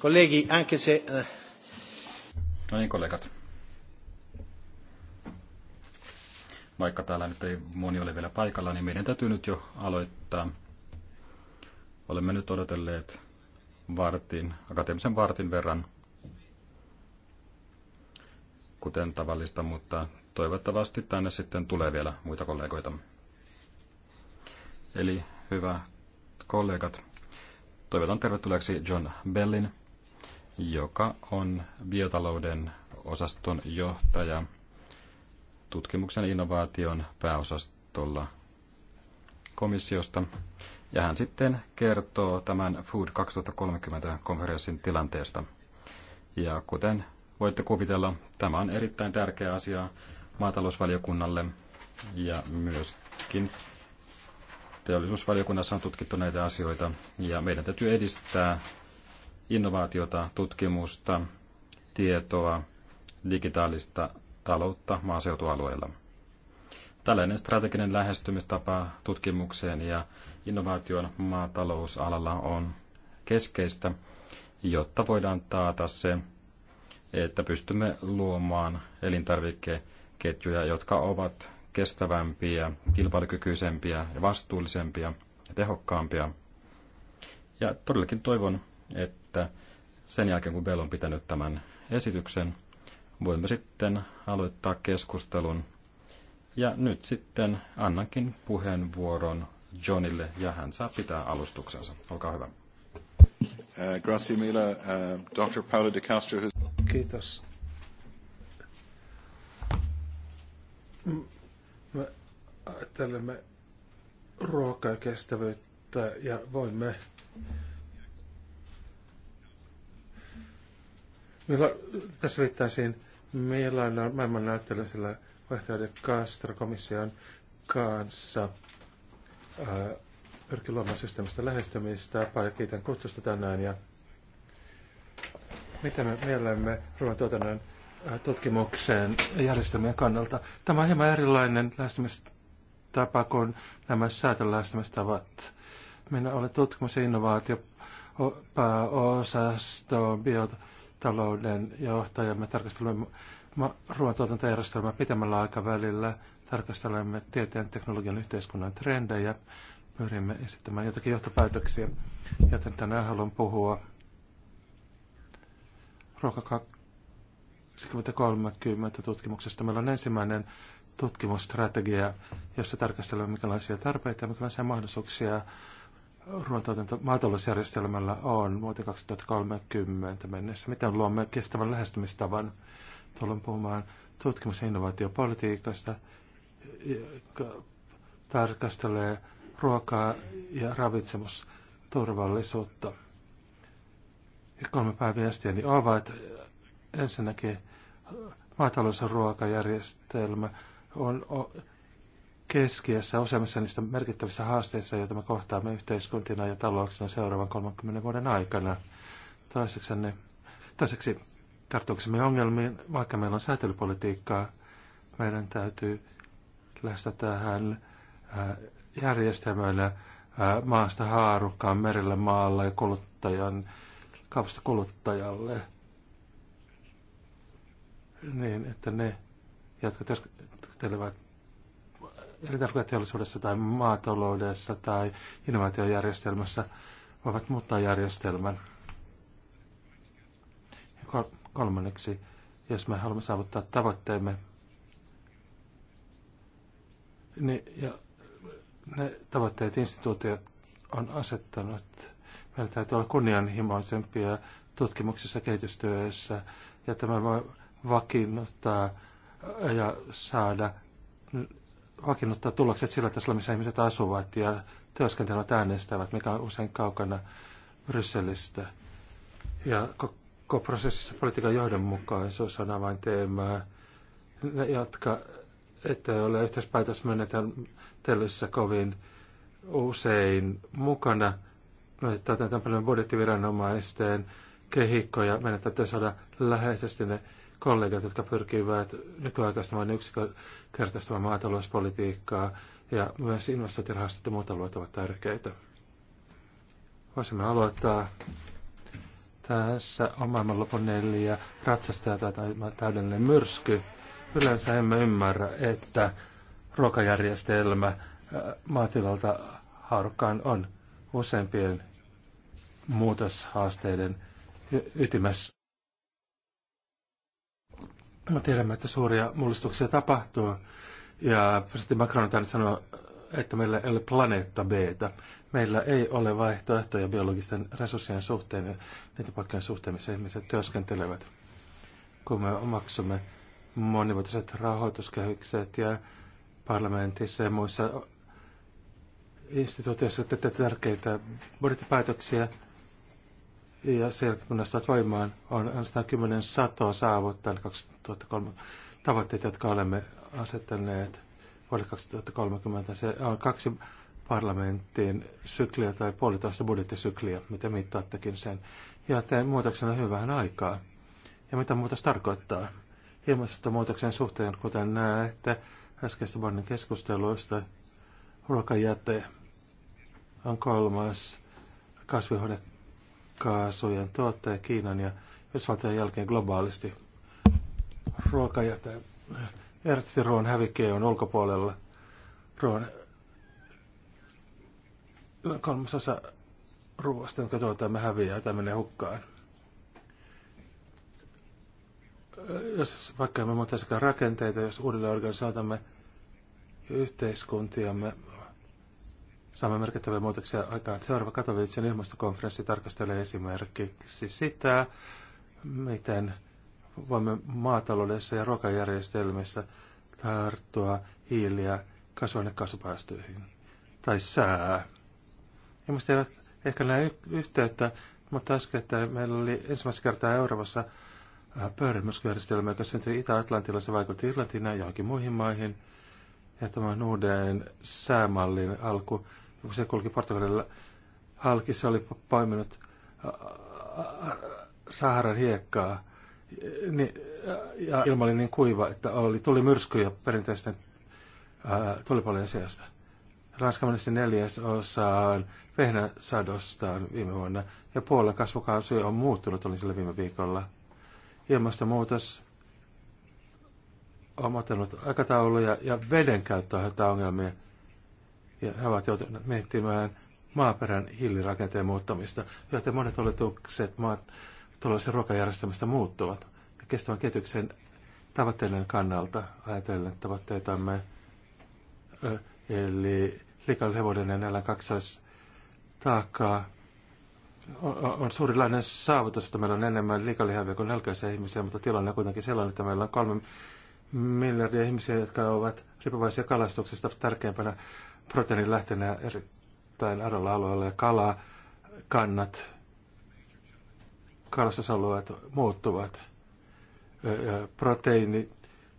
Kollegi, anche se... Eh. No niin, kollegat. Vaikka täällä nyt ei moni ole vielä paikalla, niin meidän täytyy nyt jo aloittaa. Olemme nyt odotelleet vartin, akateemisen vartin verran, kuten tavallista, mutta toivottavasti tänne sitten tulee vielä muita kollegoita. Eli hyvä kollegat, toivotan tervetulleeksi John Bellin joka on biotalouden osaston johtaja tutkimuksen innovaation pääosastolla komissiosta. Ja hän sitten kertoo tämän Food 2030-konferenssin tilanteesta. Ja kuten voitte kuvitella, tämä on erittäin tärkeä asia maatalousvaliokunnalle ja myöskin teollisuusvaliokunnassa on tutkittu näitä asioita ja meidän täytyy edistää innovaatiota, tutkimusta, tietoa, digitaalista taloutta maaseutualueilla. Tällainen strateginen lähestymistapa tutkimukseen ja innovaation maatalousalalla on keskeistä, jotta voidaan taata se, että pystymme luomaan elintarvikeketjuja, jotka ovat kestävämpiä, kilpailukykyisempiä vastuullisempia ja tehokkaampia. Ja todellakin toivon, että että sen jälkeen kun Bell on pitänyt tämän esityksen, voimme sitten aloittaa keskustelun. Ja nyt sitten annankin puheenvuoron Johnille ja hän saa pitää alustuksensa. Olkaa hyvä. Uh, grazie mille, uh, Dr. Paolo De Castro. Kiitos. Me ajattelemme ruokaa ja kestävyyttä ja voimme Meillä, tässä viittaisiin Milanon maailman näyttelijällä vaihtoehden Castro-komission kanssa äh, pyrkii luomaan systeemistä lähestymistä. Paljon kiitän kutsusta tänään ja mitä me mielemme ruoantuotannon äh, tutkimukseen järjestelmien kannalta. Tämä on hieman erilainen lähestymistapa kuin nämä lähestymistavat. Minä olen tutkimus- ja innovaatiopääosasto biota talouden johtajamme tarkastelemme ruoantuotantojärjestelmää pitemmällä aikavälillä, tarkastelemme tieteen, teknologian, yhteiskunnan trendejä, pyrimme esittämään jotakin johtopäätöksiä, joten tänään haluan puhua ruoka 2030 tutkimuksesta. Meillä on ensimmäinen tutkimusstrategia, jossa tarkastellaan minkälaisia tarpeita ja minkälaisia mahdollisuuksia ruoantuotanto maatalousjärjestelmällä on vuoteen 2030 mennessä. Miten luomme kestävän lähestymistavan? Tullaan puhumaan tutkimus- ja innovaatiopolitiikasta, joka tarkastelee ruokaa ja ravitsemusturvallisuutta. Ja kolme pääviestiäni ovat ensinnäkin maatalous- ja ruokajärjestelmä on keskiössä useammissa niistä merkittävissä haasteissa, joita me kohtaamme yhteiskuntina ja talouksena seuraavan 30 vuoden aikana. Toiseksi, ne, niin- toiseksi tarttuaksemme ongelmiin, vaikka meillä on säätelypolitiikkaa, meidän täytyy lähteä tähän järjestelmällä maasta haarukkaan, merellä, maalla ja kuluttajan, kaupasta kuluttajalle. Niin, että ne, jotka työskentelevät elintarviketeollisuudessa tai maataloudessa tai innovaatiojärjestelmässä voivat muuttaa järjestelmän. Ja kolmanneksi, jos me haluamme saavuttaa tavoitteemme, niin, ja ne tavoitteet instituutiot on asettanut, meillä täytyy olla kunnianhimoisempia tutkimuksessa, kehitystyössä, ja tämä voi vakiinnuttaa ja saada vakiinnuttaa tulokset sillä tasolla, missä ihmiset asuvat ja työskentelevät äänestävät, mikä on usein kaukana Brysselistä. Ja koko prosessissa politiikan johdonmukaisuus on avainteema. Ne, jotka ettei ole yhteispäätösmenetelmissä kovin usein mukana, että otetaan paljon budjettiviranomaisten kehikkoja, meidän täytyy saada läheisesti ne kollegat, jotka pyrkivät nykyaikaistamaan yksinkertaistamaan maatalouspolitiikkaa ja myös investointirahastot ja muut alueet ovat tärkeitä. Voisimme aloittaa tässä on maailmanlopun neljä ratsastaja tai täydellinen myrsky. Yleensä emme ymmärrä, että ruokajärjestelmä maatilalta haarukkaan on useimpien muutoshaasteiden ytimessä. Me tiedämme, että suuria mullistuksia tapahtuu. Ja presidentti Macron on sanoa, että meillä ei ole planeetta b Meillä ei ole vaihtoehtoja biologisten resurssien suhteen ja niitä paikkojen suhteen, missä ihmiset työskentelevät. Kun me omaksumme monivuotiset rahoituskehykset ja parlamentissa ja muissa instituutioissa tätä tärkeitä budjettipäätöksiä, ja sieltä kun astuvat voimaan, on 110 satoa saavuttanut 2003 tavoitteet, jotka olemme asettaneet vuodelle 2030. Se on kaksi parlamenttiin sykliä tai puolitoista budjettisykliä, mitä mittaattekin sen. ja Joten muutoksena on vähän aikaa. Ja mitä muutos tarkoittaa? Ilmastonmuutoksen suhteen, kuten näette äskeistä vuoden keskusteluista, ruokajäte on kolmas kasvihuone kaasujen tuottaja Kiinan ja Yhdysvaltojen jälkeen globaalisti. Ruoka ja erityisesti ruoan hävikki on ulkopuolella. Ruoan kolmasosa ruoasta, jonka tuotamme häviää tai menee hukkaan. Jos vaikka me muuttaisikaan rakenteita, jos uudelleen organisoitamme yhteiskuntiamme, Saamme merkittäviä muutoksia aikaan. Seuraava Katowicen ilmastokonferenssi tarkastelee esimerkiksi sitä, miten voimme maataloudessa ja ruokajärjestelmissä tarttua hiiliä kasvainekaasupäästöihin. Tai sää. Ihmiset eivät ehkä näe yhteyttä, mutta äsken meillä oli ensimmäistä kertaa Euroopassa pöörimyskyjärjestelmä, joka syntyi Itä-Atlantilla. Se vaikutti Irlantiin ja johonkin muihin maihin – ja tämän uuden säämallin alku, kun se kulki Portugalilla halki, se oli poiminut Saharan hiekkaa ja ilma oli niin kuiva, että oli, tuli myrskyjä perinteisten tulipalojen sijasta. Ranska meni neljäs osaan vehnäsadostaan viime vuonna ja Puolan kasvukausi on muuttunut, olin sillä viime viikolla. Ilmastonmuutos, omatellut aikatauluja ja veden käyttöä ongelmia. Ja he ovat joutuneet miettimään maaperän hiilirakenteen muuttamista, joten monet oletukset maatalouden ruokajärjestelmästä muuttuvat. Ja kestävän kehityksen tavoitteiden kannalta ajatellen tavoitteitamme, eli liikalle hevonen enää kaksais taakkaa, on suurilainen saavutus, että meillä on enemmän liikalihavia kuin nälkäisiä ihmisiä, mutta tilanne on kuitenkin sellainen, että meillä on kolme miljardia ihmisiä, jotka ovat riippuvaisia kalastuksesta tärkeimpänä proteiinin lähteenä erittäin arvolla alueella. Ja kala, kannat, kalastusalueet muuttuvat. Proteiini,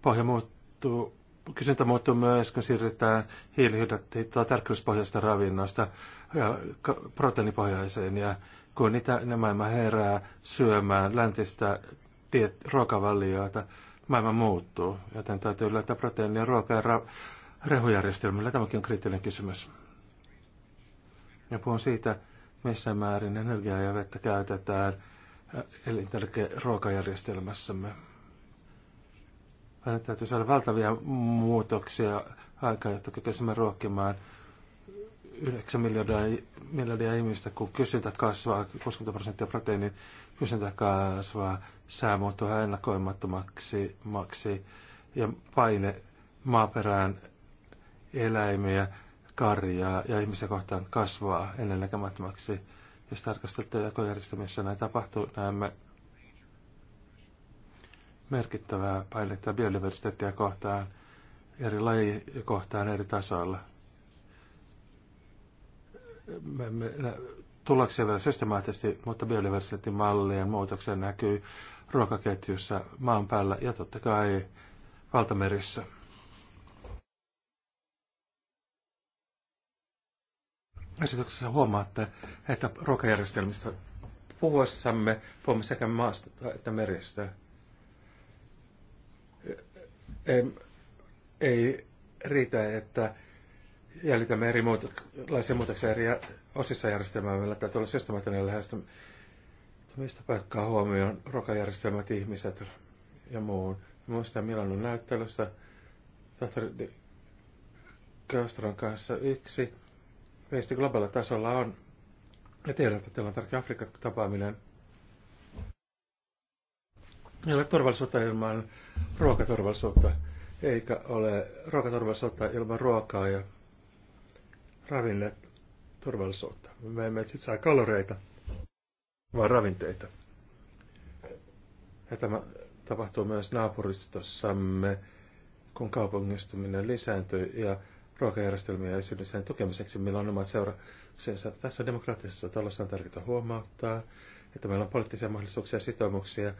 pohja muuttuu, kysyntä muuttuu myös, kun siirrytään hiilihydraattiin tärkeyspohjaisesta ravinnosta proteiinipohjaiseen. Ja kun niitä, ne maailma herää syömään läntistä diet, ruokavaliota, maailma muuttuu, joten täytyy löytää proteiinia, ruoka- ja ra- rehujärjestelmillä. Tämäkin on kriittinen kysymys. Ja puhun siitä, missä määrin energiaa ja vettä käytetään eh, elintärkeä-ruokajärjestelmässämme. Meidän täytyy saada valtavia muutoksia aikaan, jotta kykyisimme ruokkimaan 9 miljardia, miljardia ihmistä, kun kysyntä kasvaa 60 prosenttia proteiinin kysyntä kasvaa, sää muuttuu ennakoimattomaksi maksi, ja paine maaperään eläimiä, karjaa ja ihmisiä kohtaan kasvaa ennennäkemättömäksi. Jos tarkastelette jakojärjestelmissä näin tapahtuu, näemme merkittävää painetta biodiversiteettiä kohtaan, eri lajikohtaan eri tasoilla. Me, me, tullakseen vielä systemaattisesti, mutta biodiversiteettimallien muutoksen näkyy ruokaketjussa maan päällä ja totta kai valtamerissä. Esityksessä huomaatte, että ruokajärjestelmistä puhuessamme puhumme sekä maasta että meristä. Ei, ei riitä, että jäljitämme eri muutoksia, eri osissa järjestelmää meillä täytyy olla systemaattinen lähestymistä paikkaa huomioon, rokajärjestelmät, ihmiset ja muun. Muistan Milanon näyttelyssä tohtori De kanssa yksi meistä globaalilla tasolla on, ja tiedän, että teillä on tärkeä Afrikan tapaaminen, ei ole turvallisuutta ilman ruokaturvallisuutta, eikä ole ruokaturvallisuutta ilman ruokaa ja ravinnet turvallisuutta. Me emme sitten saa kaloreita, vaan ravinteita. Ja tämä tapahtuu myös naapuristossamme, kun kaupungistuminen lisääntyy ja ruokajärjestelmiä esiinny sen tukemiseksi, millä on omat seurauksensa. Tässä demokraattisessa talossa on tärkeää huomauttaa, että meillä on poliittisia mahdollisuuksia ja sitoumuksia,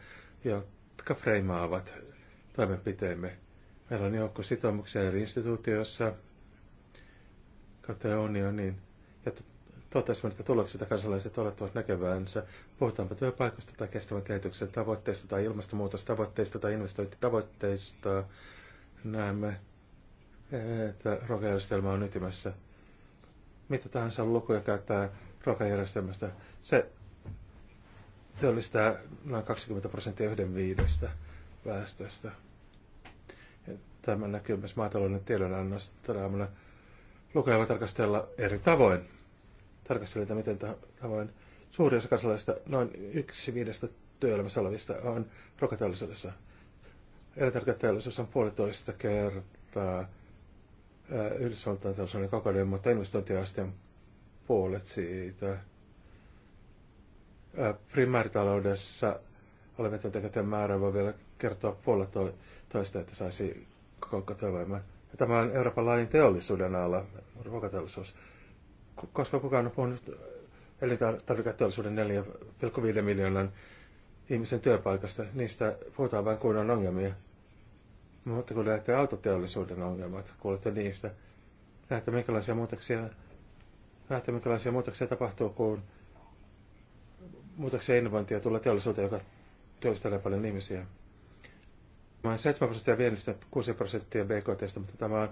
jotka freimaavat toimenpiteemme. Meillä on joukko sitoumuksia eri instituutioissa kautta unionin jotta tuottaisimme että tulokset joita kansalaiset olettavat näkevänsä. Puhutaanpa työpaikasta tai kestävän kehityksen tavoitteista tai ilmastonmuutostavoitteista tai investointitavoitteista. Näemme, että ruokajärjestelmä on ytimessä. Mitä tahansa lukuja käyttää ruokajärjestelmästä. Se työllistää noin 20 prosenttia yhden viidestä väestöstä. Tämä näkyy myös maatalouden tiedonannosta Lukuja voi tarkastella eri tavoin. Tarkastelijoita miten tavoin. suurin osa kansalaisista, noin yksi viidestä työelämässä olevista, on rokoteollisuudessa. Elintarviketeollisuus on puolitoista kertaa Yhdysvaltain teollisuuden kokoinen, mutta investointiaste on puolet siitä. Primääritaloudessa olevien työntekijöiden määrä voi vielä kertoa puolella toista, että saisi koko työvoiman Tämä on Euroopan laajin teollisuuden ala, ruokateollisuus. Koska kukaan on puhunut elintarviketeollisuuden 4,5 miljoonan ihmisen työpaikasta, niistä puhutaan vain kuin on ongelmia. Mutta kun näette autoteollisuuden ongelmat, kuulette niistä, näette minkälaisia muutoksia, näette minkälaisia muutoksia tapahtuu, kun muutoksia innovointia tulee teollisuuteen, joka työllistää paljon ihmisiä. Mä on 7 prosenttia viennistä, 6 prosenttia BKTstä, mutta tämä on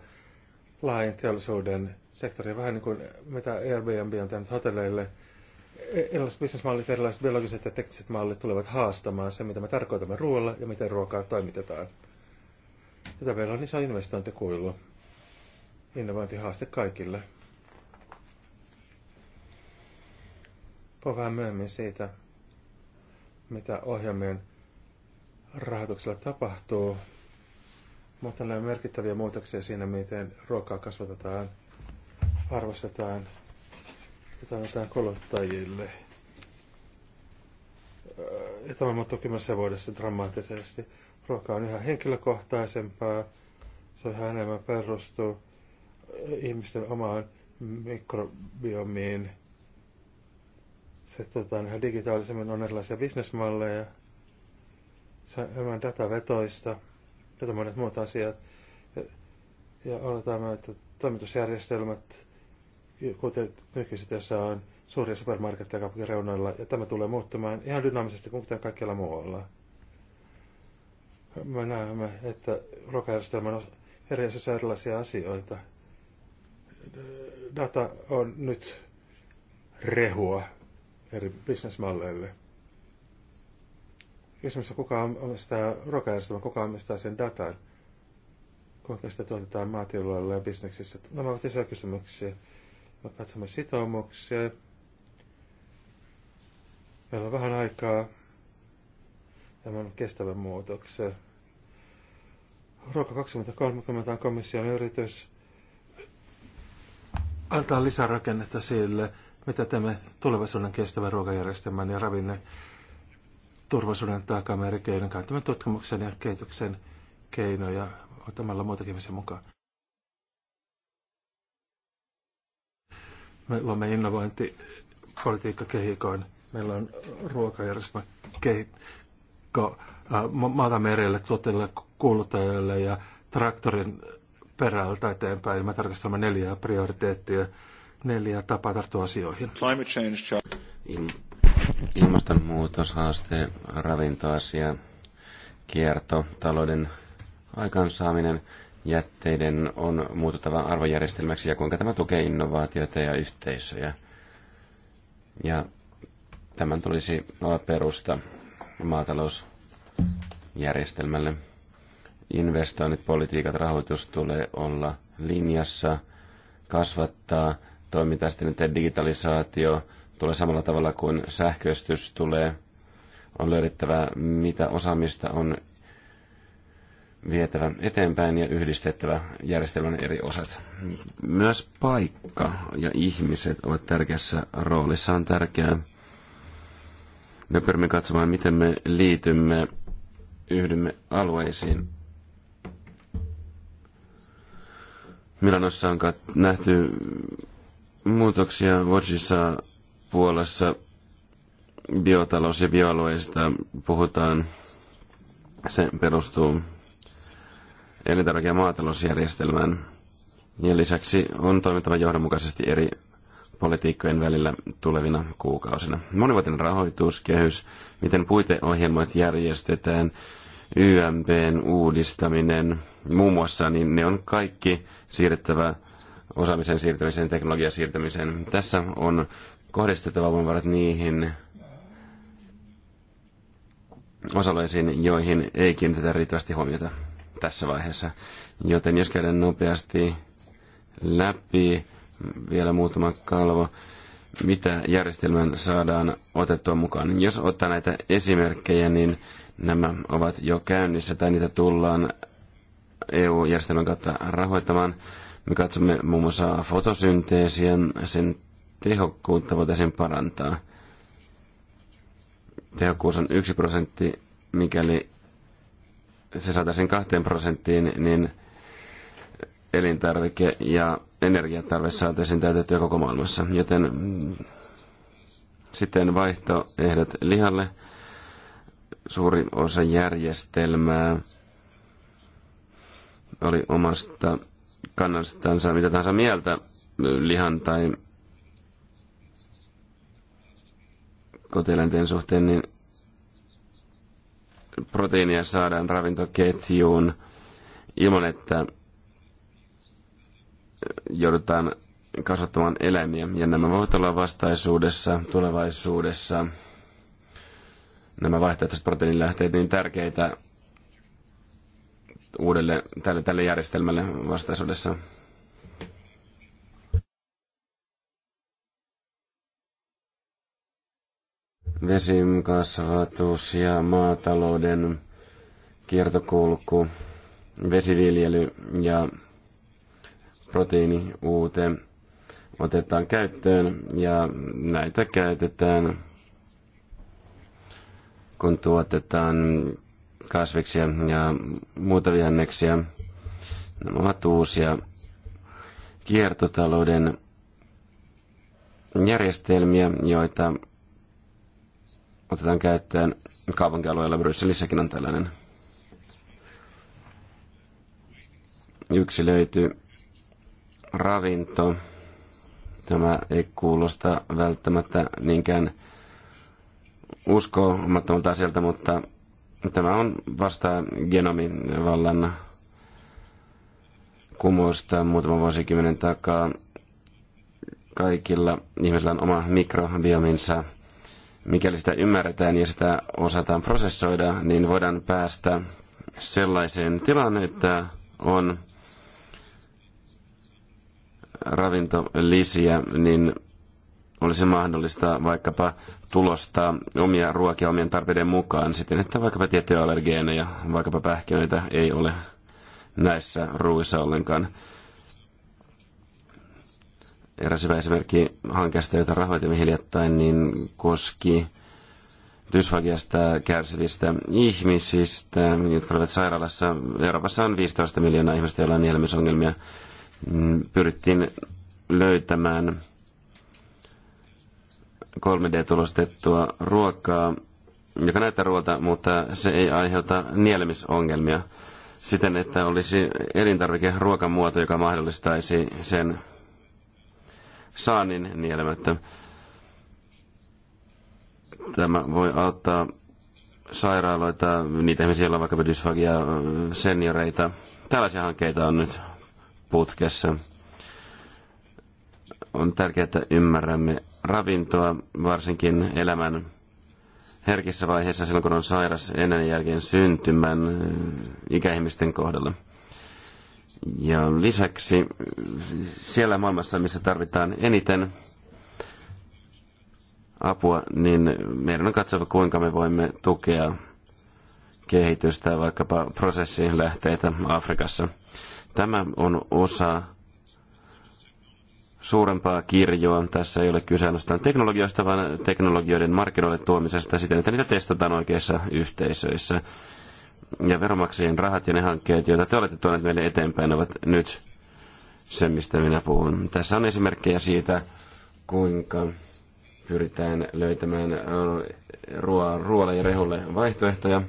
laajin teollisuuden sektori. Vähän niin kuin mitä Airbnb on tehnyt hotelleille. E- erilaiset bisnesmallit, erilaiset biologiset ja tekniset mallit tulevat haastamaan se, mitä me tarkoitamme ruoalla ja miten ruokaa toimitetaan. Tätä meillä on iso investointikuilu. Innovointihaaste kaikille. Puhun vähän myöhemmin siitä, mitä ohjelmien rahoituksella tapahtuu, mutta näin merkittäviä muutoksia siinä, miten ruokaa kasvatetaan, arvostetaan ja tarvitaan kuluttajille. Öö, ja tämä muuttuu kymmenessä vuodessa dramaattisesti. Ruoka on yhä henkilökohtaisempaa, se on yhä enemmän perustuu ihmisten omaan mikrobiomiin. Se tota, yhä digitaalisemmin on erilaisia bisnesmalleja – enemmän datavetoista, tätä monet muut asiat. Ja, ja oletamme, että toimitusjärjestelmät, kuten nykyiset, tässä on suuria supermarketteja kaupunkireunoilla, ja tämä tulee muuttumaan ihan dynaamisesti kuin kuten kaikkialla muualla. Me näemme, että ruokajärjestelmän on eri erilaisia asioita. Data on nyt rehua eri bisnesmalleille. Kysymys on, kuka omistaa ruokajärjestelmä, kuka omistaa sen datan, kuinka sitä tuotetaan maatiloilla ja bisneksissä. Nämä ovat isoja kysymyksiä. Me katsomme sitoumuksia. Meillä on vähän aikaa tämän kestävän muutoksen. Ruoka 2030 on komission yritys antaa lisärakennetta sille, mitä teemme tulevaisuuden kestävän ruokajärjestelmän ja ravinne turvallisuuden takamerkeiden käyttämään tutkimuksen ja kehityksen keinoja ottamalla muitakin ihmisiä mukaan. Me luomme innovointipolitiikkakehikoin. Meillä on ruokajärjestelmä kehikko maata merelle, tuotteille, kuluttajille ja traktorin perältä eteenpäin. Me tarkastelemme neljää prioriteettia, neljää tapaa tarttua asioihin. Climate change, Ilmastonmuutoshaaste, ravintoasia, kierto, talouden aikaansaaminen, jätteiden on muututtava arvojärjestelmäksi ja kuinka tämä tukee innovaatioita ja yhteisöjä. Ja tämän tulisi olla perusta maatalousjärjestelmälle. Investoinnit, politiikat, rahoitus tulee olla linjassa, kasvattaa toimintaa sitten digitalisaatio, tulee samalla tavalla kuin sähköistys tulee. On löydettävä, mitä osaamista on vietävä eteenpäin ja yhdistettävä järjestelmän eri osat. Myös paikka ja ihmiset ovat tärkeässä roolissa. On tärkeää, me pyrimme katsomaan, miten me liitymme, yhdymme alueisiin. Milanossa on nähty muutoksia vuosissa Puolassa biotalous ja bioalueista puhutaan, se perustuu elintarvike- ja maatalousjärjestelmään. Ja lisäksi on toimittava johdonmukaisesti eri politiikkojen välillä tulevina kuukausina. Monivuotinen rahoituskehys, miten puiteohjelmat järjestetään, YMPn uudistaminen, muun muassa, niin ne on kaikki siirrettävä osaamisen siirtämiseen, teknologian siirtämiseen. Tässä on kohdistettava voimavarat niihin osallisiin, joihin ei kiinnitetä riittävästi huomiota tässä vaiheessa. Joten jos käydään nopeasti läpi vielä muutama kalvo, mitä järjestelmän saadaan otettua mukaan. Jos ottaa näitä esimerkkejä, niin nämä ovat jo käynnissä tai niitä tullaan EU-järjestelmän kautta rahoittamaan. Me katsomme muun muassa fotosynteesien, sen tehokkuutta voitaisiin parantaa. Tehokkuus on yksi prosentti, mikäli se saataisiin 2 prosenttiin, niin elintarvike- ja energiatarve saataisiin täytettyä koko maailmassa. Joten sitten vaihtoehdot lihalle. Suuri osa järjestelmää oli omasta kannastansa mitä tahansa mieltä lihan tai kotieläinten suhteen, niin proteiinia saadaan ravintoketjuun ilman, että joudutaan kasvattamaan eläimiä. Ja nämä voivat olla vastaisuudessa, tulevaisuudessa, nämä vaihtoehtoiset proteiinilähteet niin tärkeitä uudelle tälle, tälle järjestelmälle vastaisuudessa. vesinkasvatus ja maatalouden kiertokulku, vesiviljely ja proteiiniuute otetaan käyttöön ja näitä käytetään, kun tuotetaan kasviksia ja muuta vihanneksia. Nämä ovat uusia kiertotalouden järjestelmiä, joita otetaan käyttöön kaupunkialueella. Brysselissäkin on tällainen yksi löytyy ravinto. Tämä ei kuulosta välttämättä niinkään uskomattomalta asialta, mutta tämä on vasta genomin vallan kumousta muutama vuosikymmenen takaa. Kaikilla ihmisillä on oma mikrobiominsa Mikäli sitä ymmärretään ja sitä osataan prosessoida, niin voidaan päästä sellaiseen tilaan, että on ravintolisiä, niin olisi mahdollista vaikkapa tulostaa omia ruokia omien tarpeiden mukaan siten, että vaikkapa tiettyjä allergeeneja, vaikkapa pähkinöitä ei ole näissä ruuissa ollenkaan. Eräs hyvä esimerkki hankkeesta, jota rahoitimme hiljattain, niin koski dysfagiasta kärsivistä ihmisistä, jotka olivat sairaalassa. Euroopassa on 15 miljoonaa ihmistä, joilla on nielemisongelmia. Pyrittiin löytämään 3D-tulostettua ruokaa, joka näyttää ruoalta, mutta se ei aiheuta nielemisongelmia siten, että olisi elintarvike ruokamuoto, joka mahdollistaisi sen nielemä, että Tämä voi auttaa sairaaloita, niitä ihmisiä, joilla on vaikka dysfagia, senioreita. Tällaisia hankkeita on nyt putkessa. On tärkeää, että ymmärrämme ravintoa, varsinkin elämän herkissä vaiheissa silloin, kun on sairas ennen jälkeen syntymän ikäihmisten kohdalla. Ja lisäksi siellä maailmassa, missä tarvitaan eniten apua, niin meidän on katsova, kuinka me voimme tukea kehitystä, vaikkapa prosessiin lähteitä Afrikassa. Tämä on osa suurempaa kirjoa. Tässä ei ole kyse ainoastaan teknologioista, vaan teknologioiden markkinoille tuomisesta siten, että niitä testataan oikeissa yhteisöissä ja veromaksajien rahat ja ne hankkeet, joita te olette tuoneet meille eteenpäin, ovat nyt se, mistä minä puhun. Tässä on esimerkkejä siitä, kuinka pyritään löytämään ruoalle ja rehulle vaihtoehtoja.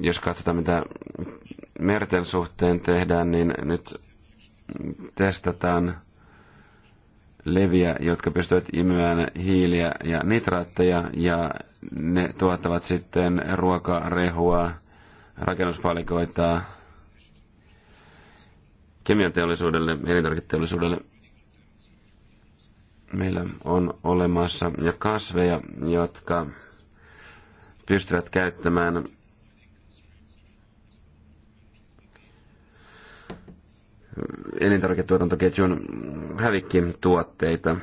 Jos katsotaan, mitä merten suhteen tehdään, niin nyt testataan leviä, jotka pystyvät imyään hiiliä ja nitraatteja, ja ne tuottavat sitten ruokarehua, rakennuspalikoita kemianteollisuudelle, elintarviketeollisuudelle. Meillä on olemassa ja kasveja, jotka pystyvät käyttämään elintarviketuotantoketjun hävikkituotteita.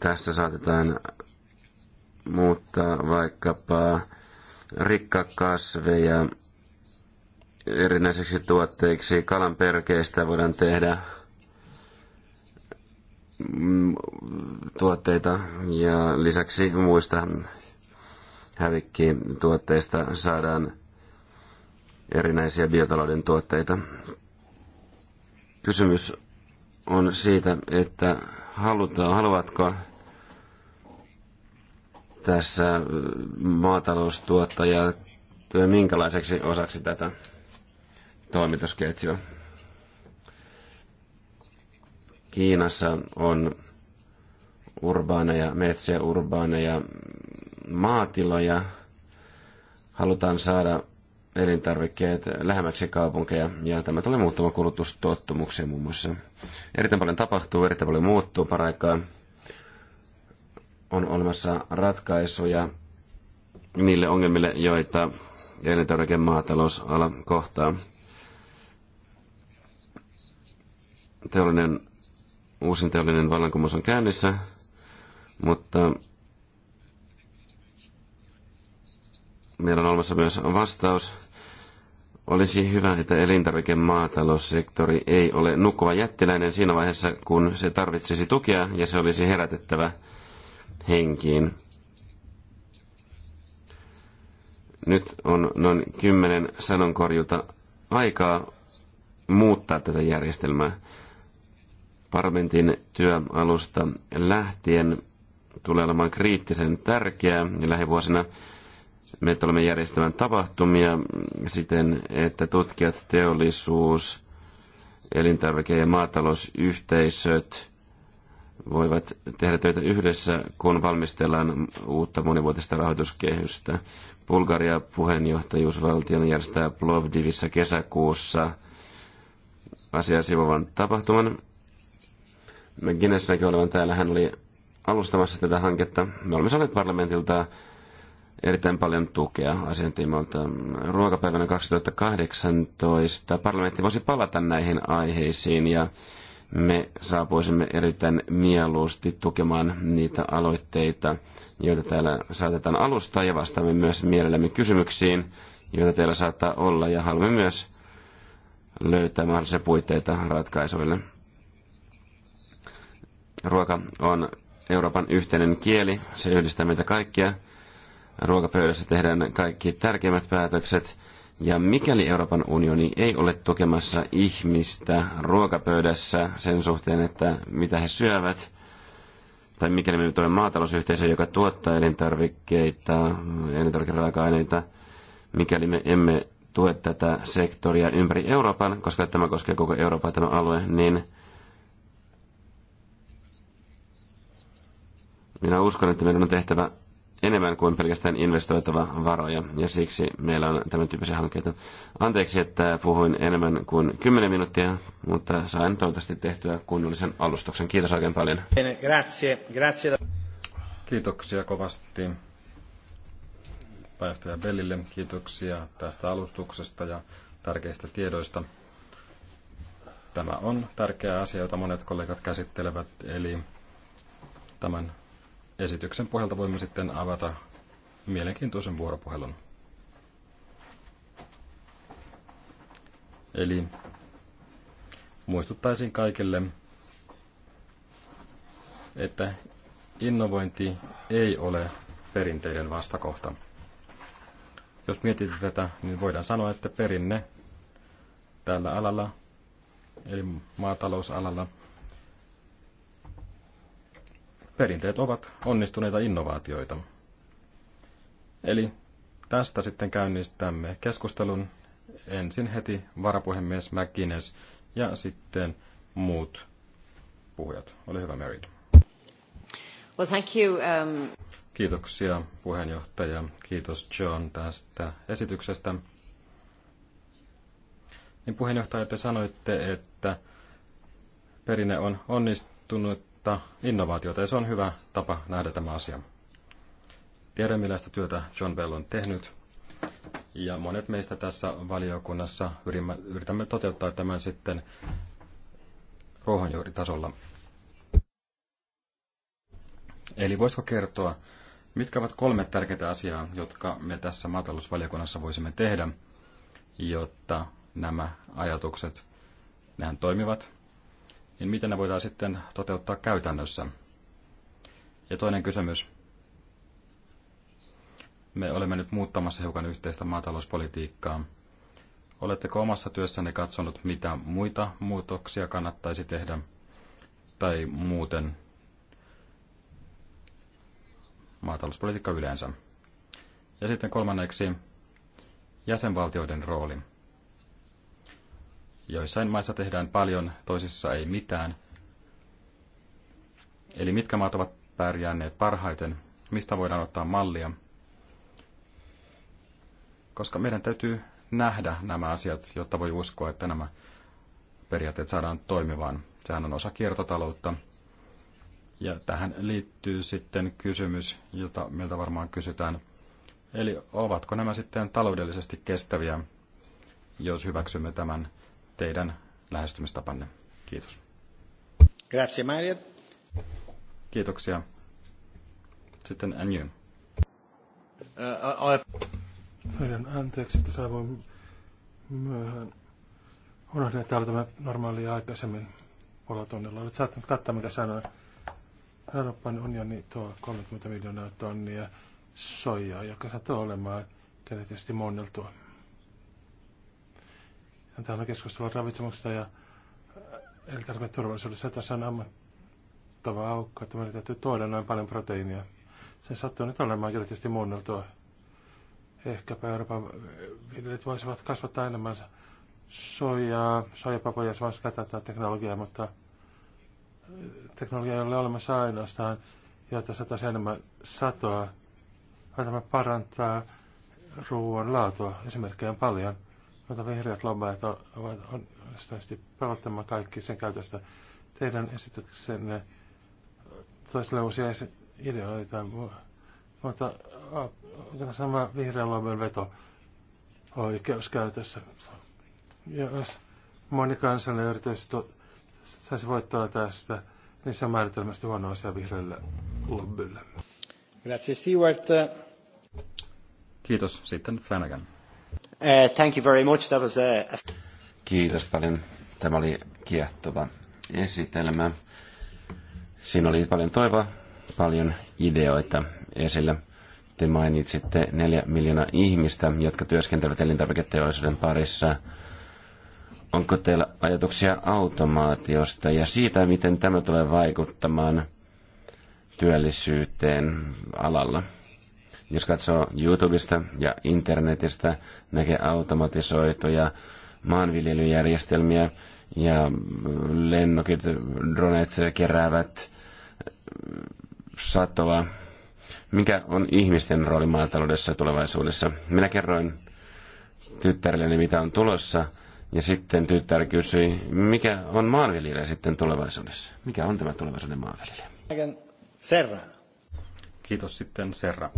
Tässä saatetaan muuttaa vaikkapa rikkakasveja erinäiseksi tuotteiksi. Kalan perkeistä voidaan tehdä mm, tuotteita ja lisäksi muista hävikkituotteista saadaan erinäisiä biotalouden tuotteita. Kysymys on siitä, että halutaan, haluatko tässä maataloustuottaja tulee minkälaiseksi osaksi tätä toimitusketjua? Kiinassa on urbaaneja, metsiä, urbaaneja maatiloja. Halutaan saada elintarvikkeet lähemmäksi kaupunkeja, ja tämä tulee muuttamaan kulutustottumuksia muun muassa. Erittäin paljon tapahtuu, erittäin paljon muuttuu paraikaa on olemassa ratkaisuja niille ongelmille, joita elintarvike maatalousala kohtaa. Teollinen, uusin teollinen vallankumous on käynnissä, mutta meillä on olemassa myös vastaus. Olisi hyvä, että maataloussektori ei ole nukkuva jättiläinen siinä vaiheessa, kun se tarvitsisi tukea ja se olisi herätettävä henkiin. Nyt on noin kymmenen sanonkorjuta aikaa muuttaa tätä järjestelmää. Parmentin työalusta lähtien tulee olemaan kriittisen tärkeää ja niin lähivuosina me tulemme järjestämään tapahtumia siten, että tutkijat, teollisuus, elintarvike- ja maatalousyhteisöt voivat tehdä töitä yhdessä, kun valmistellaan uutta monivuotista rahoituskehystä. Bulgaria puheenjohtajuusvaltion järjestää Plovdivissa kesäkuussa asiaa tapahtuman. guinness olevan täällä hän oli alustamassa tätä hanketta. Me olemme saaneet parlamentilta erittäin paljon tukea asiantiimoilta. Ruokapäivänä 2018 parlamentti voisi palata näihin aiheisiin ja me saapuisimme erittäin mieluusti tukemaan niitä aloitteita, joita täällä saatetaan alustaa ja vastaamme myös mielellämme kysymyksiin, joita teillä saattaa olla ja haluamme myös löytää mahdollisia puitteita ratkaisuille. Ruoka on Euroopan yhteinen kieli, se yhdistää meitä kaikkia. Ruokapöydässä tehdään kaikki tärkeimmät päätökset – ja mikäli Euroopan unioni ei ole tukemassa ihmistä ruokapöydässä sen suhteen, että mitä he syövät, tai mikäli me nyt olemme maatalousyhteisö, joka tuottaa elintarvikkeita, elintarvikeraaka-aineita, mikäli me emme tue tätä sektoria ympäri Euroopan, koska tämä koskee koko Eurooppaa tämä alue, niin minä uskon, että meidän on tehtävä enemmän kuin pelkästään investoitava varoja, ja siksi meillä on tämän tyyppisiä hankkeita. Anteeksi, että puhuin enemmän kuin 10 minuuttia, mutta sain toivottavasti tehtyä kunnollisen alustuksen. Kiitos oikein paljon. Grazie, grazie. Kiitoksia kovasti pääjohtaja Bellille. Kiitoksia tästä alustuksesta ja tärkeistä tiedoista. Tämä on tärkeä asia, jota monet kollegat käsittelevät, eli tämän esityksen pohjalta voimme sitten avata mielenkiintoisen vuoropuhelun. Eli muistuttaisin kaikille, että innovointi ei ole perinteiden vastakohta. Jos mietitään tätä, niin voidaan sanoa, että perinne tällä alalla, eli maatalousalalla, perinteet ovat onnistuneita innovaatioita. Eli tästä sitten käynnistämme keskustelun ensin heti varapuhemies McGuinness ja sitten muut puhujat. Ole hyvä, Mary. Well, thank you. Um... Kiitoksia puheenjohtaja. Kiitos John tästä esityksestä. Niin puheenjohtaja, te sanoitte, että perinne on onnistunut tarkoittaa innovaatiota, ja se on hyvä tapa nähdä tämä asia. Tiedän, millaista työtä John Bell on tehnyt, ja monet meistä tässä valiokunnassa yritämme toteuttaa tämän sitten ruohonjuuritasolla. Eli voisiko kertoa, mitkä ovat kolme tärkeitä asiaa, jotka me tässä maatalousvaliokunnassa voisimme tehdä, jotta nämä ajatukset, nehän toimivat niin miten ne voidaan sitten toteuttaa käytännössä? Ja toinen kysymys. Me olemme nyt muuttamassa hiukan yhteistä maatalouspolitiikkaa. Oletteko omassa työssänne katsonut, mitä muita muutoksia kannattaisi tehdä tai muuten maatalouspolitiikka yleensä? Ja sitten kolmanneksi jäsenvaltioiden rooli. Joissain maissa tehdään paljon, toisissa ei mitään. Eli mitkä maat ovat pärjänneet parhaiten, mistä voidaan ottaa mallia. Koska meidän täytyy nähdä nämä asiat, jotta voi uskoa, että nämä periaatteet saadaan toimivaan. Sehän on osa kiertotaloutta. Ja tähän liittyy sitten kysymys, jota meiltä varmaan kysytään. Eli ovatko nämä sitten taloudellisesti kestäviä, jos hyväksymme tämän teidän lähestymistapanne. Kiitos. Grazie, Maria. Kiitoksia. Sitten Anju. Äh, äh, äh. Pyydän anteeksi, että saavuin myöhään. Unohdin, että oli tämä normaali aikaisemmin puolella Olet saattanut katsoa, mitä sanoin. Euroopan unioni tuo 30 miljoonaa tonnia soijaa, joka satoo olemaan geneettisesti muunneltua. Täällä keskustellaan ravitsemuksesta ja elintarviketurvallisuudessa. Tässä on ammattava aukko, että meidän täytyy tuoda noin paljon proteiinia. Se sattuu nyt olemaan geneettisesti muunneltua. Ehkäpä Euroopan viljelijät voisivat kasvattaa enemmän soijaa, soijapapoja, jos voisi tätä teknologiaa, mutta teknologia ei ole olemassa ainoastaan, jotta saataisiin enemmän satoa. Tämä parantaa ruoan laatua. Esimerkkejä on paljon. Mutta vihreät lobbaajat ovat onnistuneesti pelottamaan kaikki sen käytöstä. Teidän esityksenne toisille uusia ideoita, mutta tämä sama vihreän lobbyn veto oikeus käytössä. Jos moni kansallinen yritys saisi voittaa tästä, niin se on määritelmästi huono asia vihreälle lobbylle. Grazie Stewart. Kiitos. Sitten Flanagan. Uh, thank you very much. That was a... Kiitos paljon. Tämä oli kiehtova esitelmä. Siinä oli paljon toivoa, paljon ideoita esillä. Te mainitsitte neljä miljoonaa ihmistä, jotka työskentelevät elintarviketeollisuuden parissa. Onko teillä ajatuksia automaatiosta ja siitä, miten tämä tulee vaikuttamaan työllisyyteen alalla? Jos katsoo YouTubesta ja internetistä, näkee automatisoituja maanviljelyjärjestelmiä ja lennokit, dronet keräävät satoa. Mikä on ihmisten rooli maataloudessa tulevaisuudessa? Minä kerroin tyttärelleni, mitä on tulossa, ja sitten tyttär kysyi, mikä on maanviljelijä sitten tulevaisuudessa? Mikä on tämä tulevaisuuden maanviljelijä? Serra. Kiitos sitten Serra.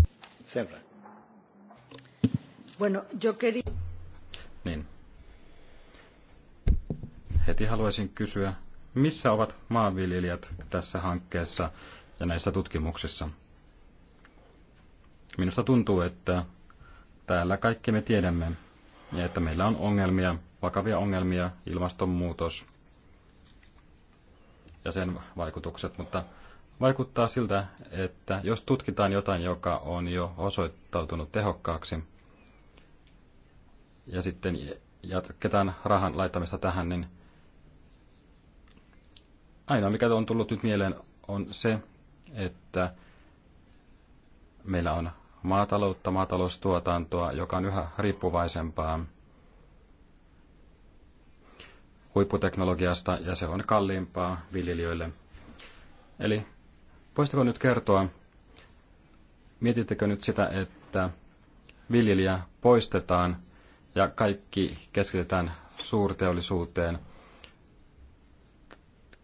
Niin. Heti haluaisin kysyä, missä ovat maanviljelijät tässä hankkeessa ja näissä tutkimuksissa? Minusta tuntuu, että täällä kaikki me tiedämme, että meillä on ongelmia, vakavia ongelmia, ilmastonmuutos ja sen vaikutukset, mutta Vaikuttaa siltä, että jos tutkitaan jotain, joka on jo osoittautunut tehokkaaksi, ja sitten jatketaan rahan laittamista tähän, niin ainoa mikä on tullut nyt mieleen on se, että meillä on maataloutta, maataloustuotantoa, joka on yhä riippuvaisempaa huipputeknologiasta ja se on kalliimpaa viljelijöille. Eli Voisitteko nyt kertoa, mietittekö nyt sitä, että viljelijä poistetaan ja kaikki keskitetään suurteollisuuteen?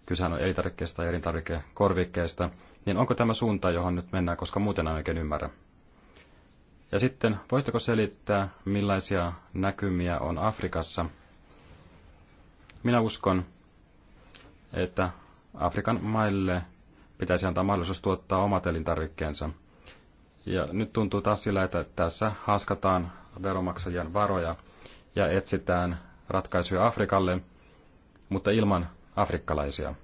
Kysehän on elintarvikkeista ja elintarvikekorvikkeista. Niin onko tämä suunta, johon nyt mennään, koska muuten en oikein ymmärrä? Ja sitten, voisitteko selittää, millaisia näkymiä on Afrikassa? Minä uskon, että Afrikan maille – pitäisi antaa mahdollisuus tuottaa omat elintarvikkeensa. Ja nyt tuntuu taas sillä, että tässä haskataan veromaksajien varoja ja etsitään ratkaisuja Afrikalle, mutta ilman afrikkalaisia.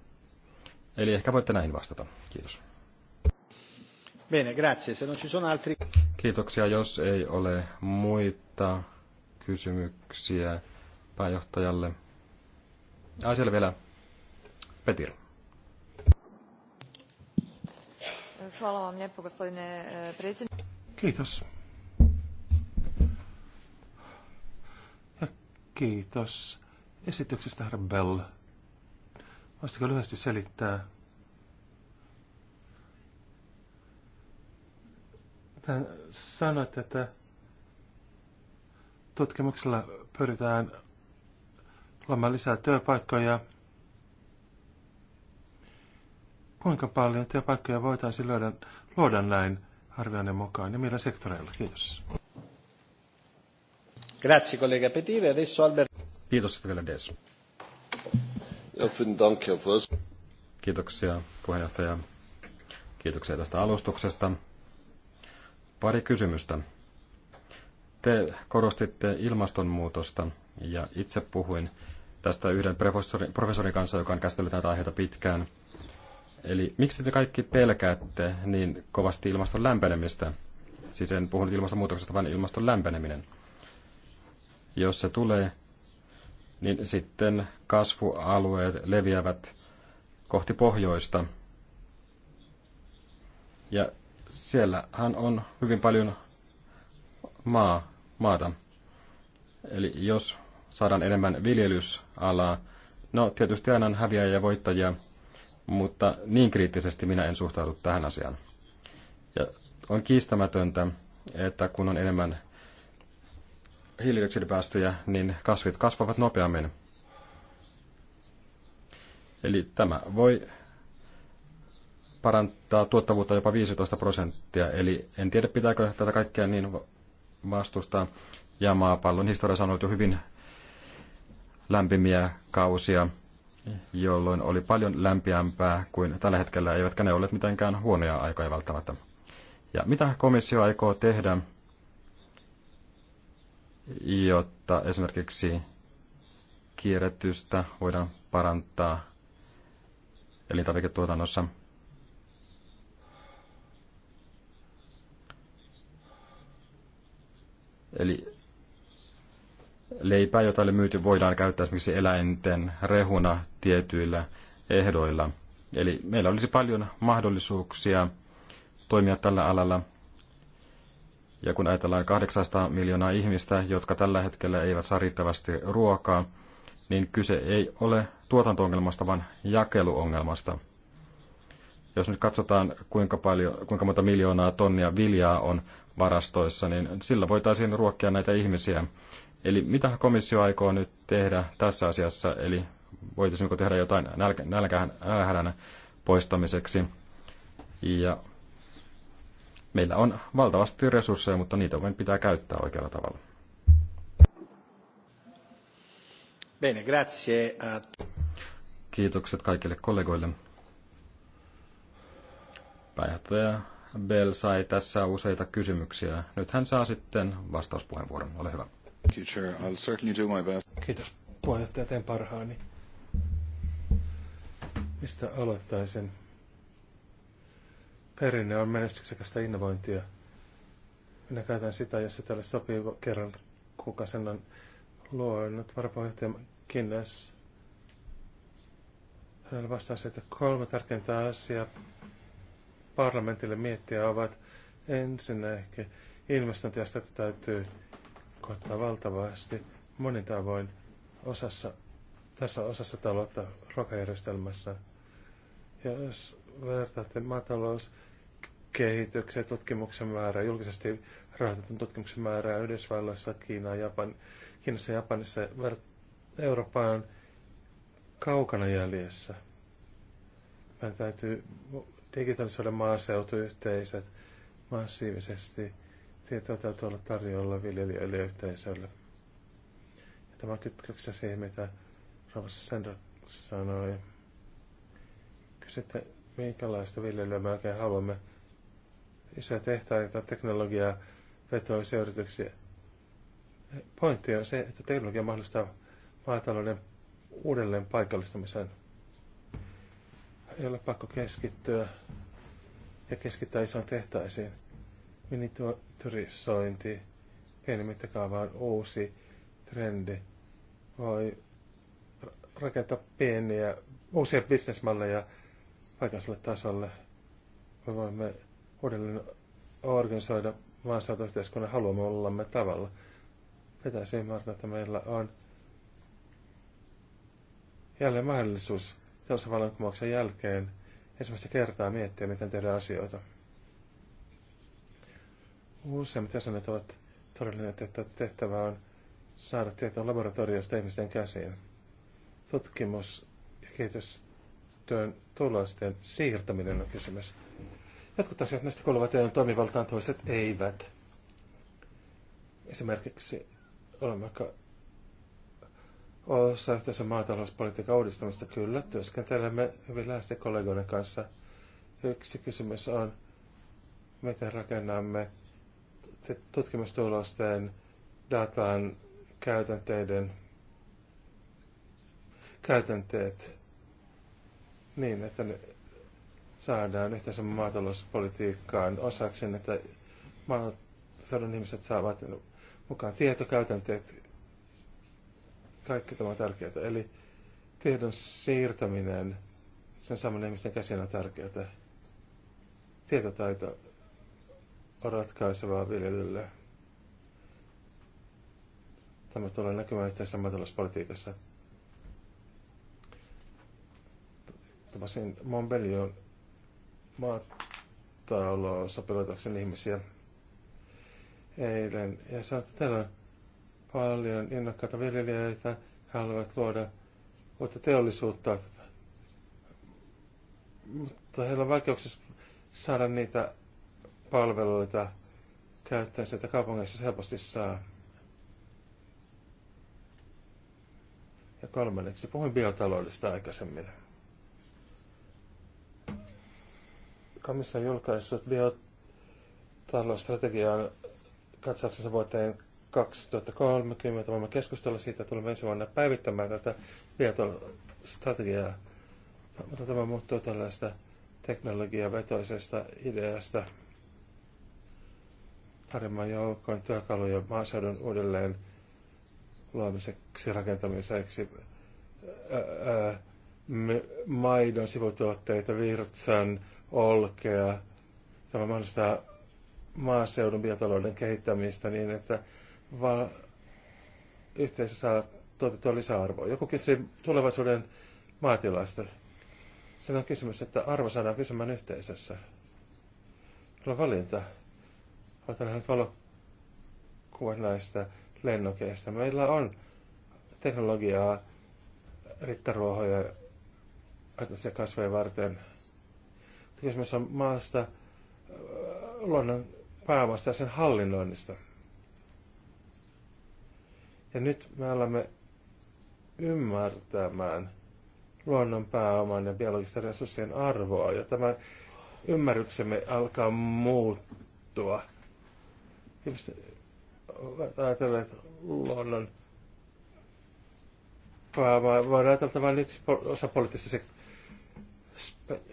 Eli ehkä voitte näihin vastata. Kiitos. Bene, grazie. Se non ci sono altri... Kiitoksia, jos ei ole muita kysymyksiä pääjohtajalle. Ai siellä vielä Petir. Hvala vam lijepo, gospodine eh, predsjedniče. Kiitos. Ja kiitos esityksestä, herra Bell. Voisitko lyhyesti selittää Tän sanoit, että tutkimuksella pyritään luomaan lisää työpaikkoja – Kuinka paljon työpaikkoja voitaisiin luoda, luoda näin arvioinnin mukaan ja millä sektoreilla? Kiitos. Grazie, collega Petire. Adesso Albert. Kiitos, vielä Des. Kiitoksia, puheenjohtaja. Kiitoksia tästä alustuksesta. Pari kysymystä. Te korostitte ilmastonmuutosta ja itse puhuin tästä yhden professorin, professorin kanssa, joka on käsitellyt näitä aiheita pitkään. Eli miksi te kaikki pelkäätte niin kovasti ilmaston lämpenemistä? Siis en puhunut ilmastonmuutoksesta, vaan ilmaston lämpeneminen. Jos se tulee, niin sitten kasvualueet leviävät kohti pohjoista. Ja siellähän on hyvin paljon maa, maata. Eli jos saadaan enemmän viljelysalaa, no tietysti aina on häviäjiä ja voittajia, mutta niin kriittisesti minä en suhtaudu tähän asiaan. Ja on kiistämätöntä, että kun on enemmän hiilidioksidipäästöjä, niin kasvit kasvavat nopeammin. Eli tämä voi parantaa tuottavuutta jopa 15 prosenttia. Eli en tiedä, pitääkö tätä kaikkea niin vastustaa. Ja maapallon historia sanoo, jo hyvin lämpimiä kausia jolloin oli paljon lämpiämpää kuin tällä hetkellä, eivätkä ne olleet mitenkään huonoja aikoja välttämättä. Ja mitä komissio aikoo tehdä, jotta esimerkiksi kierrätystä voidaan parantaa elintarviketuotannossa? Eli leipää, jota oli myyty, voidaan käyttää esimerkiksi eläinten rehuna tietyillä ehdoilla. Eli meillä olisi paljon mahdollisuuksia toimia tällä alalla. Ja kun ajatellaan 800 miljoonaa ihmistä, jotka tällä hetkellä eivät saa riittävästi ruokaa, niin kyse ei ole tuotantoongelmasta, vaan jakeluongelmasta. Jos nyt katsotaan, kuinka, paljon, kuinka monta miljoonaa tonnia viljaa on varastoissa, niin sillä voitaisiin ruokkia näitä ihmisiä. Eli mitä komissio aikoo nyt tehdä tässä asiassa, eli voitaisiinko tehdä jotain nälkä, nälkähän, nälhädän poistamiseksi. Ja meillä on valtavasti resursseja, mutta niitä vain pitää käyttää oikealla tavalla. Bene, grazie. Kiitokset kaikille kollegoille. Pääjohtaja Bell sai tässä useita kysymyksiä. Nyt hän saa sitten vastauspuheenvuoron. Ole hyvä. Kiitos. Puheenjohtaja, teen parhaani. Mistä aloittaisin? Perinne on menestyksekästä innovointia. Minä käytän sitä, jos se tälle sopii kerran, kuka sen on luonut. Varapuheenjohtaja Kinnes hänellä vastaa, että kolme tärkeintä asiaa parlamentille miettiä ovat ensinnäkin investointiasta täytyy kohtaa valtavasti monin tavoin osassa, tässä osassa taloutta ruokajärjestelmässä. Ja jos vertaatte maatalouskehityksen tutkimuksen määrää, julkisesti rahoitetun tutkimuksen määrää Yhdysvalloissa, Kiina, Japan, Kiinassa ja Japanissa, Euroopan kaukana jäljessä. Meidän täytyy digitalisoida maaseutuyhteisöt massiivisesti – tietoa täytyy olla tarjolla viljelijöille ja yhteisölle. Ja tämä on kytköksessä siihen, mitä Ravassa Sandra sanoi. Kysytte, minkälaista viljelyä me oikein haluamme. Isoja tehtaita, teknologiaa, vetoisia yrityksiä. Pointti on se, että teknologia mahdollistaa maatalouden uudelleen paikallistamisen. Ei ole pakko keskittyä ja keskittää isoon tehtaisiin miniaturisointi, pieni mittakaava on uusi trendi. Voi rakentaa pieniä, uusia bisnesmalleja paikalliselle tasolle. Me voimme uudelleen organisoida maansaatoyhteiskunnan haluamme ollamme tavalla. Pitäisi ymmärtää, että meillä on jälleen mahdollisuus tällaisen vallankumouksen jälkeen ensimmäistä kertaa miettiä, miten tehdään asioita. Useimmat jäsenet ovat todenneet, että tehtävä on saada tietoa laboratoriosta ihmisten käsiin. Tutkimus- ja kehitystyön tulosten siirtäminen on kysymys. Jotkut asiat näistä kuuluvat EUn toimivaltaan, toiset eivät. Esimerkiksi olemme aika osa yhteisen maatalouspolitiikan uudistamista kyllä. Työskentelemme hyvin läheisesti kollegoiden kanssa. Yksi kysymys on, miten rakennamme tutkimustulosten, datan, käytänteiden, käytänteet niin, että ne saadaan yhteisen maatalouspolitiikkaan osaksi, niin että maatalouden ihmiset saavat mukaan tietokäytänteet. Kaikki tämä on tärkeää. Eli tiedon siirtäminen sen saman ihmisten käsin on tärkeää. Tietotaito ratkaisevaa viljelylle. Tämä tulee näkymään yhteensä maatalouspolitiikassa. Tapasin Montbellion maatalousopilaitoksen ihmisiä eilen ja sanoin, että täällä on paljon innokkaita viljelijöitä, he haluavat luoda uutta teollisuutta, mutta heillä on vaikeuksia saada niitä palveluita käyttäen sitä kaupungissa helposti saa. Ja kolmanneksi, puhuin biotaloudesta aikaisemmin. Kamissa on julkaissut biotalousstrategian katsauksessa vuoteen 2030. Voimme keskustella siitä, tulemme ensi vuonna päivittämään tätä biotalousstrategiaa. Mutta tämä muuttuu tällaista teknologiavetoisesta ideasta paremman joukon työkaluja maaseudun uudelleen luomiseksi, rakentamiseksi, ää, ää, maidon sivutuotteita, virtsan, olkea. Tämä mahdollistaa maaseudun biotalouden kehittämistä niin, että va- yhteisö saa tuotettua lisäarvoa. Joku kysyi tulevaisuuden maatilasta. Sen on kysymys, että arvo saadaan pysymään yhteisössä. Kyllä valinta. Otan nyt valokuvan näistä lennokeista. Meillä on teknologiaa rittaruohoja ja kasveja varten. Kysymys on maasta, äh, luonnon pääomasta ja sen hallinnoinnista. Ja nyt me alamme ymmärtämään luonnon pääoman ja biologisten resurssien arvoa, ja tämä ymmärryksemme alkaa muuttua. Ihmiset ajatelleet luonnon pääomaa. Voidaan ajatella vain yksi osa poliittista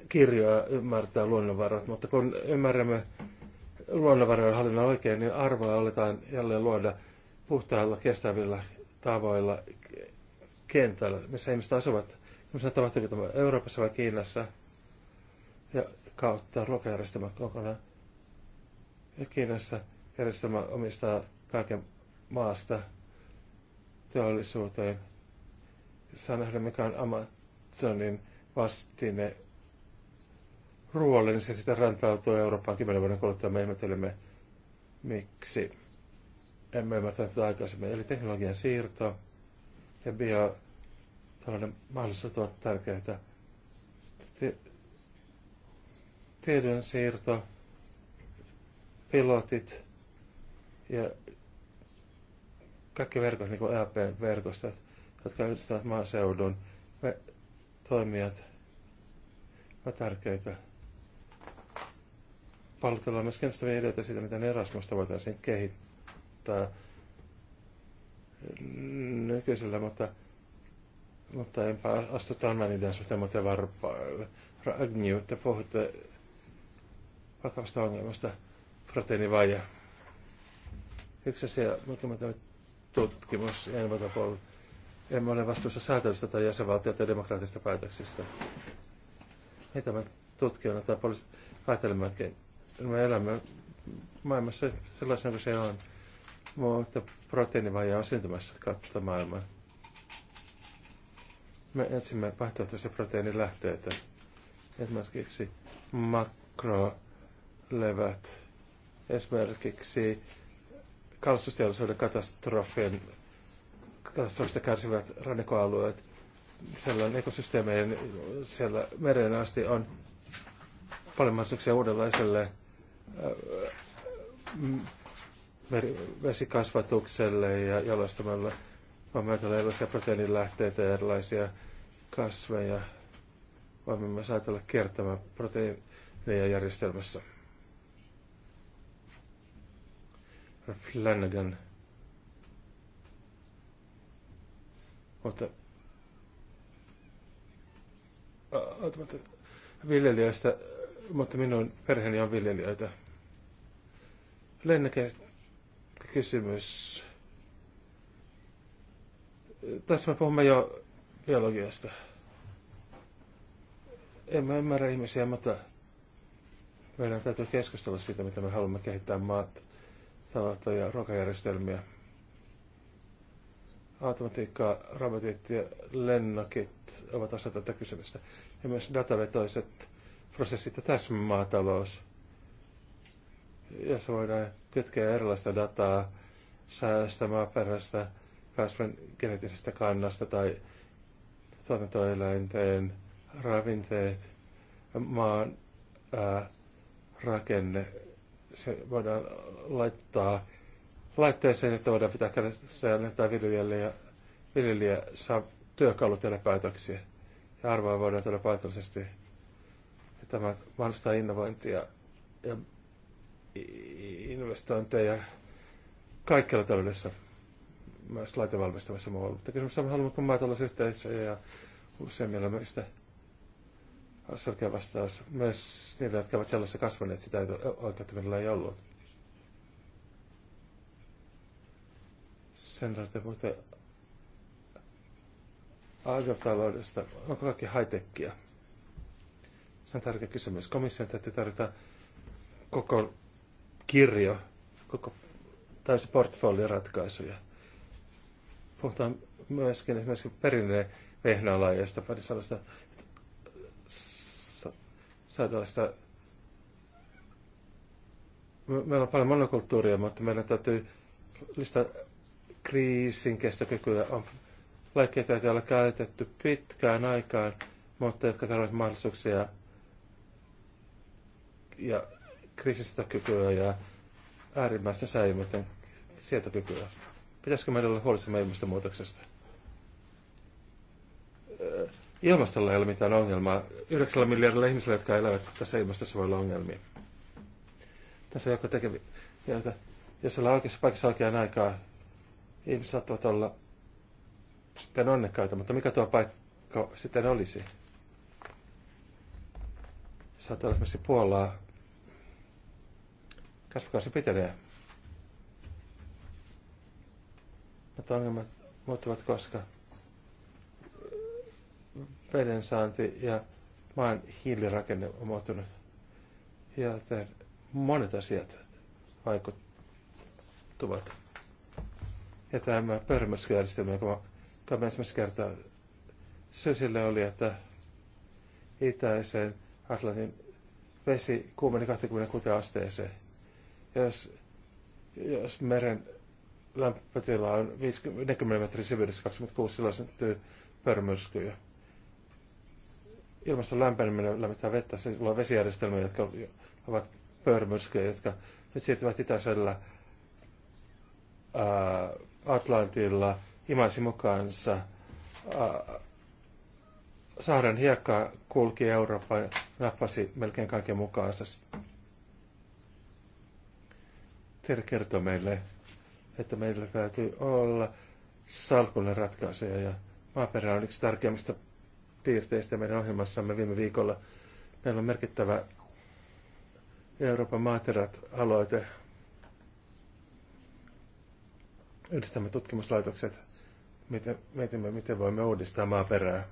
kirjoa ymmärtää luonnonvarat, mutta kun ymmärrämme luonnonvarojen hallinnan oikein, niin arvoa aletaan jälleen luoda puhtailla, kestävillä tavoilla kentällä, missä ihmiset asuvat. Missä tapahtuu Euroopassa vai Kiinassa ja kautta ruokajärjestelmä kokonaan. Ja Kiinassa järjestelmä omistaa kaiken maasta teollisuuteen. Saa nähdä, mikä on Amazonin vastine ruoalle, niin se sitä rantautuu Eurooppaan kymmenen vuoden kuluttua. Me ihmettelemme, miksi emme ymmärtäneet tätä aikaisemmin. Eli teknologian siirto ja biotalouden mahdollisuudet ovat tärkeitä. Tiedon siirto, pilotit, ja kaikki verkot, niin kuin EAP-verkostot, jotka yhdistävät maaseudun me, toimijat, ovat tärkeitä. Pallotellaan myös kiinnostavia ideoita siitä, miten Erasmusta voitaisiin kehittää nykyisellä, mutta, mutta enpä astu tämän idean suhteen muuten varpaille. Ragnu, te puhutte vakavasta ongelmasta, proteiinivaija. Yksi asia, mikä on tutkimus Envatopol, emme ole vastuussa säätelystä tai ja demokraattisista päätöksistä. Mitä me tutkijana tai poliisi- ajatelemmekin, me elämme maailmassa sellaisena kuin se on, mutta proteiinivaje on syntymässä kautta maailmaa. Me etsimme vaihtoehtoisia proteiinilähteitä, esimerkiksi makrolevät, esimerkiksi kalastusteollisuuden katastrofien katastrofista kärsivät rannikkoalueet. Siellä on ekosysteemejä, siellä mereen asti on paljon mahdollisuuksia uudenlaiselle äh, vesikasvatukselle ja jalostamalla. Voimme ajatella erilaisia proteiinilähteitä ja erilaisia kasveja. Voimme myös ajatella kiertämään proteiineja järjestelmässä. Flanagan. Mutta, mutta viljelijöistä, mutta minun perheeni on viljelijöitä. Lennäke kysymys. Tässä me puhumme jo biologiasta. En mä ymmärrä ihmisiä, mutta meidän täytyy keskustella siitä, mitä me haluamme kehittää maata vastaavata ruokajärjestelmiä. Automatiikka, robotit ja lennokit ovat osa tätä kysymystä. Ja myös datavetoiset prosessit ja täsmämaatalous, jossa voidaan kytkeä erilaista dataa säästä, maaperästä, kasvin genetisestä kannasta tai tuotantoeläinten ravinteet, maan ää, rakenne se voidaan laittaa laitteeseen, että voidaan pitää kädessä ja näyttää viljelijälle ja viljelijä saa työkalut tehdä päätöksiä. Ja arvoa voidaan tehdä paikallisesti. Ja tämä mahdollistaa innovointia ja investointeja kaikkialla taloudessa, myös laitevalmistamassa muualla. Mutta kysymys on, haluammeko maatalousyhteisöjä ja useimmilla meistä selkeä vastaus myös niille, jotka ovat sellaisessa kasvaneet, sitä ei oikeutta minulla ei ollut. Sen te puhutte agrotaloudesta. Onko kaikki high-techia? Se on tärkeä kysymys. Komission täytyy tarjota koko kirjo, koko täysi portfolioratkaisuja. Puhutaan myöskin esimerkiksi perinne vehnälajeista, pari sellaista saadaista. Meillä on paljon monokulttuuria, mutta meidän täytyy lisätä kriisin kestokykyä. On lääkkeitä, joita on käytetty pitkään aikaan, mutta jotka tarvitsevat mahdollisuuksia ja kriisistä kykyä ja äärimmäisten säilymätön sietokykyä. Pitäisikö meidän olla huolissamme ilmastonmuutoksesta? Ilmastolla ei ole mitään ongelmaa. 9 miljardilla ihmisillä, jotka elävät tässä ilmastossa, voi olla ongelmia. Tässä on joku tekevi, joita, jos ollaan oikeassa paikassa oikeaan aikaan, ihmiset saattavat olla sitten onnekkaita, mutta mikä tuo paikka sitten olisi? Saattaa olla esimerkiksi Puolaa. Kasvukausi pitenee. Mutta ongelmat muuttuvat koska veden saanti ja maan hiilirakenne on muuttunut. Ja monet asiat vaikuttuvat. Ja tämä pörmäskyjärjestelmä, joka, joka mä ensimmäistä kertaa Sösille oli, että itäisen Atlantin vesi kuumeni 26 asteeseen. Jos, jos meren lämpötila on 50, 40 metrin syvyydessä 26, silloin syntyy pörmyrskyjä ilmaston lämpeneminen lämmittää vettä, se on vesijärjestelmiä, jotka ovat pörmyskejä, jotka siirtyvät itäisellä Atlantilla imaisi mukaansa. saaren hiekka kulki ja nappasi melkein kaiken mukaansa. Ter kertoo meille, että meillä täytyy olla salkulle ratkaisuja ja maaperä on yksi tärkeimmistä piirteistä meidän ohjelmassamme viime viikolla. Meillä on merkittävä Euroopan maaterat-aloite. Yhdistämme tutkimuslaitokset. Miten, mietimme, miten voimme uudistaa maaperää.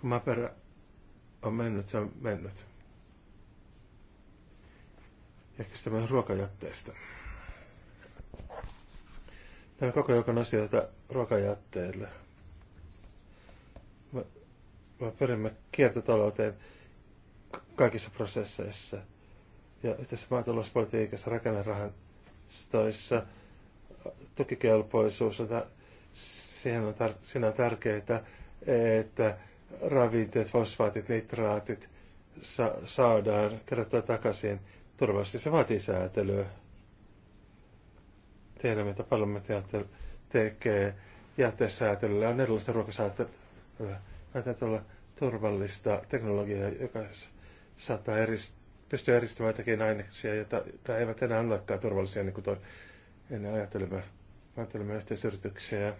Kun maaperä on mennyt, se on mennyt. Ja kestämme ruokajätteestä. Tämä koko joukon asioita ruokajätteille vaan pyrimme kiertotalouteen kaikissa prosesseissa ja yhteisessä maatalouspolitiikassa, rakennerahastoissa, tukikelpoisuus, on siihen on, tar- siinä on tärkeää, että ravinteet, fosfaatit, nitraatit sa- saadaan kerättyä takaisin turvallisesti. Se vaatii säätelyä. Tiedämme, että parlamentti tekee jätesäätelyllä on erilaista ruokasäätelyä. Päätetään olla turvallista teknologiaa, joka saattaa erist, pystyä eristämään jotakin aineksia, jotka eivät enää olekaan turvallisia, niin kuin toi, ennen ajattelemme, ajattelemme yhteisyrityksiä.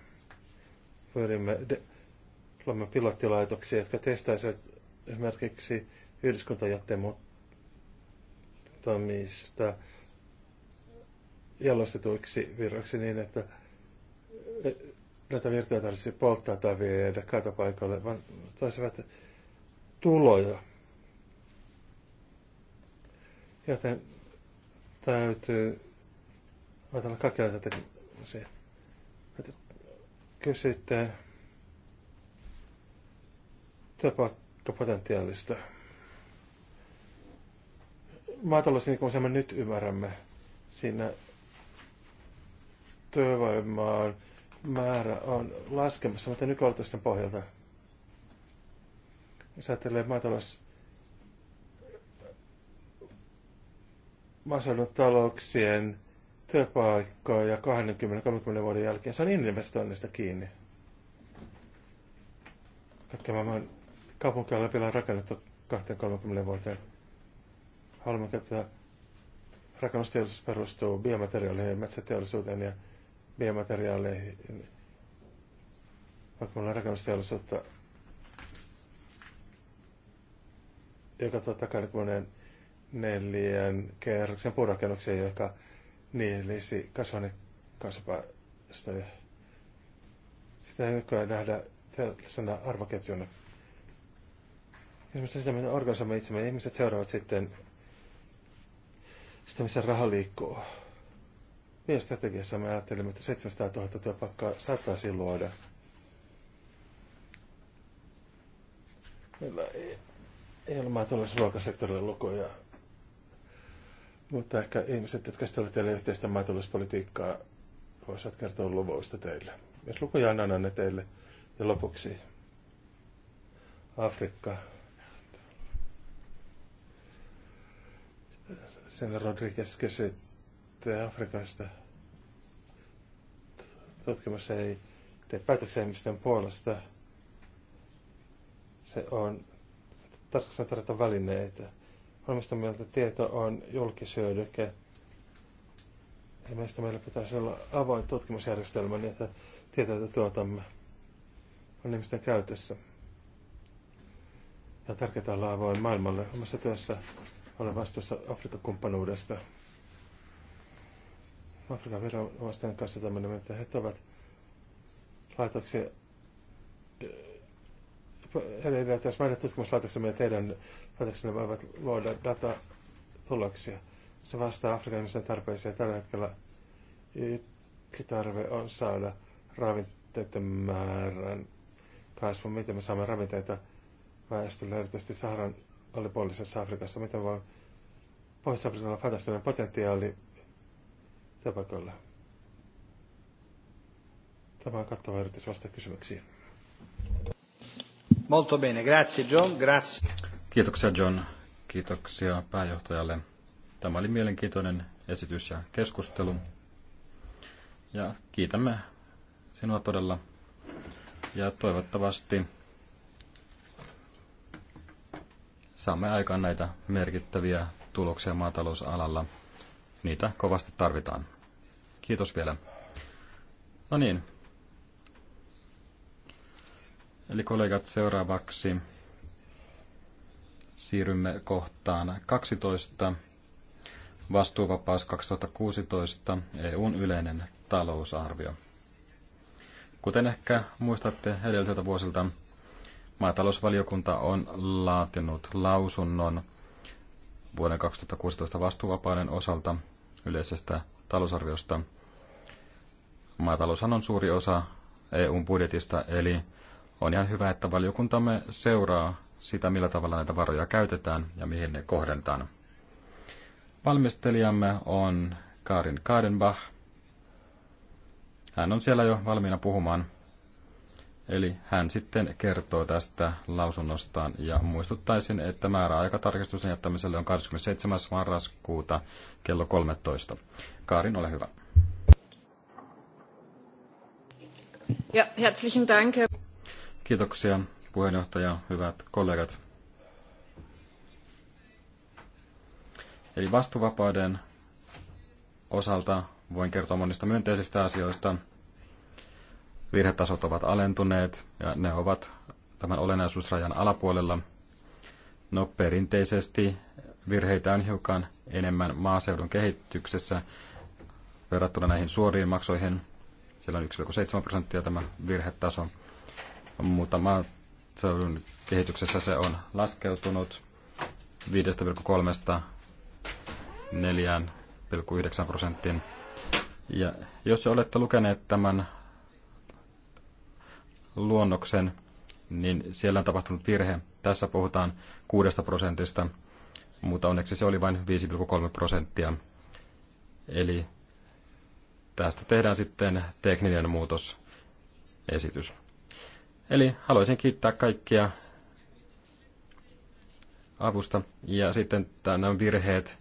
Pyrimme de, luomme pilottilaitoksia, jotka testaisivat esimerkiksi yhdyskuntajätteen muuttamista jalostetuiksi virroiksi niin, että virtoja tarvitsisi polttaa tai viedä kaatopaikalle, vaan toisivat tuloja. Joten täytyy ajatella kaikkia tätä asiaa. Kysytte työpaikkapotentiaalista. Maatalous, niin kuin me nyt ymmärrämme, siinä työvoimaan määrä on laskemassa, mutta nykyolotusten pohjalta. Jos ajattelee maatalous, maaseudun talouksien työpaikkoja 20-30 vuoden jälkeen, se on investoinnista kiinni. Kaikki maailman kaupunkialueella vielä on rakennettu 20-30 vuoteen. Haluamme, että rakennusteollisuus perustuu biomateriaaleihin ja metsäteollisuuteen ja biomateriaaleihin, vaikka me ollaan rakennusteollisuutta, joka tuottaa 24 kerroksen puurakennuksia, joka nielisi kasvanekaasupäästöjä. Sitä ei nykyään nähdä tällaisena arvoketjuna. Esimerkiksi sitä, mitä organisoimme itsemme, ihmiset seuraavat sitten sitä, missä raha liikkuu. Meidän strategiassa me ajattelimme, että 700 000 työpaikkaa saattaisi luoda. Meillä ei, ei ole maatalous- ruokasektorilla lukuja, mutta ehkä ihmiset, jotka sitten teille yhteistä maatalouspolitiikkaa, voisivat kertoa luvuista teille. Jos lukuja on annan ne teille. Ja lopuksi Afrikka. Sen Rodriguez kysyi sitten Afrikasta tutkimus ei tee päätöksenemisten puolesta. Se on tarkoitus tarjota välineitä. Olemista mieltä tieto on julkisyödyke. Ja meistä meillä pitäisi olla avoin tutkimusjärjestelmä niin, että tietoja tuotamme on ihmisten käytössä. Ja tärkeää olla avoin maailmalle. Omassa työssä olen vastuussa Afrikan kumppanuudesta. Afrikan viranomaisten kanssa tämmöinen, että he ovat laitoksia eh, eli jos meidän tutkimuslaitoksemme ja teidän laitoksenne voivat luoda datatuloksia, se vastaa Afrikan ihmisten tarpeisiin. Tällä hetkellä yksi tarve on saada ravinteiden määrän kasvun. Miten me saamme ravinteita väestölle, erityisesti Saharan alipuolisessa Afrikassa? Miten voi Pohjois-Afrikalla on fantastinen potentiaali työpaikoilla. Tämä on kattava yritys vastata kysymyksiin. Molto bene, grazie John, grazie. Kiitoksia John, kiitoksia pääjohtajalle. Tämä oli mielenkiintoinen esitys ja keskustelu. Ja kiitämme sinua todella. Ja toivottavasti saamme aikaan näitä merkittäviä tuloksia maatalousalalla – niitä kovasti tarvitaan. Kiitos vielä. No niin. Eli kollegat, seuraavaksi siirrymme kohtaan 12. Vastuuvapaus 2016, EUn yleinen talousarvio. Kuten ehkä muistatte edelliseltä vuosilta, maatalousvaliokunta on laatinut lausunnon vuoden 2016 vastuuvapauden osalta yleisestä talousarviosta. Maataloushan on suuri osa EUn budjetista, eli on ihan hyvä, että valiokuntamme seuraa sitä, millä tavalla näitä varoja käytetään ja mihin ne kohdentaan. Valmistelijamme on Karin Kaadenbach. Hän on siellä jo valmiina puhumaan. Eli hän sitten kertoo tästä lausunnostaan ja muistuttaisin, että määräaika tarkistuksen jättämiselle on 27. marraskuuta kello 13. Kaarin, ole hyvä. Ja, herzlichen Dank. Kiitoksia puheenjohtaja, hyvät kollegat. Eli vastuvapauden osalta voin kertoa monista myönteisistä asioista, virhetasot ovat alentuneet ja ne ovat tämän olennaisuusrajan alapuolella. No perinteisesti virheitä on hiukan enemmän maaseudun kehityksessä verrattuna näihin suoriin maksoihin. Siellä on 1,7 prosenttia tämä virhetaso, mutta maaseudun kehityksessä se on laskeutunut 5,3 4,9 prosenttiin. Ja jos olette lukeneet tämän luonnoksen, niin siellä on tapahtunut virhe. Tässä puhutaan 6 prosentista, mutta onneksi se oli vain 5,3 prosenttia. Eli tästä tehdään sitten tekninen muutosesitys. Eli haluaisin kiittää kaikkia avusta. Ja sitten nämä virheet,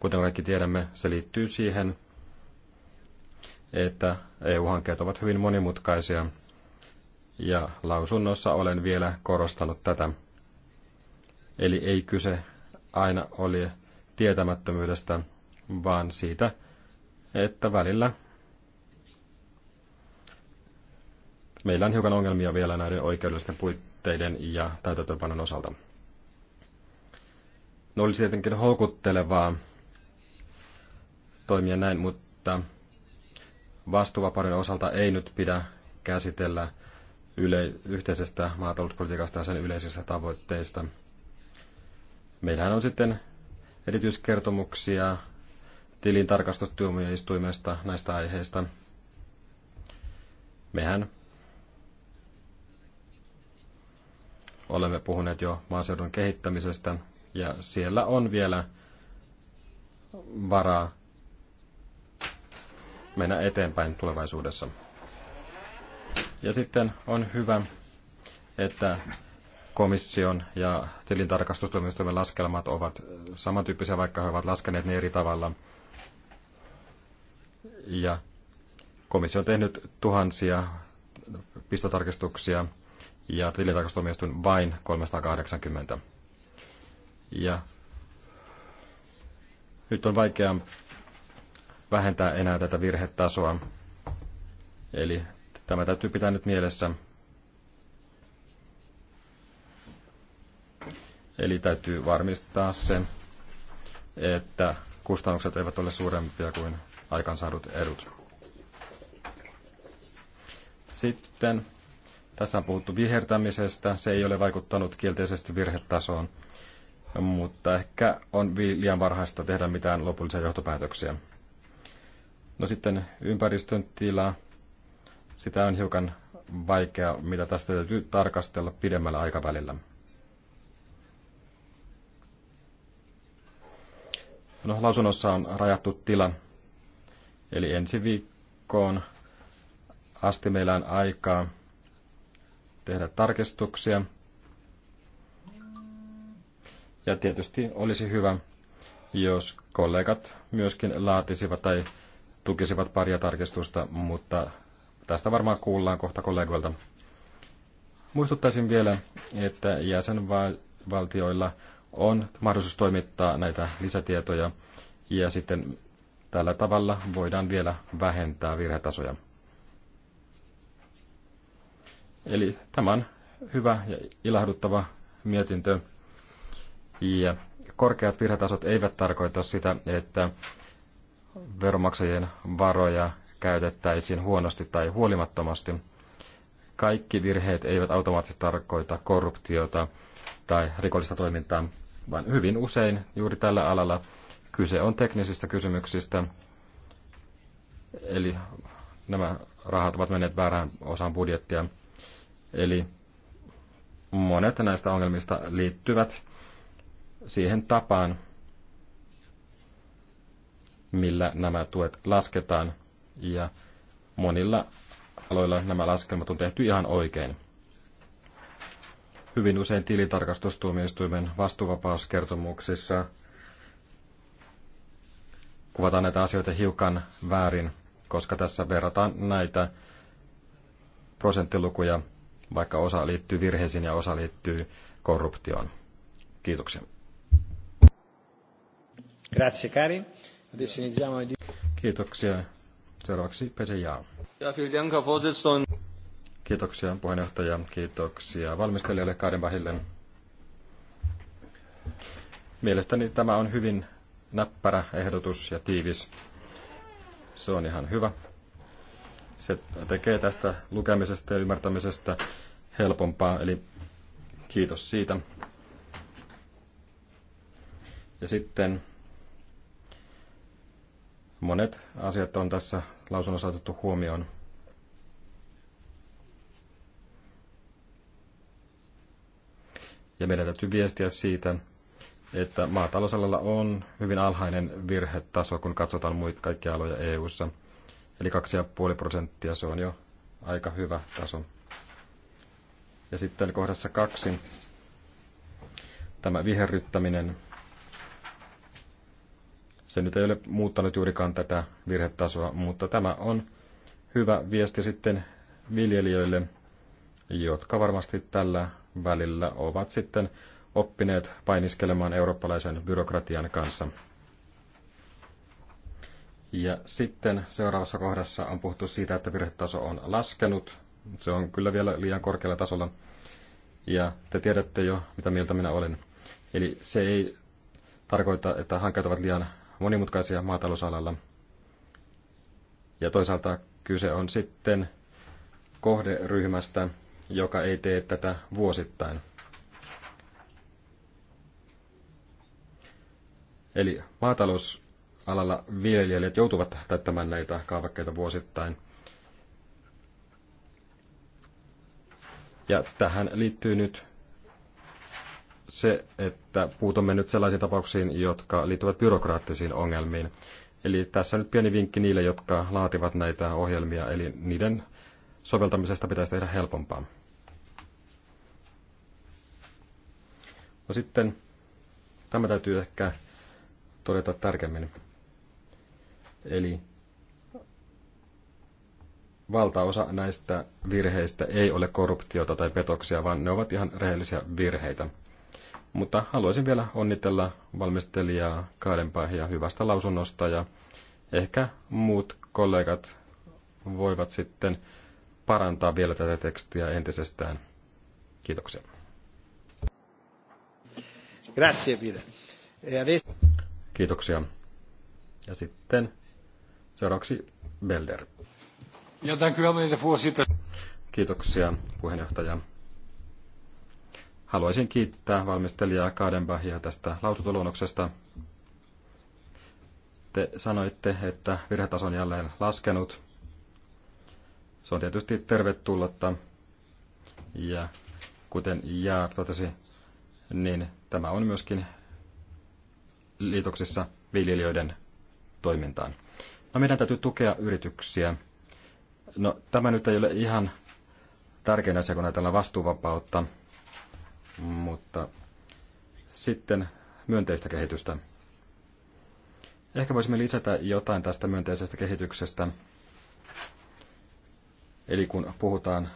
kuten kaikki tiedämme, se liittyy siihen, että EU-hankkeet ovat hyvin monimutkaisia – ja lausunnossa olen vielä korostanut tätä. Eli ei kyse aina ole tietämättömyydestä, vaan siitä, että välillä meillä on hiukan ongelmia vielä näiden oikeudellisten puitteiden ja täytäntöönpanon osalta. No olisi tietenkin houkuttelevaa toimia näin, mutta vastuuvapauden osalta ei nyt pidä käsitellä yle- yhteisestä maatalouspolitiikasta ja sen yleisistä tavoitteista. Meillähän on sitten erityiskertomuksia tilintarkastustuomioistuimesta näistä aiheista. Mehän olemme puhuneet jo maaseudun kehittämisestä ja siellä on vielä varaa mennä eteenpäin tulevaisuudessa. Ja sitten on hyvä, että komission ja tilintarkastustoimistojen laskelmat ovat samantyyppisiä, vaikka he ovat laskeneet ne eri tavalla. Ja komissio on tehnyt tuhansia pistotarkistuksia ja tilintarkastustoimistoin vain 380. Ja nyt on vaikea vähentää enää tätä virhetasoa. Eli Tämä täytyy pitää nyt mielessä. Eli täytyy varmistaa se, että kustannukset eivät ole suurempia kuin aikansaadut edut. Sitten tässä on puhuttu vihertämisestä. Se ei ole vaikuttanut kielteisesti virhetasoon, mutta ehkä on liian varhaista tehdä mitään lopullisia johtopäätöksiä. No sitten ympäristön tila sitä on hiukan vaikea, mitä tästä täytyy tarkastella pidemmällä aikavälillä. No, lausunnossa on rajattu tila, eli ensi viikkoon asti meillä on aikaa tehdä tarkistuksia. Ja tietysti olisi hyvä, jos kollegat myöskin laatisivat tai tukisivat paria tarkistusta, mutta Tästä varmaan kuullaan kohta kollegoilta. Muistuttaisin vielä, että jäsenvaltioilla on mahdollisuus toimittaa näitä lisätietoja ja sitten tällä tavalla voidaan vielä vähentää virhetasoja. Eli tämä on hyvä ja ilahduttava mietintö. Ja korkeat virhetasot eivät tarkoita sitä, että veromaksajien varoja käytettäisiin huonosti tai huolimattomasti. Kaikki virheet eivät automaattisesti tarkoita korruptiota tai rikollista toimintaa, vaan hyvin usein juuri tällä alalla kyse on teknisistä kysymyksistä, eli nämä rahat ovat menneet väärään osaan budjettia. Eli monet näistä ongelmista liittyvät siihen tapaan, millä nämä tuet lasketaan ja monilla aloilla nämä laskelmat on tehty ihan oikein. Hyvin usein tilitarkastustuomioistuimen vastuuvapauskertomuksissa kuvataan näitä asioita hiukan väärin, koska tässä verrataan näitä prosenttilukuja, vaikka osa liittyy virheisiin ja osa liittyy korruptioon. Kiitoksia. Grazie, cari. Kiitoksia. Seuraavaksi Pese Jao. Kiitoksia puheenjohtaja, kiitoksia valmistelijalle Kaadenbahille. Mielestäni tämä on hyvin näppärä ehdotus ja tiivis. Se on ihan hyvä. Se tekee tästä lukemisesta ja ymmärtämisestä helpompaa, eli kiitos siitä. Ja sitten monet asiat on tässä lausunnon saatettu huomioon. Ja meidän täytyy viestiä siitä, että maatalousalalla on hyvin alhainen virhetaso, kun katsotaan muita kaikkia aloja EU-ssa. Eli 2,5 prosenttia se on jo aika hyvä taso. Ja sitten kohdassa kaksi, tämä viherryttäminen se nyt ei ole muuttanut juurikaan tätä virhetasoa, mutta tämä on hyvä viesti sitten viljelijöille, jotka varmasti tällä välillä ovat sitten oppineet painiskelemaan eurooppalaisen byrokratian kanssa. Ja sitten seuraavassa kohdassa on puhuttu siitä, että virhetaso on laskenut. Se on kyllä vielä liian korkealla tasolla. Ja te tiedätte jo, mitä mieltä minä olen. Eli se ei tarkoita, että hankkeet ovat liian monimutkaisia maatalousalalla. Ja toisaalta kyse on sitten kohderyhmästä, joka ei tee tätä vuosittain. Eli maatalousalalla viljelijät joutuvat täyttämään näitä kaavakkeita vuosittain. Ja tähän liittyy nyt se, että puutumme nyt sellaisiin tapauksiin, jotka liittyvät byrokraattisiin ongelmiin. Eli tässä nyt pieni vinkki niille, jotka laativat näitä ohjelmia, eli niiden soveltamisesta pitäisi tehdä helpompaa. No sitten tämä täytyy ehkä todeta tarkemmin. Eli valtaosa näistä virheistä ei ole korruptiota tai petoksia, vaan ne ovat ihan rehellisiä virheitä. Mutta haluaisin vielä onnitella valmistelijaa Kaadenpäähiä hyvästä lausunnosta ja ehkä muut kollegat voivat sitten parantaa vielä tätä tekstiä entisestään. Kiitoksia. Grazie, pide. E Kiitoksia. Ja sitten seuraavaksi Belder. Ja, dank Kiitoksia, puheenjohtaja. Haluaisin kiittää valmistelijaa Kaadenbahia tästä lausuntoluonnoksesta. Te sanoitte, että virhetaso on jälleen laskenut. Se on tietysti tervetullutta. Ja kuten Jaar totesi, niin tämä on myöskin liitoksissa viljelijöiden toimintaan. No meidän täytyy tukea yrityksiä. No tämä nyt ei ole ihan tärkein asia, kun ajatellaan vastuuvapautta, mutta sitten myönteistä kehitystä. Ehkä voisimme lisätä jotain tästä myönteisestä kehityksestä. Eli kun puhutaan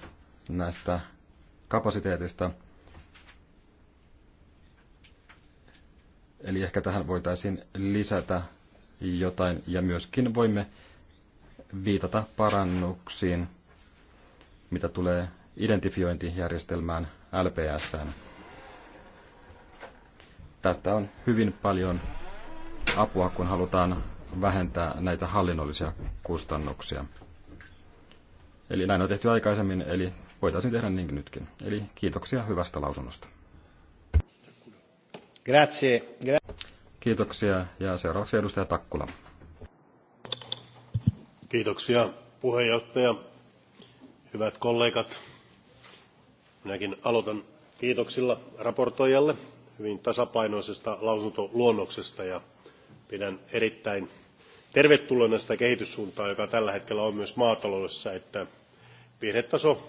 näistä kapasiteetista, eli ehkä tähän voitaisiin lisätä jotain ja myöskin voimme viitata parannuksiin, mitä tulee identifiointijärjestelmään LPSään tästä on hyvin paljon apua, kun halutaan vähentää näitä hallinnollisia kustannuksia. Eli näin on tehty aikaisemmin, eli voitaisiin tehdä niin nytkin. Eli kiitoksia hyvästä lausunnosta. Grazie. Gra- Kiitoksia ja seuraavaksi edustaja Takkula. Kiitoksia puheenjohtaja. Hyvät kollegat, minäkin aloitan kiitoksilla raportoijalle hyvin tasapainoisesta lausuntoluonnoksesta ja pidän erittäin tervetulleena sitä kehityssuuntaa, joka tällä hetkellä on myös maataloudessa, että virhetaso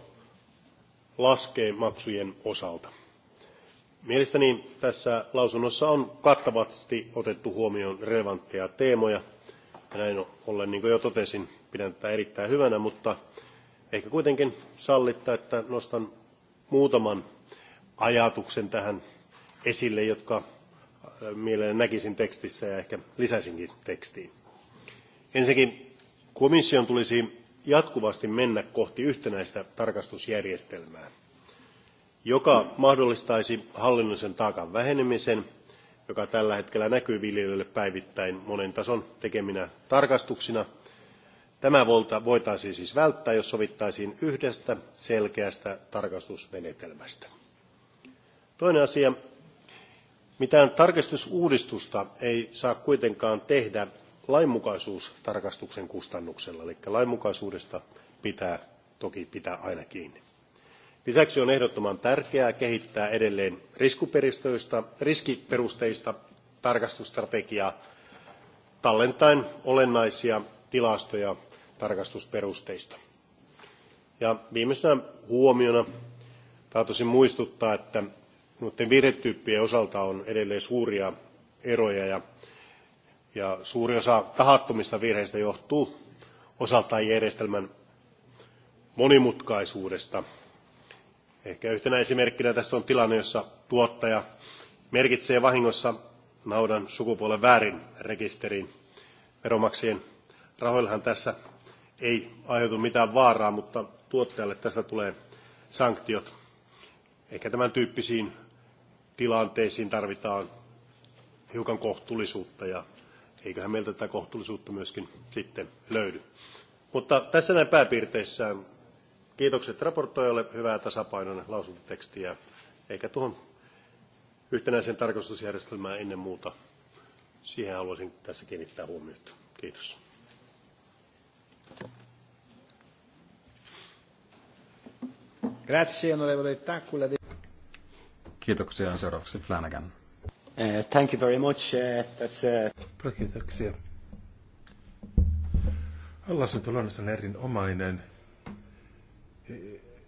laskee maksujen osalta. Mielestäni tässä lausunnossa on kattavasti otettu huomioon relevantteja teemoja. Ja näin ollen, niin kuin jo totesin, pidän tätä erittäin hyvänä, mutta ehkä kuitenkin sallittaa, että nostan muutaman ajatuksen tähän esille, jotka äh, mielelläni näkisin tekstissä ja ehkä lisäisinkin tekstiin. Ensinnäkin komission tulisi jatkuvasti mennä kohti yhtenäistä tarkastusjärjestelmää, joka mahdollistaisi hallinnollisen taakan vähenemisen, joka tällä hetkellä näkyy viljelijöille päivittäin monen tason tekeminä tarkastuksina. Tämä voitaisiin siis välttää, jos sovittaisiin yhdestä selkeästä tarkastusmenetelmästä. Toinen asia mitään tarkistusuudistusta ei saa kuitenkaan tehdä lainmukaisuustarkastuksen kustannuksella, eli lainmukaisuudesta pitää toki pitää aina kiinni. Lisäksi on ehdottoman tärkeää kehittää edelleen riskiperusteista tarkastusstrategiaa tallentaen olennaisia tilastoja tarkastusperusteista. Ja viimeisenä huomiona tahtoisin muistuttaa, että noiden virhetyyppien osalta on edelleen suuria eroja ja, ja suuri osa tahattomista virheistä johtuu osaltaan järjestelmän monimutkaisuudesta. Ehkä yhtenä esimerkkinä tästä on tilanne, jossa tuottaja merkitsee vahingossa naudan sukupuolen väärin rekisteriin. Veromaksien rahoillahan tässä ei aiheutu mitään vaaraa, mutta tuottajalle tästä tulee sanktiot. Ehkä tämän tyyppisiin tilanteisiin tarvitaan hiukan kohtuullisuutta ja eiköhän meiltä tätä kohtuullisuutta myöskin sitten löydy. Mutta tässä näin pääpiirteissään kiitokset raportoijalle, hyvää tasapainoinen lausuntotekstiä, eikä tuohon yhtenäiseen tarkastusjärjestelmään ennen muuta. Siihen haluaisin tässä kiinnittää huomiota. Kiitos. Grazie, onorevole Kiitoksia. Seuraavaksi Flanagan. Uh, thank you very much. Uh, that's, uh... Kiitoksia. Allasunto on erinomainen.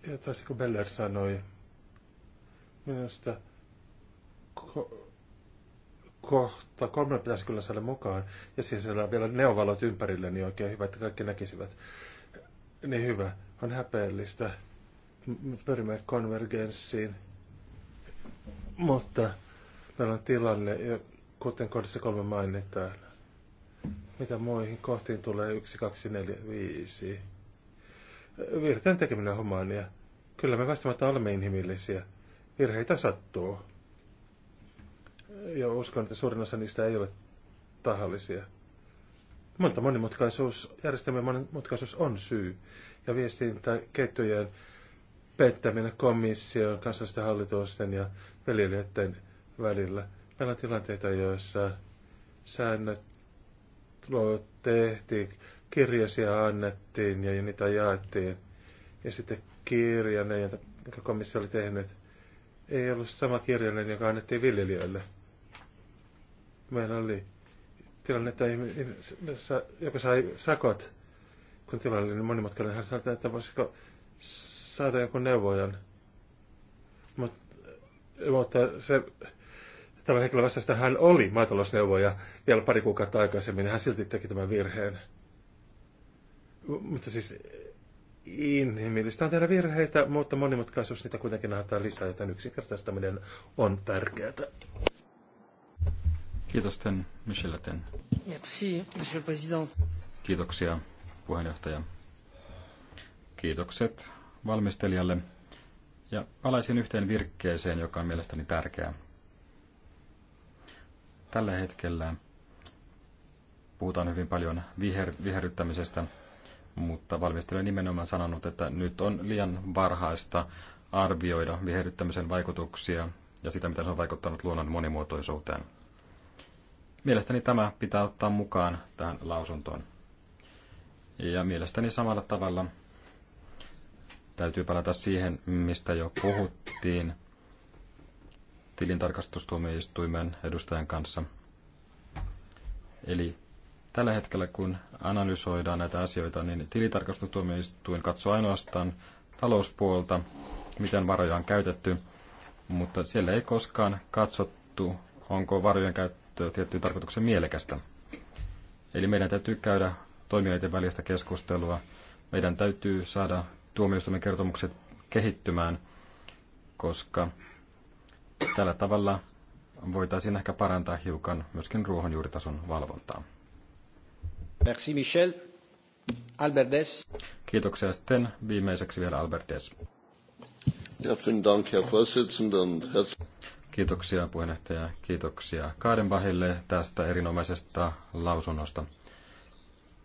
Ja taas kun Beller sanoi, minusta ko- kohta kolme pitäisi kyllä saada mukaan. Ja siis siellä on vielä neovalot ympärille, niin oikein hyvä, että kaikki näkisivät. Niin hyvä, on häpeellistä. Me pyrimme konvergenssiin mutta meillä on tilanne, ja kuten kohdassa kolme mainitaan, mitä muihin kohtiin tulee 1, 2, 4, 5. Virteen tekeminen hommaan ja kyllä me vastamatta olemme inhimillisiä. Virheitä sattuu. Ja uskon, että suurin osa niistä ei ole tahallisia. Monta monimutkaisuus, järjestelmän monimutkaisuus on syy. Ja viestintäketjujen ketjujen pettäminen komission, kansallisten hallitusten ja viljelijöiden välillä. Meillä on tilanteita, joissa säännöt tehtiin, kirjasia annettiin ja niitä jaettiin. Ja sitten kirjainen, jonka komissio oli tehnyt, ei ollut sama kirjainen, joka annettiin viljelijöille. Meillä oli tilanne, että joka sai sakot, kun tilanne oli niin monimutkainen. Hän sanoi, että voisiko saada jonkun neuvojan. Mut, mutta se, tämä hetkellä vastaista hän oli maatalousneuvoja vielä pari kuukautta aikaisemmin, hän silti teki tämän virheen. Mutta siis inhimillistä on tehdä virheitä, mutta monimutkaisuus niitä kuitenkin nähdään lisää, joten yksinkertaistaminen on tärkeää. Kiitos ten, Michel ten. Merci, monsieur le président. Kiitoksia, puheenjohtaja. Kiitokset valmistelijalle. Ja palaisin yhteen virkkeeseen, joka on mielestäni tärkeä. Tällä hetkellä puhutaan hyvin paljon viher, viherryttämisestä, mutta valmistelija on nimenomaan sanonut, että nyt on liian varhaista arvioida viherryttämisen vaikutuksia ja sitä, mitä se on vaikuttanut luonnon monimuotoisuuteen. Mielestäni tämä pitää ottaa mukaan tähän lausuntoon. Ja mielestäni samalla tavalla Täytyy palata siihen, mistä jo puhuttiin tilintarkastustuomioistuimen edustajan kanssa. Eli tällä hetkellä, kun analysoidaan näitä asioita, niin tilintarkastustuomioistuin katsoo ainoastaan talouspuolta, miten varoja on käytetty, mutta siellä ei koskaan katsottu, onko varojen käyttö tiettyyn tarkoituksen mielekästä. Eli meidän täytyy käydä toimijoiden välistä keskustelua. Meidän täytyy saada tuomioistuimen kertomukset kehittymään, koska tällä tavalla voitaisiin ehkä parantaa hiukan myöskin ruohonjuuritason valvontaa. Merci Michel. Albertes. Kiitoksia sitten viimeiseksi vielä Albertes. Ja, vielen Dank, Herr Vorsitzender, und Kiitoksia puheenjohtaja, kiitoksia Kaadenbahille tästä erinomaisesta lausunnosta.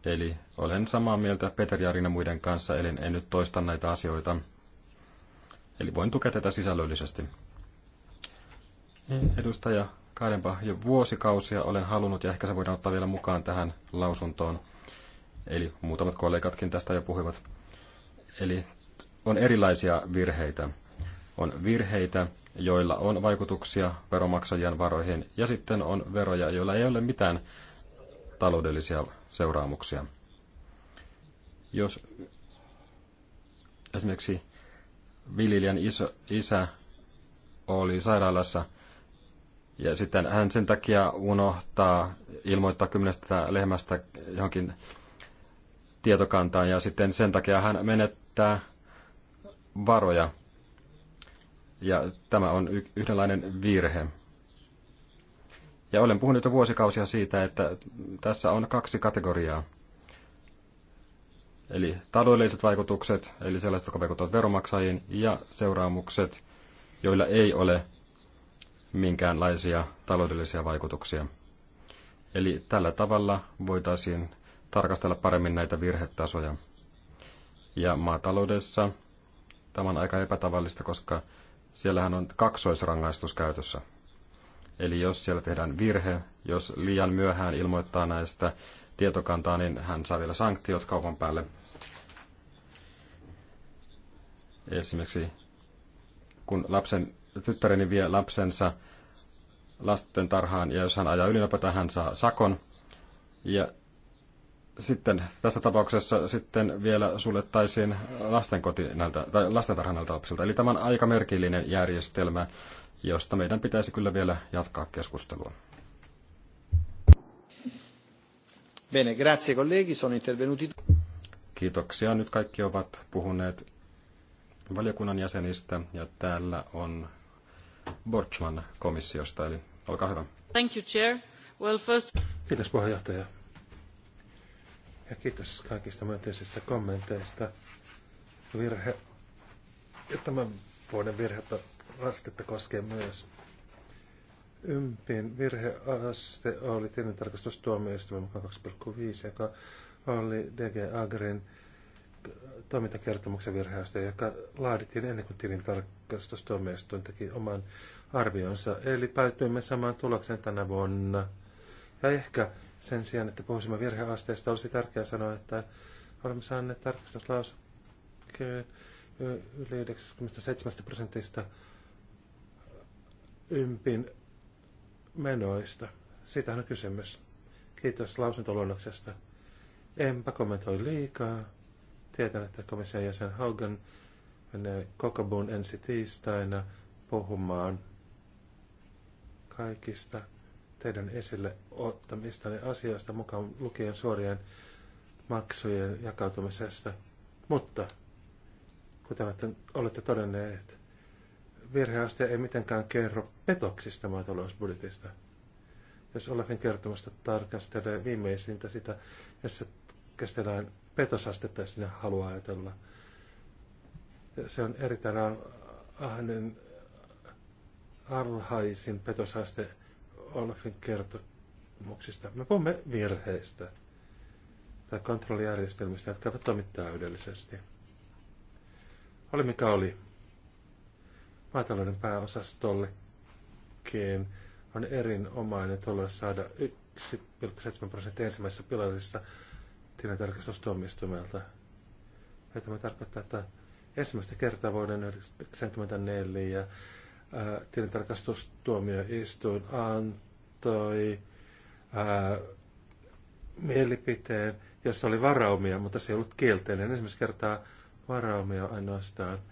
Eli olen samaa mieltä Peter Jarina muiden kanssa, eli en nyt toista näitä asioita. Eli voin tukea tätä sisällöllisesti. Edustaja Kaidenpa, jo vuosikausia olen halunnut, ja ehkä se voidaan ottaa vielä mukaan tähän lausuntoon. Eli muutamat kollegatkin tästä jo puhuivat. Eli on erilaisia virheitä. On virheitä, joilla on vaikutuksia veromaksajien varoihin, ja sitten on veroja, joilla ei ole mitään taloudellisia seuraamuksia. Jos esimerkiksi viljelijän iso, isä oli sairaalassa ja sitten hän sen takia unohtaa ilmoittaa kymmenestä lehmästä johonkin tietokantaan ja sitten sen takia hän menettää varoja. Ja tämä on yhdenlainen virhe. Ja olen puhunut jo vuosikausia siitä, että tässä on kaksi kategoriaa. Eli taloudelliset vaikutukset, eli sellaiset, jotka vaikuttavat veromaksajiin, ja seuraamukset, joilla ei ole minkäänlaisia taloudellisia vaikutuksia. Eli tällä tavalla voitaisiin tarkastella paremmin näitä virhetasoja. Ja maataloudessa tämä on aika epätavallista, koska siellähän on kaksoisrangaistus käytössä. Eli jos siellä tehdään virhe, jos liian myöhään ilmoittaa näistä tietokantaa, niin hän saa vielä sanktiot kaupan päälle. Esimerkiksi kun lapsen, tyttäreni vie lapsensa lasten tarhaan ja jos hän ajaa ylinopeutta, hän saa sakon. Ja sitten tässä tapauksessa sitten vielä suljettaisiin lastentarhan näiltä lapsilta. Eli tämä on aika merkillinen järjestelmä josta meidän pitäisi kyllä vielä jatkaa keskustelua. Bene, grazie colleghi, sono intervenuti. Kiitoksia. Nyt kaikki ovat puhuneet valiokunnan jäsenistä ja täällä on Borchman komissiosta, eli olkaa hyvä. Thank you, Chair. Well, first... Kiitos puheenjohtaja. Ja kiitos kaikista myönteisistä kommenteista. Virhe, ja tämän vuoden virhe astetta koskee myös. Ympin virheaste oli tilintarkastustuomioistuimen mukaan 2,5, joka oli DG Agrin toimintakertomuksen virheaste, joka laadittiin ennen kuin tilintarkastustuomioistuin teki oman arvionsa. Eli päätyimme samaan tulokseen tänä vuonna. Ja ehkä sen sijaan, että puhuisimme virheasteesta, olisi tärkeää sanoa, että olemme saaneet tarkastuslausekkeen yli 97 prosentista ympin menoista. Sitä on kysymys. Kiitos lausuntoluonnoksesta. Enpä kommentoi liikaa. Tiedän, että komission jäsen Haugen menee Kokobun ensi tiistaina puhumaan kaikista teidän esille ne asioista mukaan lukien suorien maksujen jakautumisesta. Mutta kuten olette todenneet, virheaste ei mitenkään kerro petoksista maatalousbudjetista. Jos Olafin kertomusta tarkastelee viimeisintä sitä, jossa käsitellään petosastetta, jos sinä haluaa ajatella. Se on erittäin ahnen alhaisin petosaste Olafin kertomuksista. Me puhumme virheistä tai kontrollijärjestelmistä, jotka eivät toimi täydellisesti. Oli mikä oli maatalouden pääosastollekin on erinomainen tulla saada 1,7 prosenttia ensimmäisessä pilarissa tilintarkastustuomioistuimelta. tämä tarkoittaa, että ensimmäistä kertaa vuoden 1994 äh, tilintarkastustuomioistuin antoi ää, äh, mielipiteen, jossa oli varaumia, mutta se ei ollut kielteinen. Ensimmäistä kertaa varaumia ainoastaan –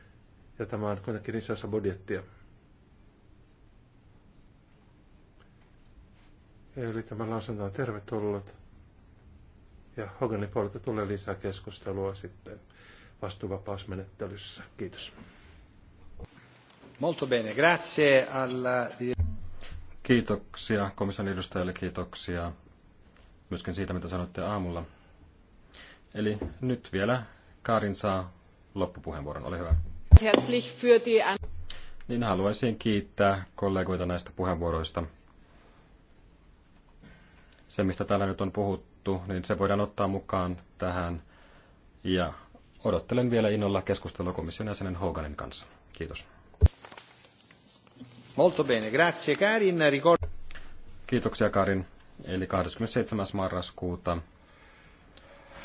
ja tämä on kuitenkin iso osa budjettia. Eli tämä lausunto on tervetullut. Ja Hoganin puolelta tulee lisää keskustelua sitten vastuuvapausmenettelyssä. Kiitos. Molto bene, grazie alla... Kiitoksia komission edustajalle, kiitoksia myöskin siitä, mitä sanoitte aamulla. Eli nyt vielä Kaarin saa loppupuheenvuoron, ole hyvä. Herzlich für die... Niin haluaisin kiittää kollegoita näistä puheenvuoroista. Se, mistä täällä nyt on puhuttu, niin se voidaan ottaa mukaan tähän. Ja odottelen vielä innolla keskustelua komission jäsenen Hoganin kanssa. Kiitos. Molto bene, grazie Karin. Ricord- Kiitoksia Karin. Eli 27. marraskuuta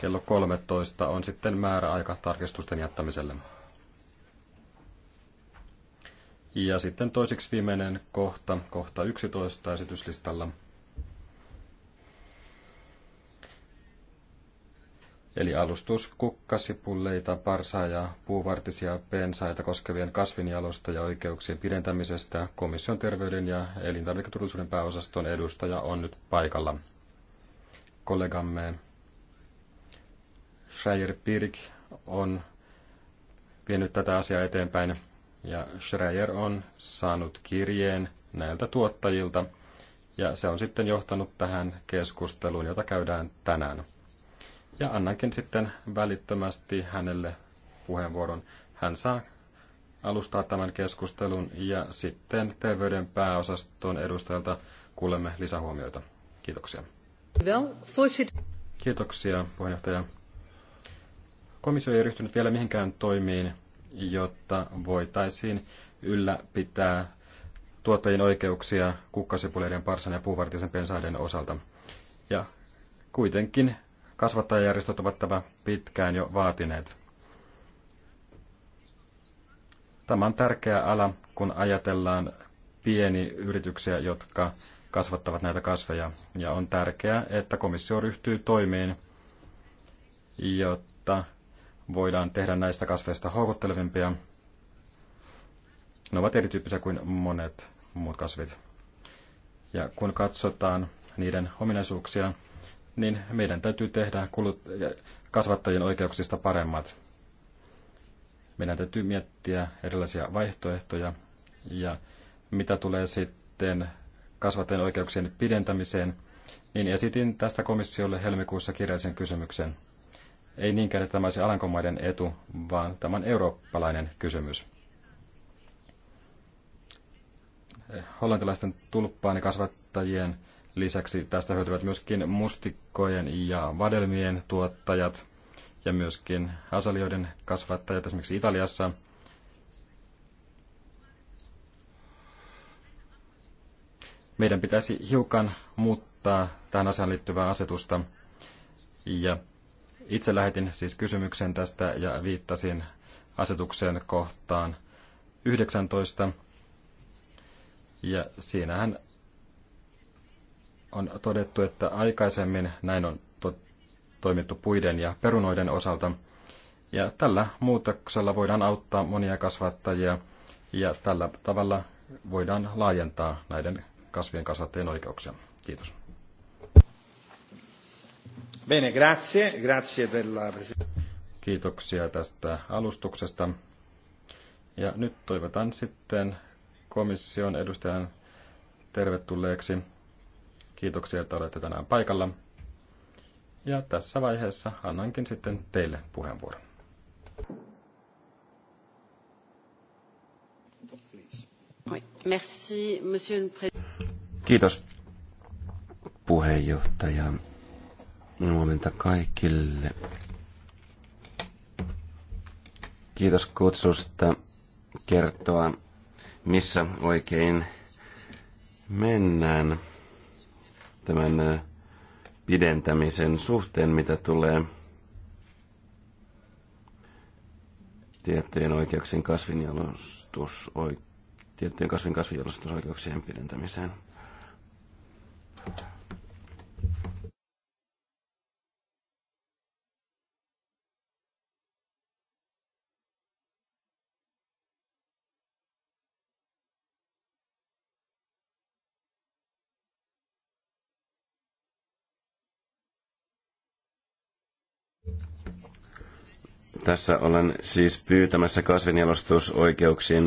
kello 13 on sitten määräaika tarkistusten jättämiselle. Ja sitten toiseksi viimeinen kohta, kohta 11 esityslistalla. Eli alustus kukkasipulleita, parsaa ja puuvartisia pensaita koskevien kasvinjalosta ja oikeuksien pidentämisestä komission terveyden ja elintarviketurvallisuuden pääosaston edustaja on nyt paikalla. Kollegamme Shire Pirk on vienyt tätä asiaa eteenpäin ja Schreier on saanut kirjeen näiltä tuottajilta, ja se on sitten johtanut tähän keskusteluun, jota käydään tänään. Ja annankin sitten välittömästi hänelle puheenvuoron. Hän saa alustaa tämän keskustelun ja sitten terveyden pääosaston edustajalta kuulemme lisähuomioita. Kiitoksia. Kiitoksia, puheenjohtaja. Komissio ei ryhtynyt vielä mihinkään toimiin jotta voitaisiin ylläpitää tuottajien oikeuksia kukkasipuleiden, parsan ja puuvartisen pensaiden osalta. Ja kuitenkin kasvattajajärjestöt ovat tämä pitkään jo vaatineet. Tämä on tärkeä ala, kun ajatellaan pieni yrityksiä, jotka kasvattavat näitä kasveja. Ja on tärkeää, että komissio ryhtyy toimiin, jotta voidaan tehdä näistä kasveista houkuttelevimpia. Ne ovat erityyppisiä kuin monet muut kasvit. Ja kun katsotaan niiden ominaisuuksia, niin meidän täytyy tehdä kulut- kasvattajien oikeuksista paremmat. Meidän täytyy miettiä erilaisia vaihtoehtoja ja mitä tulee sitten kasvattajien oikeuksien pidentämiseen, niin esitin tästä komissiolle helmikuussa kirjallisen kysymyksen. Ei niinkään, että tämä olisi Alankomaiden etu, vaan tämä on eurooppalainen kysymys. Hollantilaisten tulppaanikasvattajien lisäksi tästä hyötyvät myöskin mustikkojen ja vadelmien tuottajat ja myöskin asalioiden kasvattajat esimerkiksi Italiassa. Meidän pitäisi hiukan muuttaa tähän asiaan liittyvää asetusta ja itse lähetin siis kysymyksen tästä ja viittasin asetukseen kohtaan 19. Ja siinähän on todettu, että aikaisemmin näin on to- toimittu puiden ja perunoiden osalta. Ja tällä muutoksella voidaan auttaa monia kasvattajia ja tällä tavalla voidaan laajentaa näiden kasvien kasvattajien oikeuksia. Kiitos. Bene, grazie. Grazie della Kiitoksia tästä alustuksesta. Ja nyt toivotan sitten komission edustajan tervetulleeksi. Kiitoksia, että olette tänään paikalla. Ja tässä vaiheessa annankin sitten teille puheenvuoron. Kiitos puheenjohtaja. Huomenta kaikille. Kiitos kutsusta kertoa, missä oikein mennään tämän pidentämisen suhteen, mitä tulee tiettyjen oikeuksien kasvinjalostus, tiettyjen kasvin kasvinjalostusoikeuksien pidentämiseen. Tässä olen siis pyytämässä kasvinjalostusoikeuksien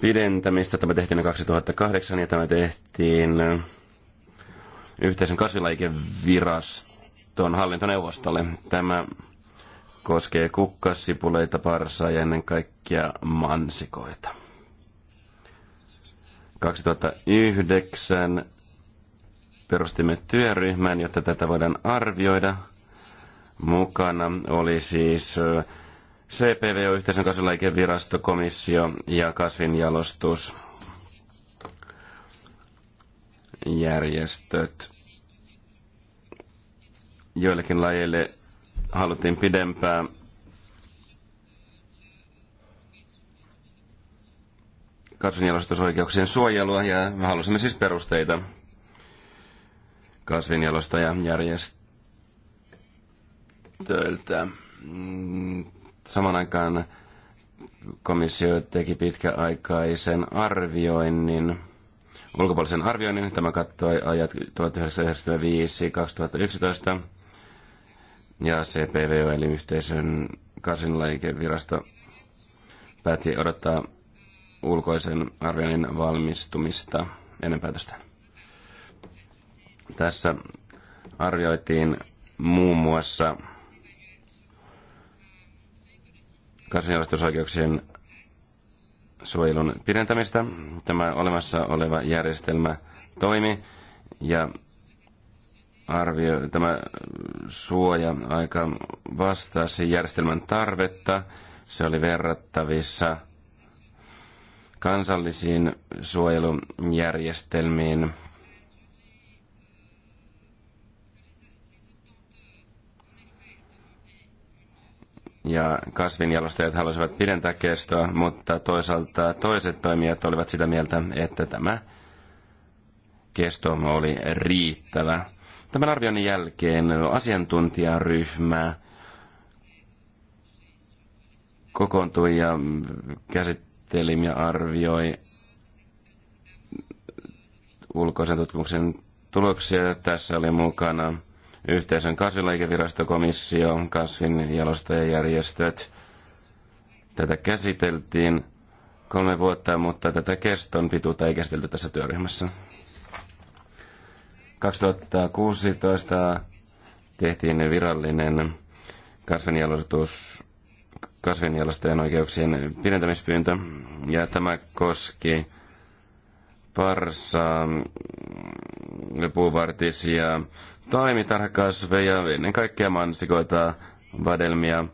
pidentämistä. Tämä tehtiin 2008 ja tämä tehtiin yhteisen kasvilaikeviraston hallintoneuvostolle. Tämä koskee kukkasipuleita, parsaa ja ennen kaikkea mansikoita. 2009 perustimme työryhmän, jotta tätä voidaan arvioida – mukana oli siis CPV, yhteisön kasvilajikevirasto, komissio ja kasvinjalostus järjestöt. Joillekin lajeille haluttiin pidempää kasvinjalostusoikeuksien suojelua ja halusimme siis perusteita kasvinjalostajajärjestöille töiltä. Mm, saman aikaan komissio teki pitkäaikaisen arvioinnin, ulkopuolisen arvioinnin. Tämä kattoi ajat 1995-2011 ja CPVO eli yhteisön kasvinlajikevirasto päätti odottaa ulkoisen arvioinnin valmistumista ennen päätöstä. Tässä arvioitiin muun muassa kansanjärjestysoikeuksien suojelun pidentämistä. Tämä olemassa oleva järjestelmä toimi ja arvio, tämä suoja-aika vastasi järjestelmän tarvetta. Se oli verrattavissa kansallisiin suojelujärjestelmiin – ja kasvinjalostajat halusivat pidentää kestoa, mutta toisaalta toiset toimijat olivat sitä mieltä, että tämä kesto oli riittävä. Tämän arvioinnin jälkeen asiantuntijaryhmä kokoontui ja käsitteli ja arvioi ulkoisen tutkimuksen tuloksia. Tässä oli mukana yhteisön kasvilaikevirastokomissio, komissio, kasvinjalostajajärjestöt. Tätä käsiteltiin kolme vuotta, mutta tätä keston pituutta ei käsitelty tässä työryhmässä. 2016 tehtiin virallinen kasvinjalostus, kasvinjalostajan oikeuksien pidentämispyyntö, ja tämä koski parsa, puuvartisia, taimitarhakasveja, ennen kaikkea mansikoita, vadelmia,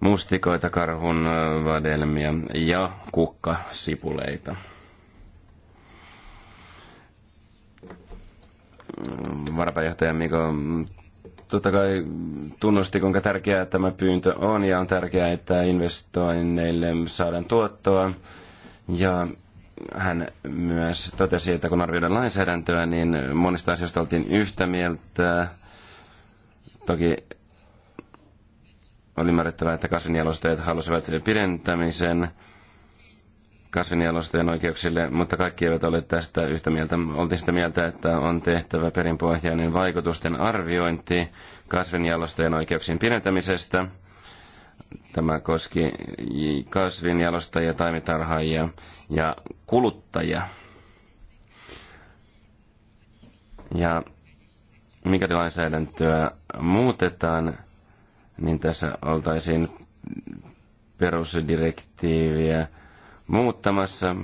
mustikoita, karhun äh, vadelmia ja kukkasipuleita. Varapääjohtaja Miko totta kai tunnusti, kuinka tärkeää tämä pyyntö on ja on tärkeää, että investoinneille saadaan tuottoa. Ja hän myös totesi, että kun arvioidaan lainsäädäntöä, niin monista asioista oltiin yhtä mieltä. Toki oli ymmärrettävää, että kasvinjalostajat halusivat pidentämisen kasvinjalosteen oikeuksille, mutta kaikki eivät ole tästä yhtä mieltä. Oltiin sitä mieltä, että on tehtävä perinpohjainen vaikutusten arviointi kasvinjalosteen oikeuksien pidentämisestä – Tämä koski kasvinjalostajia, taimitarhaajia ja kuluttajia. Ja mikäli lainsäädäntöä muutetaan, niin tässä oltaisiin perusdirektiiviä muuttamassa.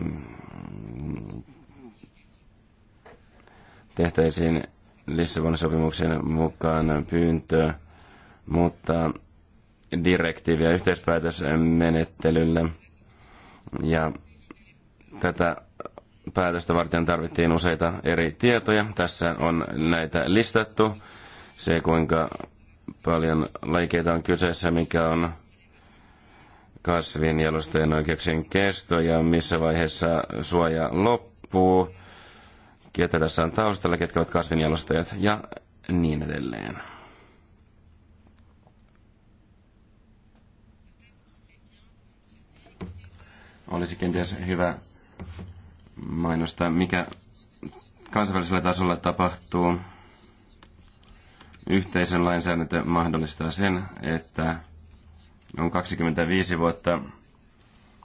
Tehtäisiin Lissabonin sopimuksen mukaan pyyntö mutta direktiiviä yhteispäätösmenettelyllä. Ja tätä päätöstä varten tarvittiin useita eri tietoja. Tässä on näitä listattu. Se, kuinka paljon laikeita on kyseessä, mikä on kasvin jalostajan oikeuksien kesto ja missä vaiheessa suoja loppuu, ketä tässä on taustalla, ketkä ovat kasvinjalostajat ja niin edelleen. Olisi kenties hyvä mainostaa, mikä kansainvälisellä tasolla tapahtuu. Yhteisön lainsäädäntö mahdollistaa sen, että on 25 vuotta,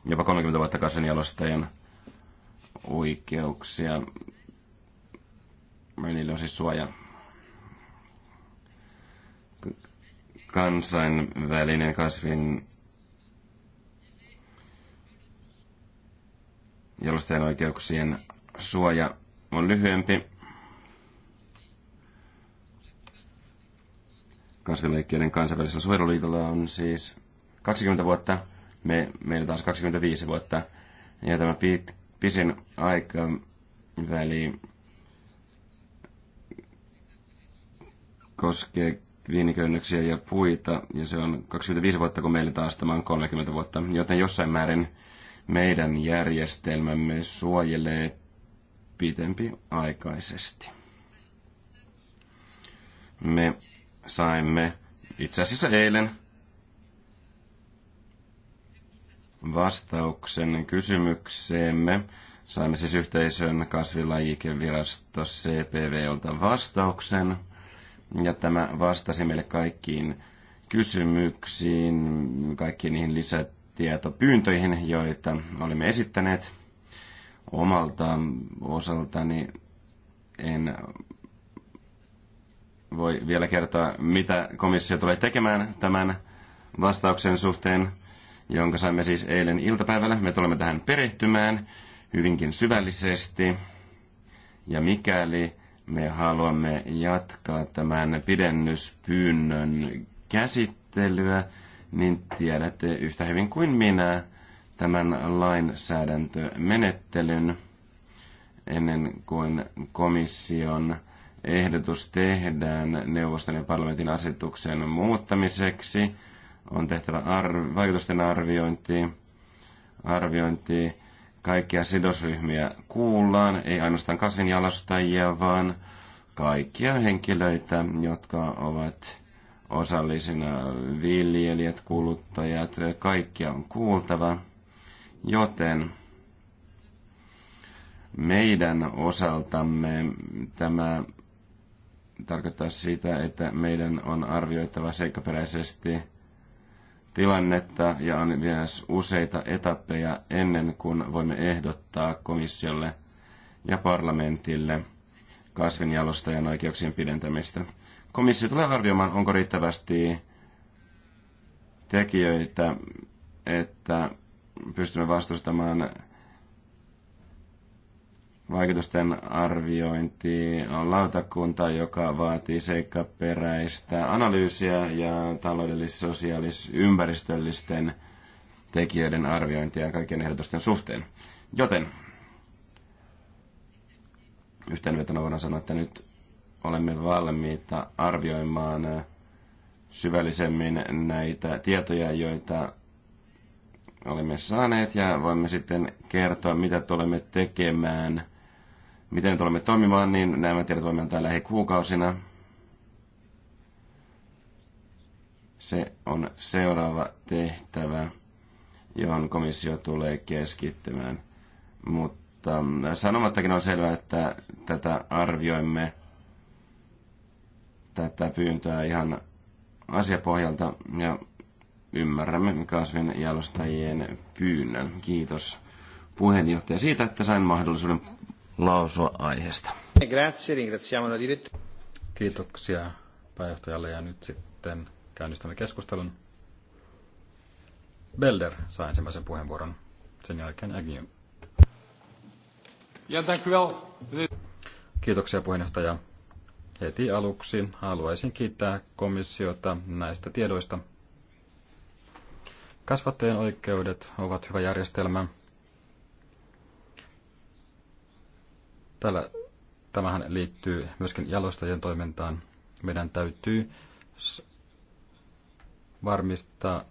jopa 30 vuotta kasvinjalostajan oikeuksia. Niillä on siis suoja kansainvälinen kasvin jalostajan oikeuksien suoja on lyhyempi. Kasvilajikkeiden kansainvälisellä suojeluliitolla on siis 20 vuotta, me, meillä taas 25 vuotta. Ja tämä pit, pisin aikaväli koskee viiniköynnöksiä ja puita, ja se on 25 vuotta, kun meillä taas tämä on 30 vuotta. Joten jossain määrin meidän järjestelmämme suojelee pitempi aikaisesti. Me saimme itse asiassa eilen vastauksen kysymykseemme. Saimme siis yhteisön kasvilajikevirasto CPVltä vastauksen. Ja tämä vastasi meille kaikkiin kysymyksiin, kaikkiin niihin lisät tietopyyntöihin, joita olimme esittäneet. Omalta osaltani en voi vielä kertoa, mitä komissio tulee tekemään tämän vastauksen suhteen, jonka saimme siis eilen iltapäivällä. Me tulemme tähän perehtymään hyvinkin syvällisesti. Ja mikäli me haluamme jatkaa tämän pidennyspyynnön käsittelyä, niin tiedätte yhtä hyvin kuin minä tämän lainsäädäntömenettelyn ennen kuin komission ehdotus tehdään neuvoston ja parlamentin asetuksen muuttamiseksi. On tehtävä arv- vaikutusten arviointi, arviointi kaikkia sidosryhmiä kuullaan, ei ainoastaan kasvinjalostajia, vaan kaikkia henkilöitä, jotka ovat osallisina viljelijät, kuluttajat, kaikkia on kuultava, joten meidän osaltamme tämä tarkoittaa sitä, että meidän on arvioitava seikkaperäisesti tilannetta ja on vielä useita etappeja ennen kuin voimme ehdottaa komissiolle ja parlamentille kasvinjalostajan oikeuksien pidentämistä. Komissio tulee arvioimaan, onko riittävästi tekijöitä, että pystymme vastustamaan vaikutusten arviointi on lautakunta, joka vaatii seikkaperäistä analyysiä ja taloudellis-, sosiaalis-, ympäristöllisten tekijöiden arviointia kaikkien ehdotusten suhteen. Joten yhteenvetona voidaan sanoa, että nyt olemme valmiita arvioimaan syvällisemmin näitä tietoja, joita olemme saaneet ja voimme sitten kertoa, mitä tulemme tekemään, miten tulemme toimimaan, niin nämä tiedot voimme antaa lähikuukausina. Se on seuraava tehtävä, johon komissio tulee keskittymään. Mutta sanomattakin on selvää, että tätä arvioimme tätä pyyntöä ihan asiapohjalta ja ymmärrämme kasvinjalostajien pyynnön. Kiitos puheenjohtaja siitä, että sain mahdollisuuden lausua aiheesta. Kiitoksia pääjohtajalle ja nyt sitten käynnistämme keskustelun. Belder saa ensimmäisen puheenvuoron, sen jälkeen Agnew. Ja, Kiitoksia puheenjohtaja. Heti aluksi haluaisin kiittää komissiota näistä tiedoista. Kasvattajien oikeudet ovat hyvä järjestelmä. Tällä, tämähän liittyy myöskin jalostajien toimintaan. Meidän täytyy varmistaa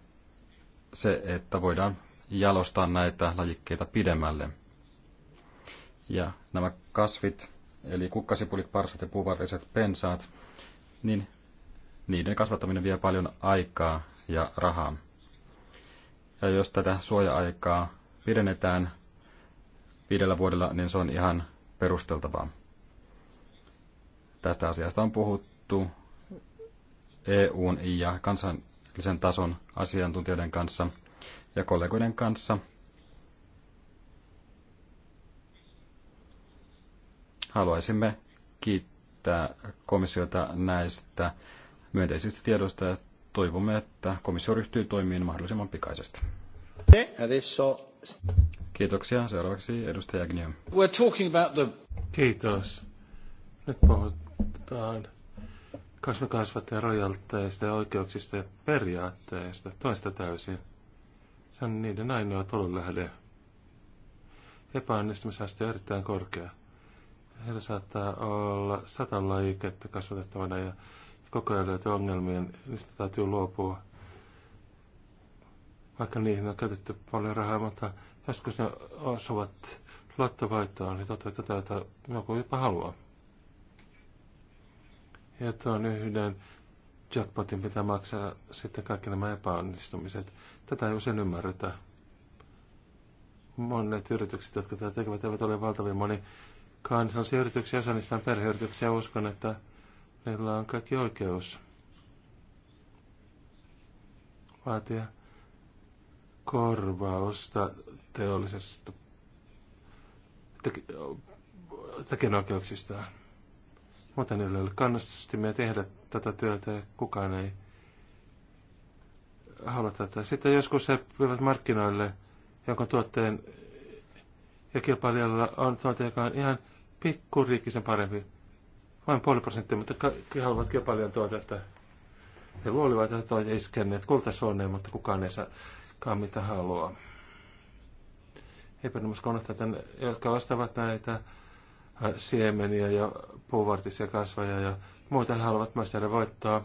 se, että voidaan jalostaa näitä lajikkeita pidemmälle. Ja nämä kasvit eli kukkasipulit, parsat ja puuvarteiset pensaat, niin niiden kasvattaminen vie paljon aikaa ja rahaa. Ja jos tätä suoja-aikaa pidennetään viidellä vuodella, niin se on ihan perusteltavaa. Tästä asiasta on puhuttu EUn ja kansallisen tason asiantuntijoiden kanssa ja kollegoiden kanssa, haluaisimme kiittää komissiota näistä myönteisistä tiedoista ja toivomme, että komissio ryhtyy toimiin mahdollisimman pikaisesti. Kiitoksia. Seuraavaksi edustaja Agnew. We're talking about the... Kiitos. Nyt puhutaan kasvikasvattajan rojalteista ja oikeuksista ja periaatteista toista täysin. Se on niiden ainoa tulonlähde. Epäonnistumisaste on erittäin korkea heillä saattaa olla sata lajiketta kasvatettavana ja koko ajan löytyy ongelmia, niin niistä täytyy luopua. Vaikka niihin on käytetty paljon rahaa, mutta joskus ne osuvat luottovaihtoon, niin totta, että tätä joku jopa haluaa. Ja tuon yhden jackpotin pitää maksaa sitten kaikki nämä epäonnistumiset. Tätä ei usein ymmärretä. Monet yritykset, jotka tätä tekevät, eivät ole valtavia moni kansallisia yrityksiä, osa niistä on perheyrityksiä. Uskon, että meillä on kaikki oikeus vaatia korvausta teollisesta tekijänoikeuksistaan. Muuten niillä ei ole kannustimia tehdä tätä työtä ja kukaan ei halua tätä. Sitten joskus he vievät markkinoille jonkun tuotteen ja kilpailijalla on tuote, joka on ihan Pikku pikkurikisen parempi. Vain puoli prosenttia, mutta kaikki haluavat tuota, tuotetta. He luulivat, että ovat iskenneet kultasuoneen, mutta kukaan ei saa mitä haluaa. Epänimus kannattaa, että jotka ostavat näitä äh, siemeniä ja puuvartisia kasveja ja muuta he haluavat myös tehdä voittoa.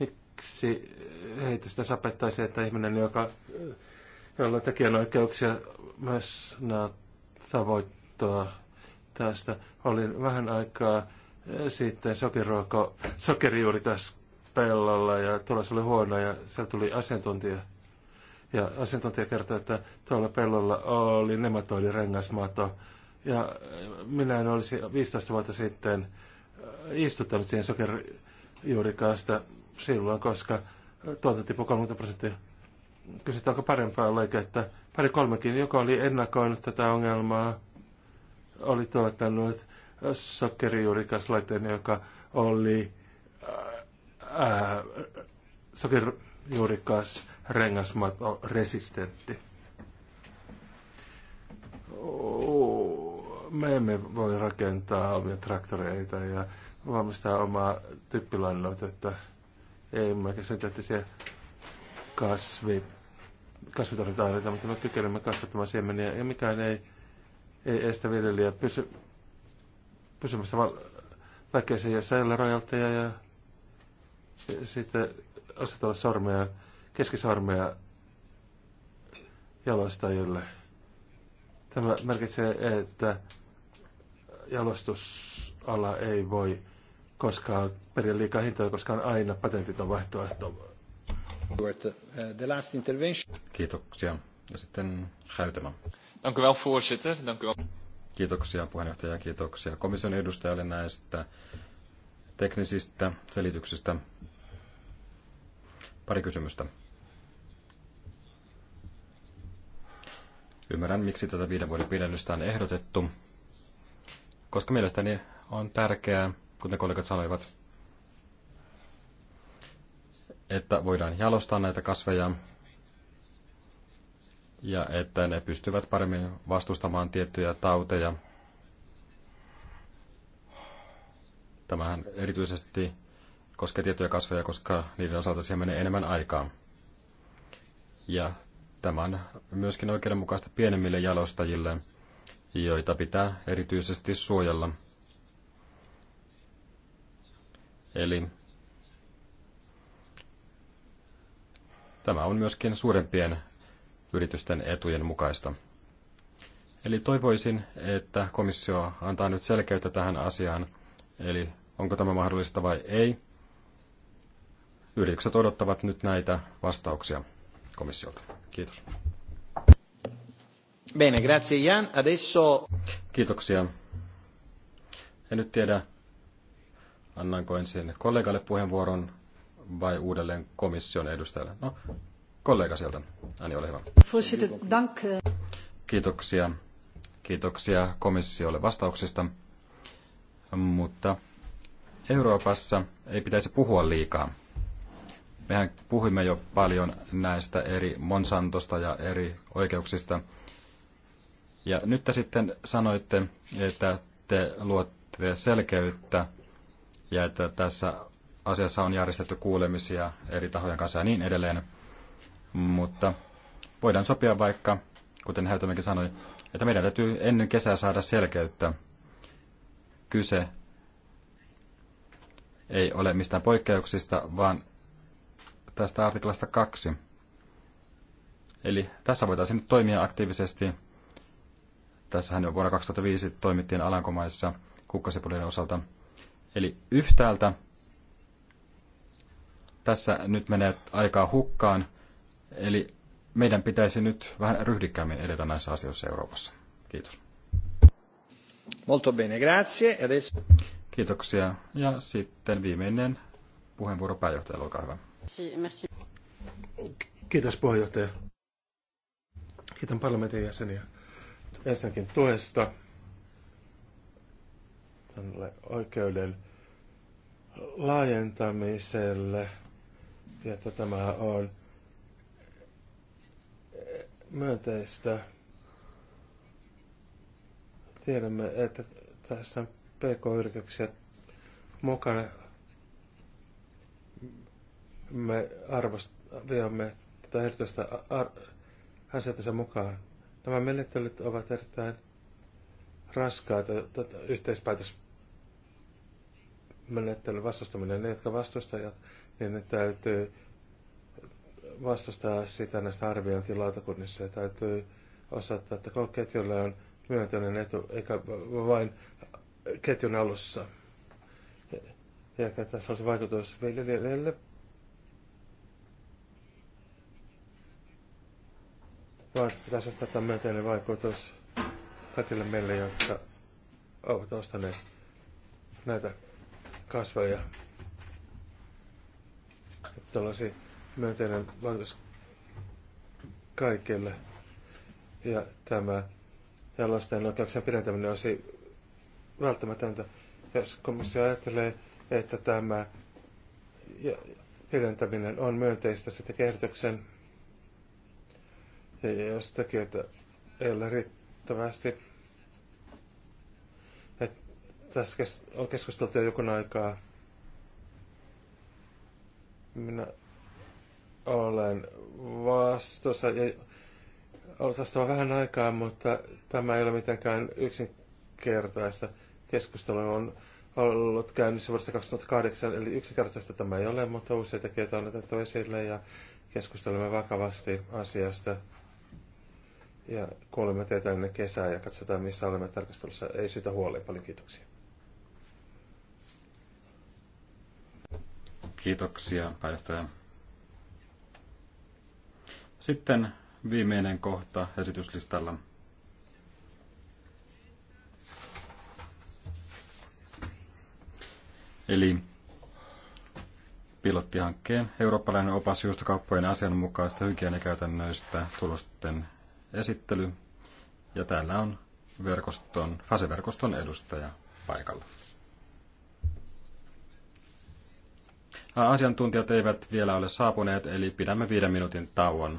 Miksi heitä sitä sapettaisi, että ihminen, joka, jolla tekijänoikeuksia myös tavoittoa tästä. Olin vähän aikaa eh, sitten sokeruoko, tässä pellolla ja tulos oli huono ja siellä tuli asiantuntija. Ja asiantuntija kertoi, että tuolla pellolla oli nematoidirengasmato. Ja eh, minä en olisi 15 vuotta sitten eh, istuttanut siihen sokerijuurikasta silloin, koska tuotanto 30 prosenttia kysytäänkö parempaa että Pari kolmekin, joka oli ennakoinut tätä ongelmaa, oli tuottanut sokerijuurikaslaitteen, joka oli äh, äh, sokerijuurikas rengasmato resistentti. Me emme voi rakentaa omia traktoreita ja valmistaa omaa typpilannoitetta. Ei, mä synteettisiä kasvi kasvitarvinta mutta me kykenemme kasvattamaan siemeniä ja mikään ei, ei estä viljelijää pysy, pysymässä val- väkeeseen ja säillä ja, ja sitten asetella sormeja, keskisormeja jalostajille. Tämä merkitsee, että jalostusala ei voi koskaan periä liikaa hintoja, koska aina patentit on vaihtoehto Eh, kiitoksia. Ja sitten Häytämä. Dank u wel, voorzitter. Dank u wel. Kiitoksia puheenjohtaja ja kiitoksia komission edustajalle näistä teknisistä selityksistä. Pari kysymystä. Ymmärrän, miksi tätä viiden vuoden pidennystä on ehdotettu, koska mielestäni on tärkeää, kuten kollegat sanoivat, että voidaan jalostaa näitä kasveja ja että ne pystyvät paremmin vastustamaan tiettyjä tauteja. Tämähän erityisesti koskee tiettyjä kasveja, koska niiden osalta siihen menee enemmän aikaa. Ja tämä on myöskin oikeudenmukaista pienemmille jalostajille, joita pitää erityisesti suojella. Eli Tämä on myöskin suurempien yritysten etujen mukaista. Eli toivoisin, että komissio antaa nyt selkeyttä tähän asiaan, eli onko tämä mahdollista vai ei. Yritykset odottavat nyt näitä vastauksia komissiolta. Kiitos. Bene, grazie Jan. Adesso... Kiitoksia. En nyt tiedä, annanko ensin kollegalle puheenvuoron vai uudelleen komission edustajalle? No, kollega sieltä. Ääni ole hyvä. Eh. Kiitoksia. Kiitoksia komissiolle vastauksista. Mutta Euroopassa ei pitäisi puhua liikaa. Mehän puhuimme jo paljon näistä eri Monsantosta ja eri oikeuksista. Ja nyt te sitten sanoitte, että te luotte selkeyttä ja että tässä asiassa on järjestetty kuulemisia eri tahojen kanssa ja niin edelleen. Mutta voidaan sopia vaikka, kuten Häytämäkin sanoi, että meidän täytyy ennen kesää saada selkeyttä. Kyse ei ole mistään poikkeuksista, vaan tästä artiklasta kaksi. Eli tässä voitaisiin nyt toimia aktiivisesti. Tässähän jo vuonna 2005 toimittiin Alankomaissa kukkasipulien osalta. Eli yhtäältä tässä nyt menee aikaa hukkaan, eli meidän pitäisi nyt vähän ryhdikkäämmin edetä näissä asioissa Euroopassa. Kiitos. Molto bene, grazie. E adesso... Kiitoksia. Ja sitten viimeinen puheenvuoro pääjohtajalle, olkaa hyvä. Merci. Kiitos puheenjohtaja. Kiitän parlamentin jäseniä ensinnäkin tuesta tälle oikeuden laajentamiselle – ja että tämä on myönteistä. Tiedämme, että tässä on pk-yrityksiä mukana. Me arvostamme tätä erityistä ar- mukaan. Nämä menettelyt ovat erittäin raskaita yhteispäätösmenettelyn vastustaminen. Ne, jotka vastustajat niin ne täytyy vastustaa sitä näistä arviointilautakunnissa ja täytyy osoittaa, että koko ketjulle on myönteinen etu, eikä vain ketjun alussa. Ja että tässä olisi vaikutus viljelijöille. Vaan pitäisi ostaa tämä myönteinen vaikutus kaikille meille, jotka ovat ostaneet näitä kasveja että myönteinen vaikutus kaikille. Ja tämä jalostajan oikeuksien pidentäminen olisi välttämätöntä, jos komissio ajattelee, että tämä pidentäminen on myönteistä, sitä kehityksen. Ja jos tekijöitä ei ole riittävästi, että tässä on keskusteltu jo jonkun aikaa minä olen vastossa. ja tässä vähän aikaa, mutta tämä ei ole mitenkään yksinkertaista. Keskustelu on ollut käynnissä vuodesta 2008, eli yksinkertaista tämä ei ole, mutta useita tekijöitä on otettu esille ja keskustelemme vakavasti asiasta. Ja kuulemme teitä ennen kesää ja katsotaan, missä olemme tarkastelussa. Ei syytä huoleen. Paljon kiitoksia. Kiitoksia, pääjohtaja. Sitten viimeinen kohta esityslistalla. Eli pilottihankkeen eurooppalainen opas juustokauppojen asianmukaista hygieniakäytännöistä tulosten esittely. Ja täällä on verkoston, FASE-verkoston edustaja paikalla. asiantuntijat eivät vielä ole saapuneet, eli pidämme viiden minuutin tauon.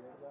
Venezia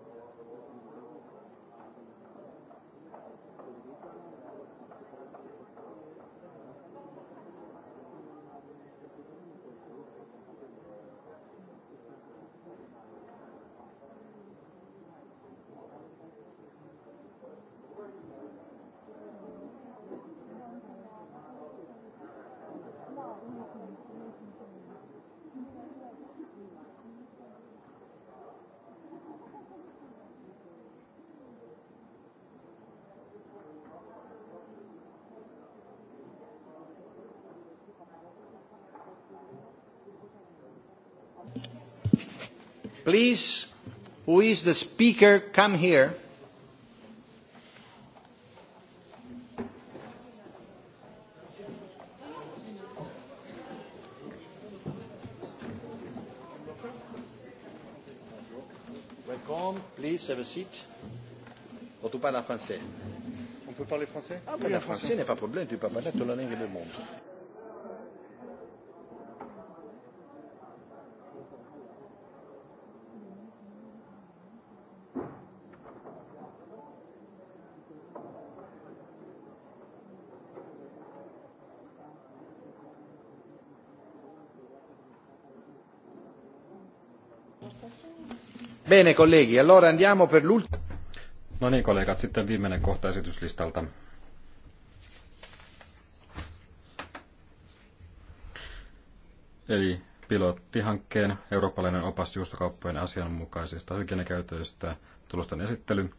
Please, who is the speaker, come here. Welcome, please have a seat. Bon, tu parles français. On peut parler français Ah, oui, parler français, français n'est pas problème, tu peux parler toute la langue du monde. Bene, colleghi, allora andiamo per l'ultimo. No niin, kollegat, sitten viimeinen kohta esityslistalta. Eli pilottihankkeen eurooppalainen opas juustokauppojen asianmukaisista hygieniakäytöistä tulosten esittely. Niin,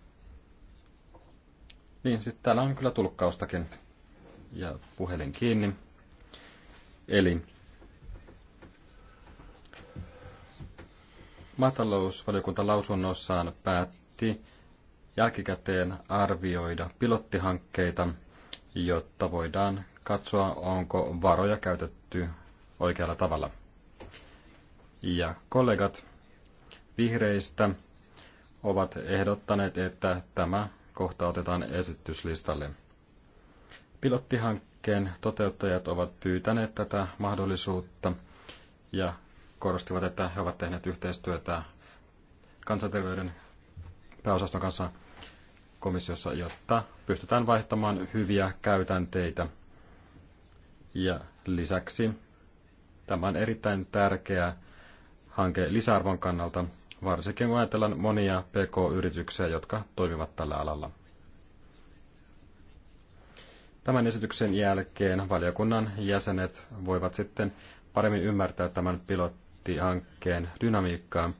sitten siis täällä on kyllä tulkkaustakin ja puhelin kiinni. Eli Maatalousvaliokunta lausunnossaan päätti jälkikäteen arvioida pilottihankkeita, jotta voidaan katsoa, onko varoja käytetty oikealla tavalla. Ja kollegat vihreistä ovat ehdottaneet, että tämä kohta otetaan esityslistalle. Pilottihankkeen toteuttajat ovat pyytäneet tätä mahdollisuutta ja korostivat, että he ovat tehneet yhteistyötä kansanterveyden pääosaston kanssa komissiossa, jotta pystytään vaihtamaan hyviä käytänteitä. Ja lisäksi tämä on erittäin tärkeä hanke lisäarvon kannalta, varsinkin kun ajatellaan monia PK-yrityksiä, jotka toimivat tällä alalla. Tämän esityksen jälkeen valiokunnan jäsenet voivat sitten paremmin ymmärtää tämän pilot hankkeen dynamiikkaa,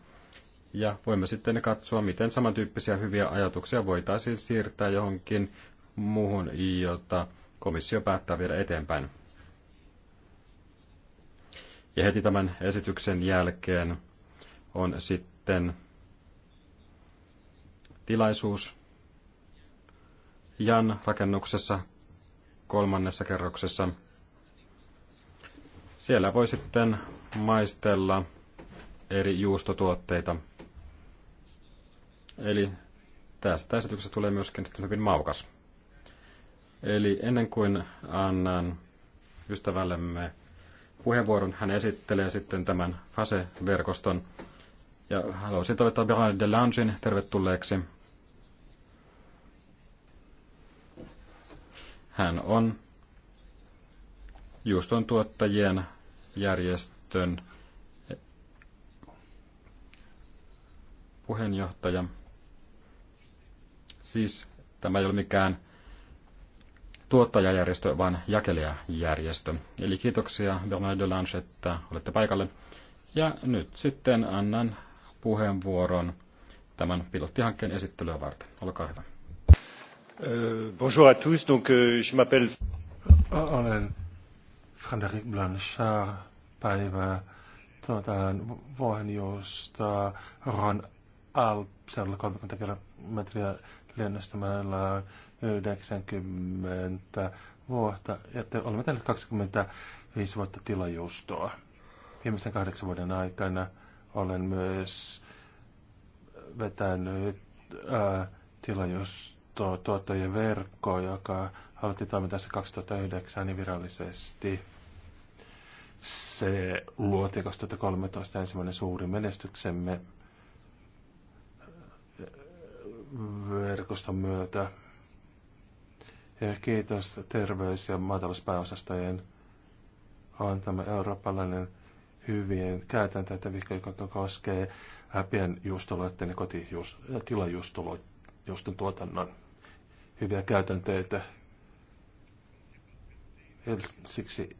ja voimme sitten katsoa, miten samantyyppisiä hyviä ajatuksia voitaisiin siirtää johonkin muuhun, jota komissio päättää viedä eteenpäin. Ja heti tämän esityksen jälkeen on sitten tilaisuus Jan rakennuksessa kolmannessa kerroksessa. Siellä voi sitten maistella eri juustotuotteita. Eli tästä esityksestä tulee myöskin sitten hyvin maukas. Eli ennen kuin annan ystävällemme puheenvuoron, hän esittelee sitten tämän FASE-verkoston. Ja haluaisin toivottaa Bernard Lange'in tervetulleeksi. Hän on juuston tuottajien järjestö käyttöön puheenjohtaja. Siis tämä ei ole mikään tuottajajärjestö, vaan jakelijajärjestö. Eli kiitoksia Bernard Delange, että olette paikalle. Ja nyt sitten annan puheenvuoron tämän pilottihankkeen esittelyä varten. Olkaa hyvä. Euh, bonjour à tous, donc euh, je m'appelle... Olen Frédéric Blanchard, päivää, tuotaan vuohenjuustoa, Ron Alpsella 30 kilometriä lennästämällä 90 vuotta, ja te, olemme tehneet 25 vuotta tilajuustoa. Viimeisen kahdeksan vuoden aikana olen myös vetänyt ää, äh, tilajuustoa tuottajien verkkoa, joka aloitti tässä 2009 niin virallisesti. Se luotiin 2013 ensimmäinen suuri menestyksemme verkoston myötä. Ja kiitos terveys- ja maatalouspääosastojen antama eurooppalainen hyvien käytäntöitä viikko, joka koskee pienjuustoloiden ja kotitilajuustoloiden tuotannon hyviä käytänteitä. Siksi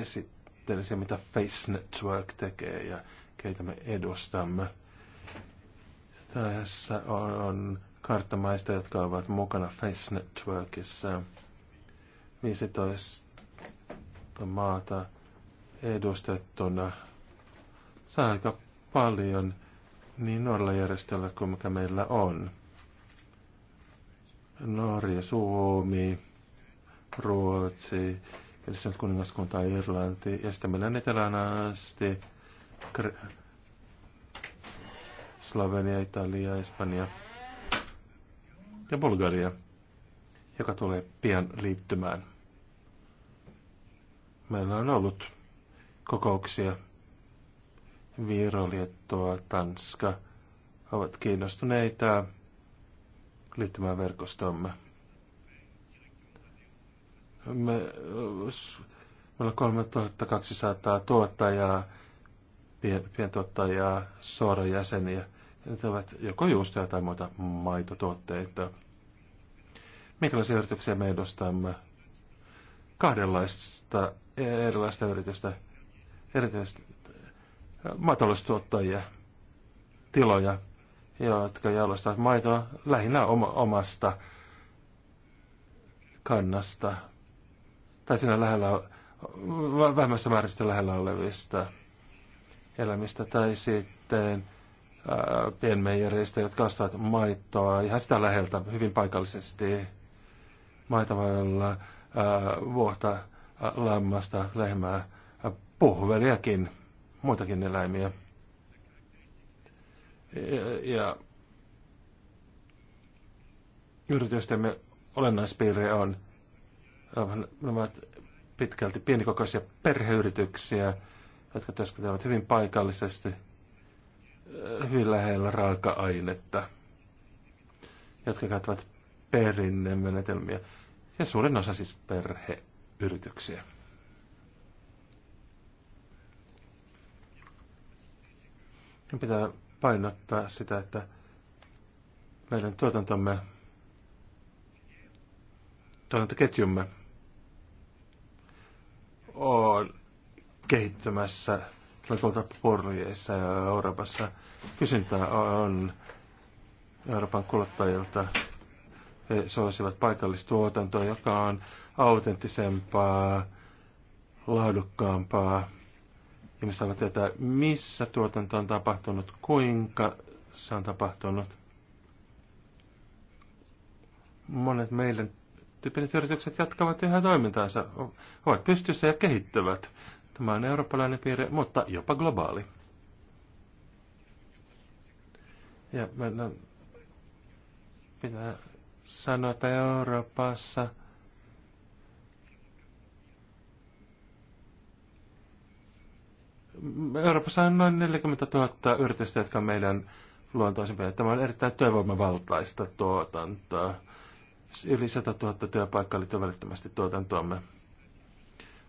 esittää ajattelisi, mitä Face Network tekee ja keitä me edustamme. Tässä on karttamaista, jotka ovat mukana Face Networkissa. 15 maata edustettuna. Se aika paljon niin nuorilla järjestöillä kuin mikä meillä on. Norja, Suomi, Ruotsi, Yhdistynyt kuningaskuntaa Irlanti ja sitten meillä on etelään asti Kre- Slovenia, Italia, Espanja ja Bulgaria, joka tulee pian liittymään. Meillä on ollut kokouksia. Viro, Liettua, Tanska ovat kiinnostuneita liittymään verkostomme me, meillä on 3200 tuottajaa, pientuottajaa, suoran jäseniä. Ne ovat joko juustoja tai muita maitotuotteita. Minkälaisia yrityksiä me edustamme? Kahdenlaista erilaista yritystä, erityisesti maataloustuottajia, tiloja, jotka jalostavat maitoa lähinnä omasta kannasta, tai siinä lähellä, vähemmässä määrästä lähellä olevista elämistä, tai sitten pienmeijereistä, jotka ostavat maitoa ihan sitä läheltä hyvin paikallisesti. maitavailla vuotta vuohta, lammasta, lehmää, puhveliakin, muitakin eläimiä. Ja, ja yritystemme olennaispiirre on Nämä ovat pitkälti pienikokoisia perheyrityksiä, jotka työskentelevät hyvin paikallisesti, hyvin lähellä raaka-ainetta, jotka käyttävät perinnemenetelmiä. Ja suurin osa siis perheyrityksiä. Ja pitää painottaa sitä, että meidän tuotantomme, tuotantoketjumme on kehittymässä tuolta purjeissa ja Euroopassa. Kysyntää on Euroopan kuluttajilta. He suosivat paikallistuotantoa, joka on autenttisempaa, laadukkaampaa. Ihmiset haluavat tietää, missä tuotanto on tapahtunut, kuinka se on tapahtunut. Monet meidän tyyppiset yritykset jatkavat yhä toimintaansa, ovat pystyssä ja kehittyvät. Tämä on eurooppalainen piirre, mutta jopa globaali. Ja meidän no, pitää sanoa, että Euroopassa Euroopassa on noin 40 000 yritystä, jotka on meidän luontoisimpia. Tämä on erittäin työvoimavaltaista tuotantoa Yli 100 000 työpaikkaa liittyy välittömästi tuotantoamme.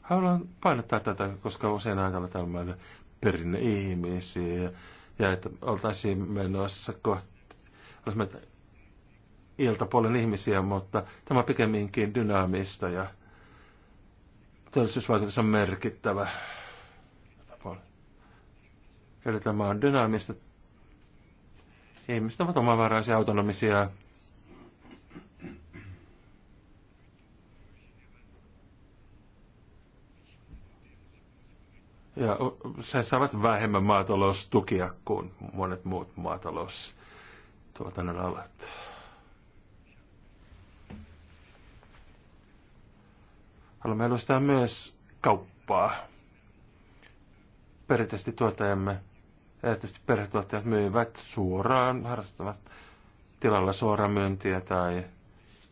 Haluan painottaa tätä, koska usein ajatellaan tämmöinen perinne ihmisiä ja että oltaisiin menossa kohti iltapuolen ihmisiä, mutta tämä on pikemminkin dynaamista ja työllisyysvaikutus on merkittävä. Eli tämä on dynaamista. Ihmiset ovat omavaraisia, autonomisia, ja se saavat vähemmän maataloustukia kuin monet muut maataloustuotannon alat. Haluamme edustaa myös kauppaa. Perinteisesti tuottajamme, erityisesti perhetuottajat myyvät suoraan, harrastavat tilalla suoraan myyntiä tai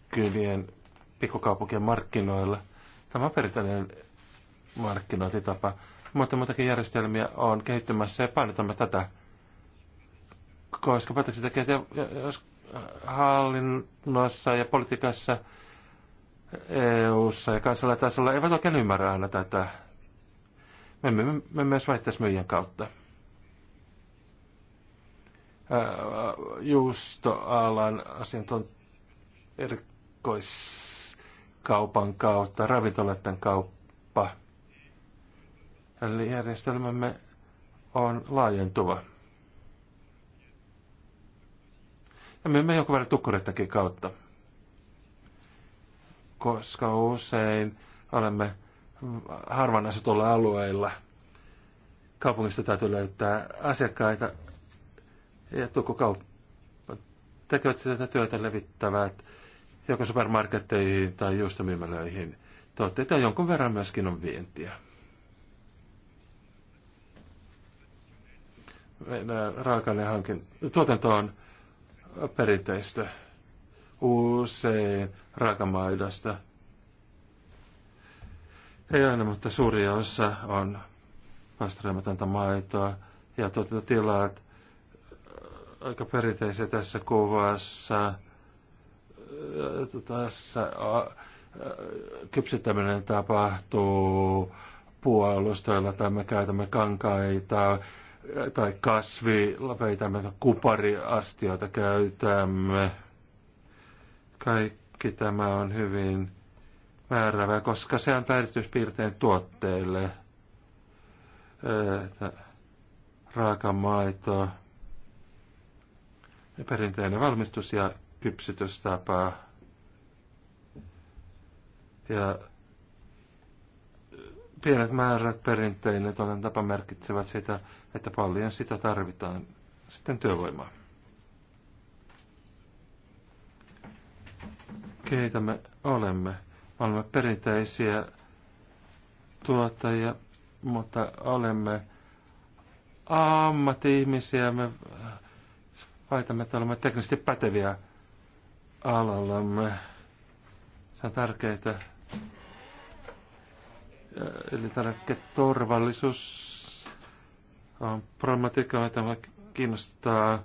kylien pikkukaupunkien markkinoilla. Tämä on perinteinen markkinointitapa mutta muitakin järjestelmiä on kehittymässä ja painotamme tätä, koska päätöksentekijät jos hallinnossa ja politiikassa EU-ssa ja kansalla tasolla eivät oikein ymmärrä aina tätä. Me, me, me myös väittäismyyjien kautta. juustoalan asiantuntijat erikoiskaupan kautta, ravintoloiden kauppa – Eli järjestelmämme on laajentuva. Ja myymme jonkun verran tukkurettakin kautta, koska usein olemme harvan asutulla alueilla. Kaupungista täytyy löytää asiakkaita ja tukkukauppa tekevät sitä työtä levittävät joko supermarketteihin tai juustomimelöihin. Tuotteita jonkun verran myöskin on vientiä. raaka hankin tuotanto on perinteistä, usein raakamaidasta. Ei aina, mutta suuri osa on pastoreematonta maitoa ja tuotantotilat äh, aika perinteisiä tässä kuvassa. Äh, tässä äh, kypsyttäminen tapahtuu puolustoilla tai me käytämme kankaita, tai kasvi, kasvilapeitämme, kupariastioita käytämme. Kaikki tämä on hyvin määrävä, koska se antaa erityispiirteen tuotteille. raaka maito, perinteinen valmistus ja kypsytystapa. Ja Pienet määrät perinteinen toden tapa merkitsevät sitä, että paljon sitä tarvitaan sitten työvoimaa. Keitä me olemme? Olemme perinteisiä tuottajia, mutta olemme ammatti-ihmisiä. Me väitämme, että olemme teknisesti päteviä alallamme. Se on tärkeää elintarviketurvallisuus on problematiikka, mitä kiinnostaa.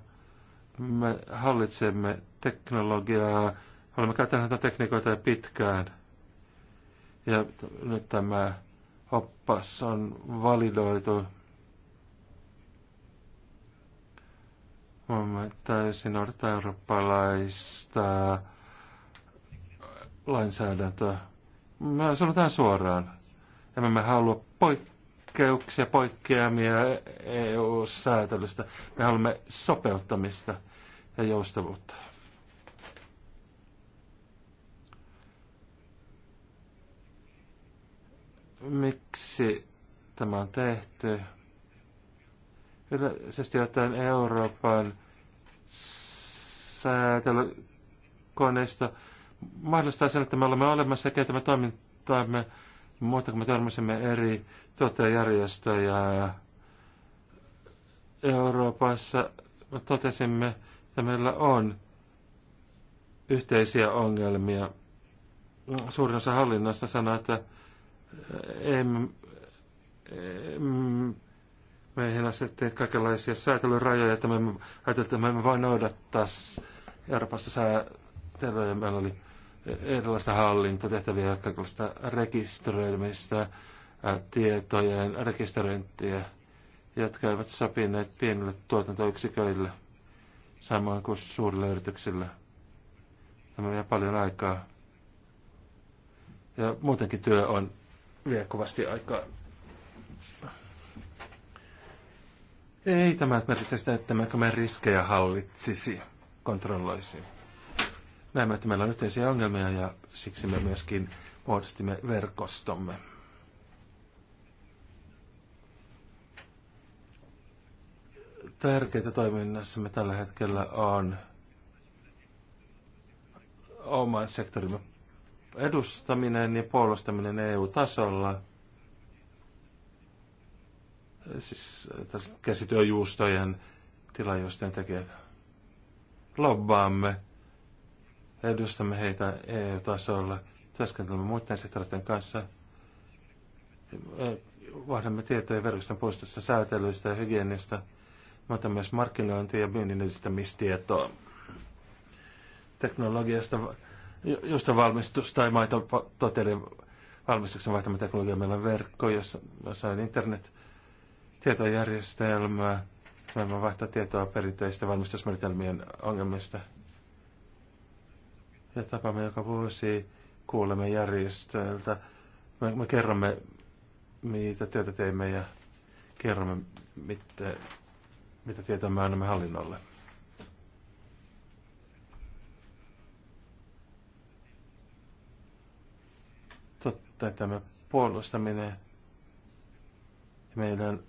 Me hallitsemme teknologiaa, olemme käyttäneet näitä tekniikoita jo pitkään. Ja nyt tämä oppas on validoitu. Voimme täysin noudattaa eurooppalaista lainsäädäntöä. Mä sanotaan suoraan. Emme me halua poikkeuksia, poikkeamia EU-säätelystä. Me haluamme sopeuttamista ja joustavuutta. Miksi tämä on tehty? Yleisesti ottaen Euroopan säätelykoneisto mahdollistaa sen, että me olemme olemassa ja käytämme toimintaamme mutta kun me törmäsimme eri tuottajajärjestöjä Euroopassa, me totesimme, että meillä on yhteisiä ongelmia. Suurin osa hallinnasta sanoo, että em, em, meihin asettiin kaikenlaisia säätelyrajoja, että me ajattelimme, että me emme voi noudattaa Euroopassa säätelyä. Meillä oli erilaista hallintotehtäviä, kaikenlaista rekisteröimistä, tietojen rekisteröintiä, jotka eivät sopineet pienille tuotantoyksiköille, samoin kuin suurille yrityksille. Tämä vie paljon aikaa. Ja muutenkin työ on vie kovasti aikaa. Ei tämä merkitse sitä, että me riskejä hallitsisi, kontrolloisi. Näemme, että meillä on yhteisiä ongelmia ja siksi me myöskin muodostimme verkostomme. Tärkeintä toiminnassamme tällä hetkellä on oman sektorimme edustaminen ja puolustaminen EU-tasolla. Siis käsityöjuustojen tilajuustojen tekijät. Lobbaamme Edustamme heitä EU-tasolla, työskentelemme muiden sektoreiden kanssa, vahdamme tietoja verkoston puistossa säätelyistä ja hygienistä, mutta myös markkinointi- ja myynnin edistämistietoa teknologiasta, josta valmistus tai maitototeiden valmistuksen vaihtama teknologia. Meillä on verkko, jossa, jossa on internet, tietojärjestelmää. Meillä vaihtaa tietoa perinteistä valmistusmenetelmien ongelmista – ja tapamme joka vuosi, kuulemme järjestöiltä. Me, me kerromme, mitä työtä teimme ja kerromme, mitä, mitä tietoa me annamme hallinnolle. Totta, me puolustaminen meidän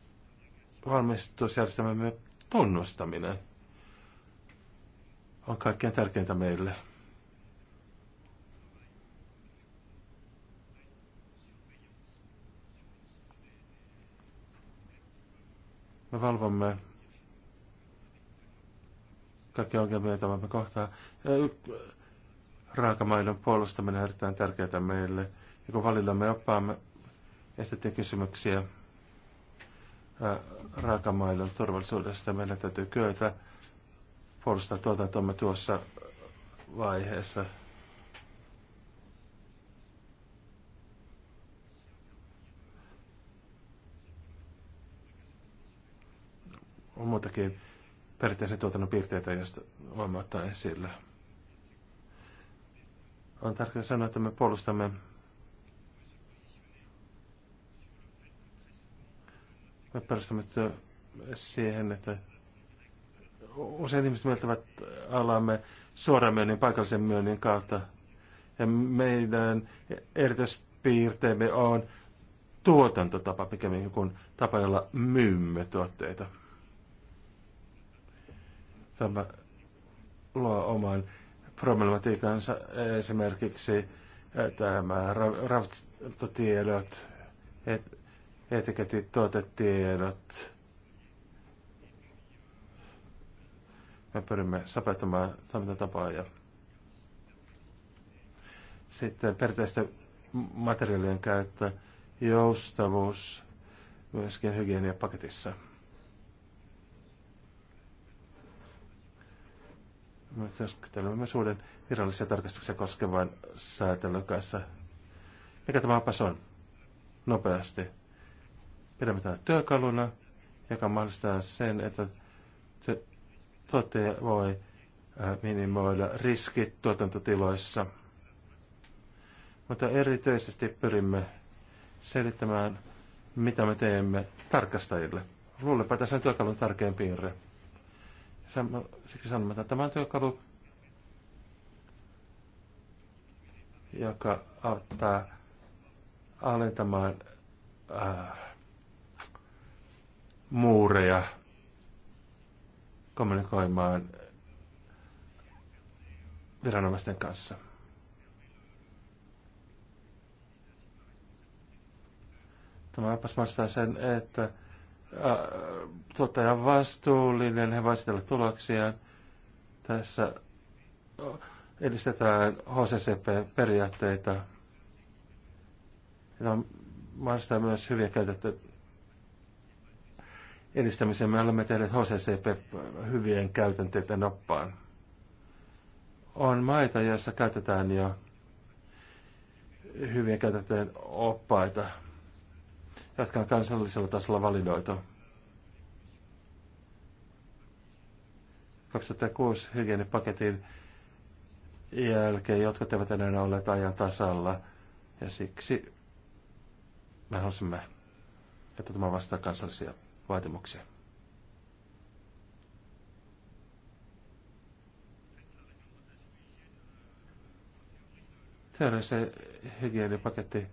valmistusjärjestelmämme tunnustaminen on kaikkein tärkeintä meille. Me valvomme kaikki ongelmia, joita me kohtaa. Raakamaidon puolustaminen on erittäin tärkeää meille. Ja kun valilla me oppaamme estettiin kysymyksiä raakamaidon turvallisuudesta, meidän täytyy kyetä puolustaa tuotantomme tuossa vaiheessa. on muutakin perinteisen tuotannon piirteitä, joista voimme ottaa esille. On tärkeää sanoa, että me puolustamme me perustamme siihen, että usein ihmiset mieltävät alamme suoraan myönnin, paikallisen myönnin kautta. Ja meidän erityispiirteemme on tuotantotapa pikemminkin kuin tapa, jolla myymme tuotteita. Tämä luo oman problematiikansa esimerkiksi tämä ravintotiedot, etiketit, tuotetiedot. Me pyrimme sopeutumaan toimintatapaa ja sitten perinteisten materiaalien käyttö, joustavuus myöskin hygieniapaketissa. me työskentelemme myös uuden virallisia tarkastuksia koskevan säätelyn kanssa. Mikä tämä opas on? Nopeasti. Pidämme tätä työkaluna, joka mahdollistaa sen, että tuottaja voi minimoida riskit tuotantotiloissa. Mutta erityisesti pyrimme selittämään, mitä me teemme tarkastajille. Luulepa tässä on työkalun tärkein piirre. Siksi sanomme, että tämä työkalu, joka auttaa alentamaan äh, muureja, kommunikoimaan viranomaisten kanssa. Tämä opas vastaa sen, että tuottaja vastuullinen, he voisivat tuloksiaan. Tässä edistetään HCCP-periaatteita. Ja mahdollistaa myös hyviä käytetty edistämiseen. Me olemme tehneet HCCP hyvien käytänteiden oppaan. On maita, joissa käytetään jo hyvien käytäntöjen oppaita jotka on kansallisella tasolla validoitu. 2006 hygienipaketin jälkeen jotkut eivät enää olleet ajan tasalla ja siksi me halusimme, että tämä vastaa kansallisia vaatimuksia. se hygienipaketti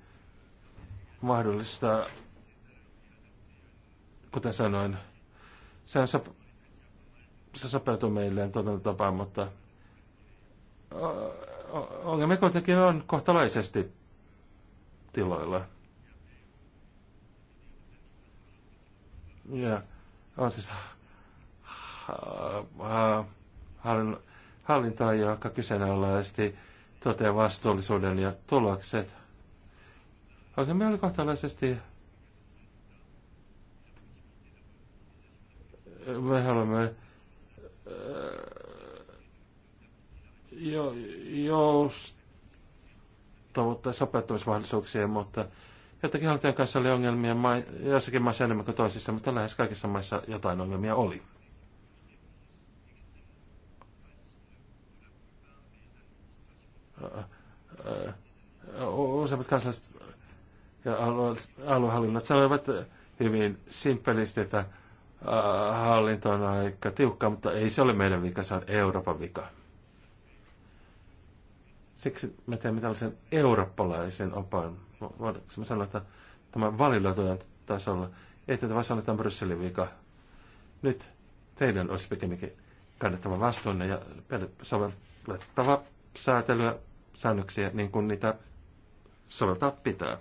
mahdollistaa kuten sanoin, se, on sop- se sopeutuu meille tuotantotapaan, mutta ongelmia kuitenkin on kohtalaisesti tiloilla. Ja on siis hallintaa, joka kyseenalaisesti toteaa vastuullisuuden ja tulokset. Ongelmia oli kohtalaisesti me haluamme äh, jo, joustavuutta ja mutta jotakin haltijan kanssa oli ongelmia ma- joissakin maissa enemmän kuin toisissa, mutta lähes kaikissa maissa jotain ongelmia oli. Äh, äh, useimmat kansalaiset ja aluehallinnat sanoivat hyvin simpelisti, että Äh, hallinto on aika tiukka, mutta ei se ole meidän vika, se on Euroopan vika. Siksi me teemme tällaisen eurooppalaisen opan. Voidaanko mä sanoa, että tämä valiloitujan tasolla, tämä sanoa, että on Brysselin vika. Nyt teidän olisi pikemminkin kannettava vastuunne ja sovellettava säätelyä, säännöksiä niin kuin niitä soveltaa pitää.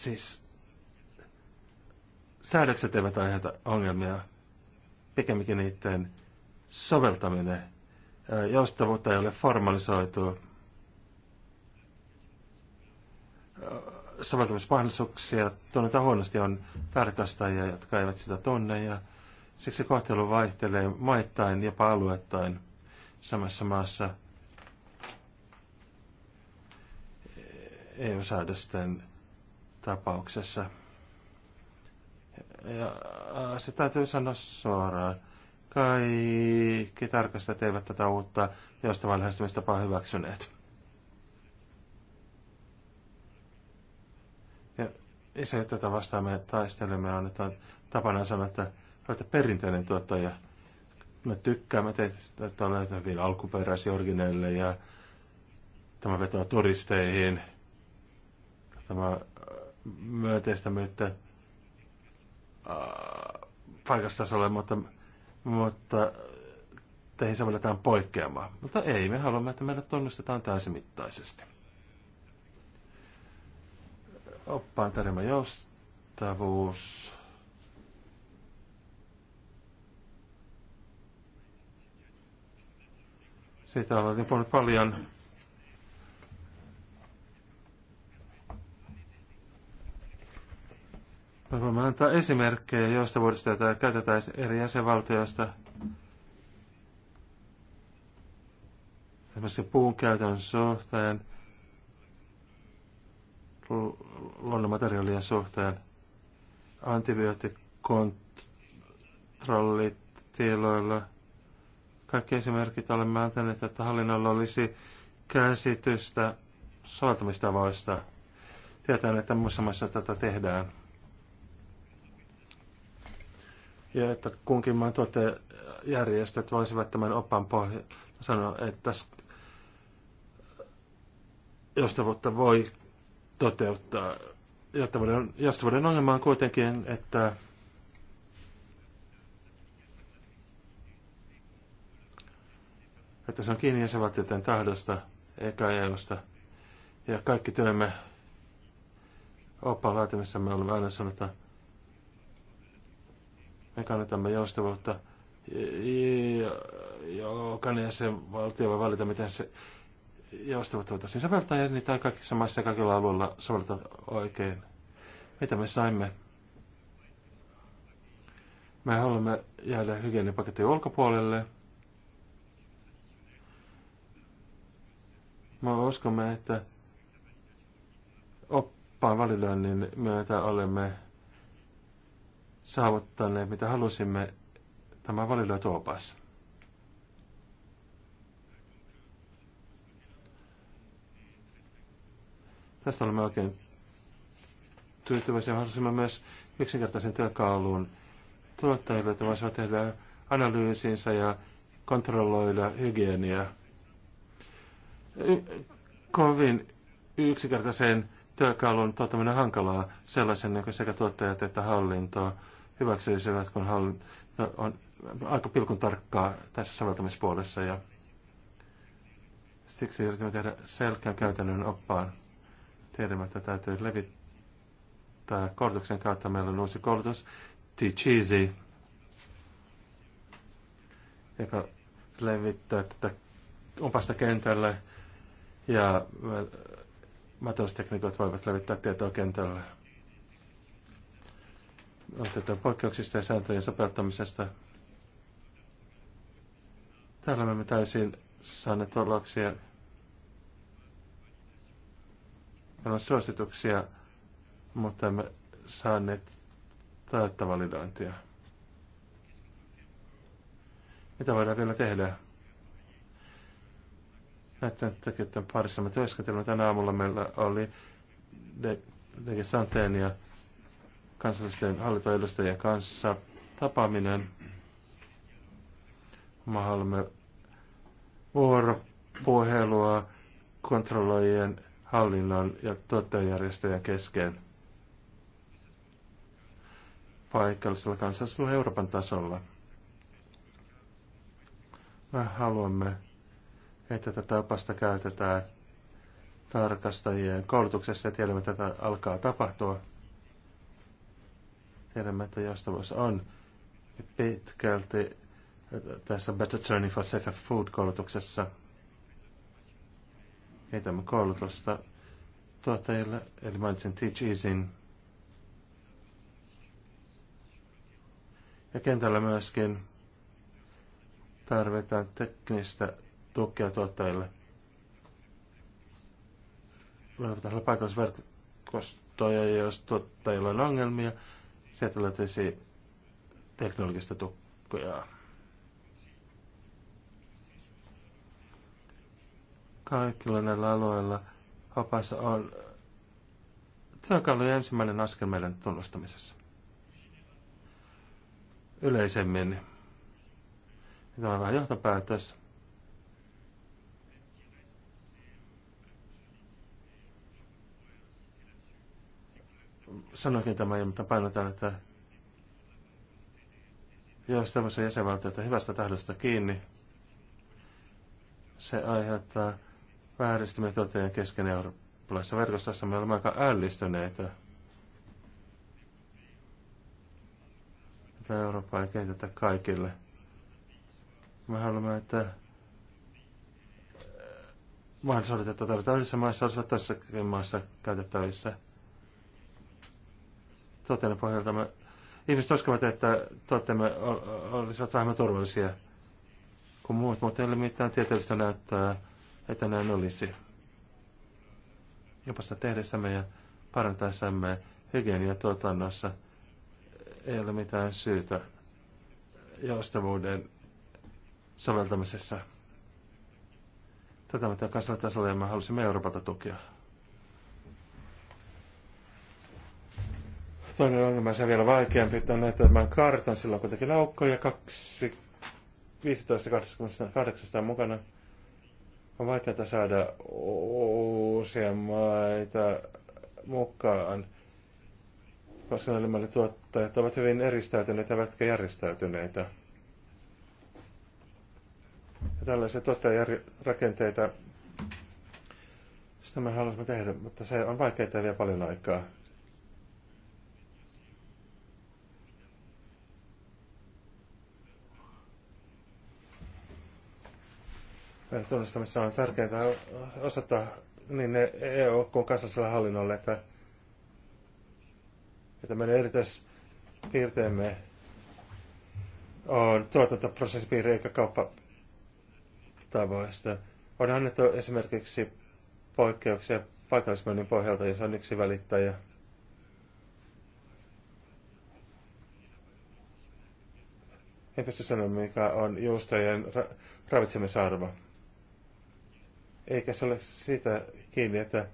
Siis säädökset eivät aiheuta ongelmia, pikemminkin niiden soveltaminen. Joustavuutta ei ole formalisoitu. Soveltamismahdollisuuksia tunnetaan huonosti on tarkastajia, jotka eivät sitä tunne ja siksi kohtelu vaihtelee maittain, jopa alueittain samassa maassa EU-säädösten e tapauksessa. Ja se täytyy sanoa suoraan. Kaikki tarkastajat eivät tätä uutta joustavaa lähestymistapaa hyväksyneet. Ja isä että tätä vastaan me taistelemme, on, että on tapana sanoa, että olette perinteinen tuottaja. Me tykkäämme teistä, että olette hyvin alkuperäisiä origineille ja tämä vetoa turisteihin Tämä myönteistämyyttä paikastasolle, mutta, mutta teihin sovelletaan poikkeamaa. Mutta ei, me haluamme, että meidät tunnustetaan täysimittaisesti. Oppaan tarjoma joustavuus. Siitä olen puhunut paljon. Me voimme antaa esimerkkejä joustavuudesta, jota käytetään eri jäsenvaltioista. Esimerkiksi puun käytön suhteen, luonnonmateriaalien suhteen, antibioottikontrollit tiloilla. Kaikki esimerkit olemme antaneet, että hallinnolla olisi käsitystä soveltamistavoista. Tietään, että muissa maissa tätä tehdään. ja että kunkin maan tuottajajärjestöt voisivat tämän opan pohjalta sanoa, että joustavuutta voi toteuttaa. Joustavuuden, joustavuuden ongelma on kuitenkin, että että se on kiinni jäsenvaltioiden tahdosta eikä EUsta. Ja kaikki työmme oppaan laatimisessa me olemme aina sanotaan, me kannatamme joustavuutta. Jokainen jäsenvaltio voi valita, miten se joustavuutta voitaisiin soveltaa, ja niitä on kaikissa maissa ja kaikilla alueilla soveltaa oikein. Mitä me saimme? Me haluamme jäädä hygienipaketin ulkopuolelle. Me uskomme, että oppaan validoinnin myötä olemme saavuttaneet, mitä halusimme. Tämä valilyöty opas. Tästä olemme oikein tyytyväisiä. Halusimme myös yksinkertaisen työkaluun tuottajille, että voisivat tehdä analyysinsä ja kontrolloida hygieniaa. kovin yksinkertaisen työkalun tuottaminen hankalaa sellaisen, jonka sekä tuottajat että hallintoa hyväksyisivät, kun hallinto on aika pilkun tarkkaa tässä soveltamispuolessa ja siksi yritimme tehdä selkeän käytännön oppaan. Tiedämme, että täytyy levittää koulutuksen kautta. Meillä on uusi koulutus, Teacheasy, joka levittää tätä opasta kentälle ja maataloustekniikot voivat levittää tietoa kentälle. Otetaan poikkeuksista ja sääntöjen sopeuttamisesta. Täällä me täysin saaneet olaksia. Meillä on suosituksia, mutta emme saaneet täyttä validointia. Mitä voidaan vielä tehdä? näiden tekijöiden parissa me työskentelemme Tänä aamulla meillä oli Dege Santeen ja kansallisten hallintoedustajien kanssa tapaaminen. haluamme vuoropuhelua kontrolloijien hallinnon ja tuottajajärjestöjen kesken paikallisella kansallisella Euroopan tasolla. Me haluamme että tätä opasta käytetään tarkastajien koulutuksessa ja tiedämme, että tätä alkaa tapahtua. Tiedämme, että jostavuus on pitkälti tässä Better Journey for Safer Food-koulutuksessa. Heitämme koulutusta tuottajille, eli mainitsin Teach Easin. Ja kentällä myöskin tarvitaan teknistä tukea tuottajille. Voidaan olla paikallisverkostoja, jos tuottajilla on ongelmia. Sieltä löytyisi teknologista tukkoja. Kaikilla näillä aloilla vapaassa on työkalujen ensimmäinen askel meidän tunnustamisessa. Yleisemmin. Tämä on vähän johtopäätös. sanoinkin tämän, mutta painotan, että jos tämmöisen jäsenvaltioita hyvästä tahdosta kiinni, se aiheuttaa vääristymiä toteen kesken eurooppalaisessa verkostossa. Me olemme aika ällistyneitä. Tämä Eurooppa ei kehitetä kaikille. Me haluamme, että mahdollisuudet, että tarvitaan yhdessä maassa, olisivat toisessakin maassa käytettävissä tuotteiden pohjalta me, ihmiset uskovat, että tuotteemme olisivat vähemmän turvallisia kuin muut, mutta ei ole mitään tieteellistä näyttää, että näin olisi. Jopa sitä tehdessämme ja parantaessamme hygieniatuotannossa ei ole mitään syytä joustavuuden soveltamisessa. Tätä mitä kansallisella tasolla ja me halusimme Euroopalta tukea. Toinen on vielä vaikeampi, että on tämän kartan, sillä on kuitenkin laukkoja, kaksi, 15 mukana. On vaikeaa saada uusia maita mukaan, koska nämä tuottajat ovat hyvin eristäytyneitä, eivätkä järjestäytyneitä. Ja tällaisia tuottajarakenteita, sitä me haluaisimme tehdä, mutta se on vaikeaa vielä paljon aikaa. tunnistamissa on tärkeää osoittaa niin EU- e kuin kansalliselle hallinnolle, että, että meidän erityispiirteemme on tuotantoprosessipiiri eikä kauppatavoista. On annettu esimerkiksi poikkeuksia paikallismyynnin pohjalta, jos on yksi välittäjä. En pysty sanoa, mikä on juustojen ra- ravitsemisarvo. Eikä se ole siitä kiinni, että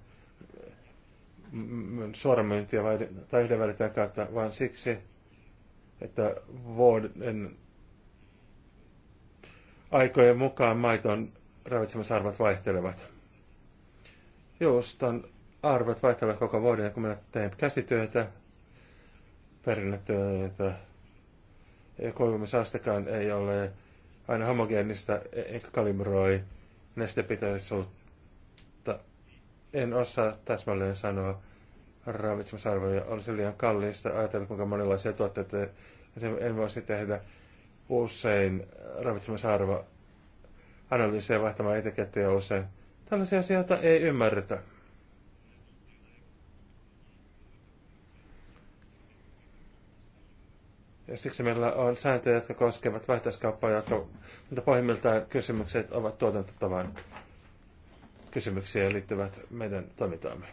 suoramyyntiä tai yhdenvälitään kautta, vaan siksi, että vuoden aikojen mukaan maiton ravitsemusarvot vaihtelevat. Juuston arvot vaihtelevat koko vuoden, ja kun minä teen käsityötä, perinnetyötä, ja kuivumisastekaan ei ole aina homogeenista, enkä kalibroi nestepitoisuutta. En osaa täsmälleen sanoa ravitsemusarvoja. Olisi liian kalliista ajatella, kuinka monenlaisia tuotteita en voisi tehdä usein ravitsemusarvo analyysiä vaihtamaan etikettiä usein. Tällaisia asioita ei ymmärretä. Ja siksi meillä on sääntöjä, jotka koskevat vaihtaiskauppaa, jotka, mutta pohjimmiltaan kysymykset ovat tuotantotavan kysymyksiä ja liittyvät meidän toimintaamme.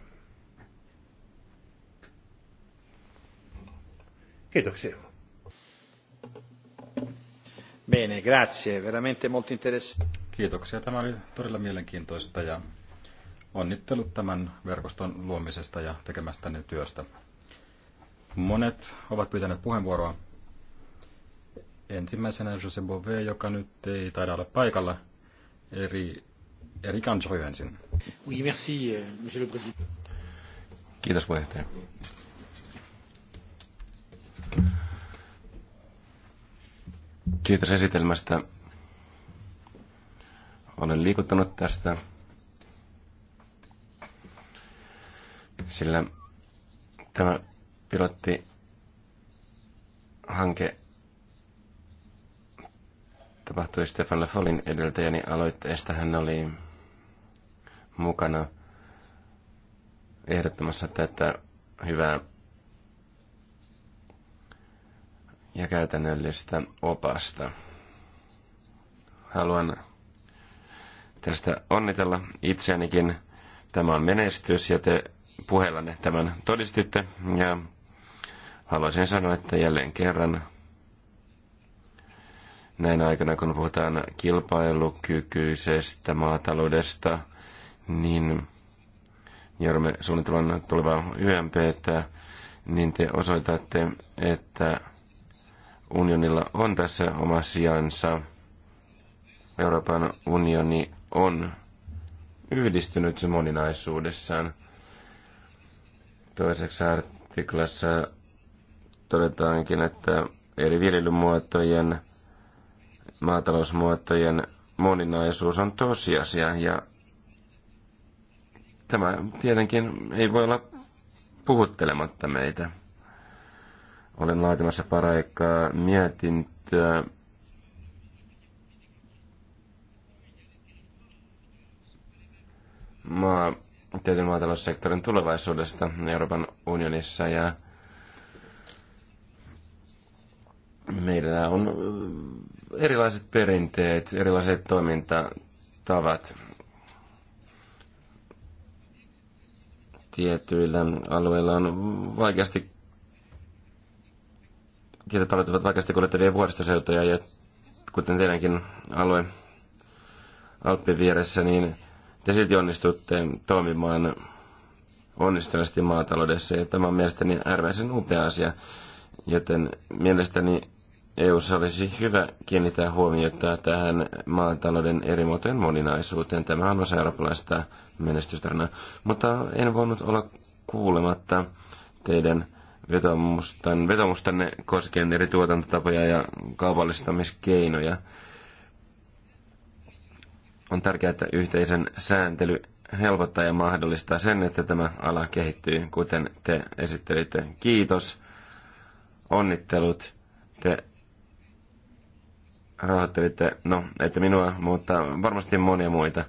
Kiitoksia. Bene, grazie, veramente molto interessante. Kiitoksia, tämä oli todella mielenkiintoista ja onnittelut tämän verkoston luomisesta ja tekemästäni työstä. Monet ovat pyytäneet puheenvuoroa. Ensimmäisenä Jose Bove, joka nyt ei taida olla paikalla, eri, eri kansoi ensin. Oui, merci, euh, monsieur le président. Kiitos puheenjohtaja. Kiitos esitelmästä. Olen liikuttanut tästä, sillä tämä pilotti hanke tapahtui Stefan Lafolin edeltäjäni aloitteesta. Hän oli mukana ehdottamassa tätä hyvää ja käytännöllistä opasta. Haluan tästä onnitella itseänikin. Tämä on menestys ja te puheellanne tämän todistitte. Ja haluaisin sanoa, että jälleen kerran näin aikana, kun puhutaan kilpailukykyisestä maataloudesta, niin joudumme suunnitelman tulevaa että, niin te osoitatte, että unionilla on tässä oma sijansa. Euroopan unioni on yhdistynyt moninaisuudessaan. Toiseksi artiklassa todetaankin, että eri viljelymuotojen – maatalousmuotojen moninaisuus on tosiasia ja tämä tietenkin ei voi olla puhuttelematta meitä. Olen laatimassa paraikaa mietintöä maa, tietyn maataloussektorin tulevaisuudesta Euroopan unionissa ja meillä on erilaiset perinteet, erilaiset toimintatavat tietyillä alueilla on vaikeasti tietyt alueet ovat vaikeasti kuljettavia vuoristoseutoja ja kuten teidänkin alue Alppin vieressä, niin te silti onnistutte toimimaan onnistuneesti maataloudessa ja tämä on mielestäni äärimmäisen upea asia, joten mielestäni eu olisi hyvä kiinnittää huomiota tähän maatalouden eri muotojen moninaisuuteen. Tämä on osa eurooppalaista menestystarinaa. Mutta en voinut olla kuulematta teidän vetomustan, vetomustanne koskien eri tuotantotapoja ja kaupallistamiskeinoja. On tärkeää, että yhteisen sääntely helpottaa ja mahdollistaa sen, että tämä ala kehittyy, kuten te esittelitte. Kiitos, onnittelut, te rahoittelitte, no, että minua, mutta varmasti monia muita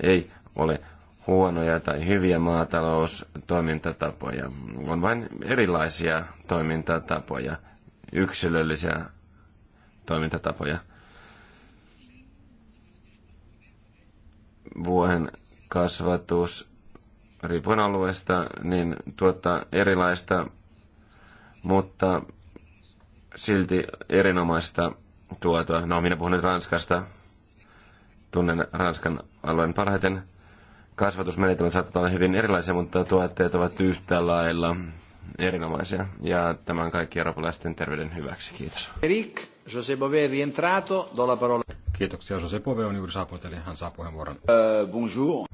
ei ole huonoja tai hyviä maataloustoimintatapoja. On vain erilaisia toimintatapoja, yksilöllisiä toimintatapoja. Vuohen kasvatus riippuen alueesta niin tuottaa erilaista, mutta silti erinomaista tuotua. No, minä puhun nyt Ranskasta. Tunnen Ranskan alueen parhaiten. Kasvatusmenetelmät saattavat olla hyvin erilaisia, mutta tuotteet ovat yhtä lailla erinomaisia. Ja tämän kaikki eurooppalaisten terveyden hyväksi. Kiitos. Erik, José Bové rientrato, do la parola. Kiitoksia. José Bové on juuri saapunut, eli hän saa puheenvuoron. Uh, bonjour.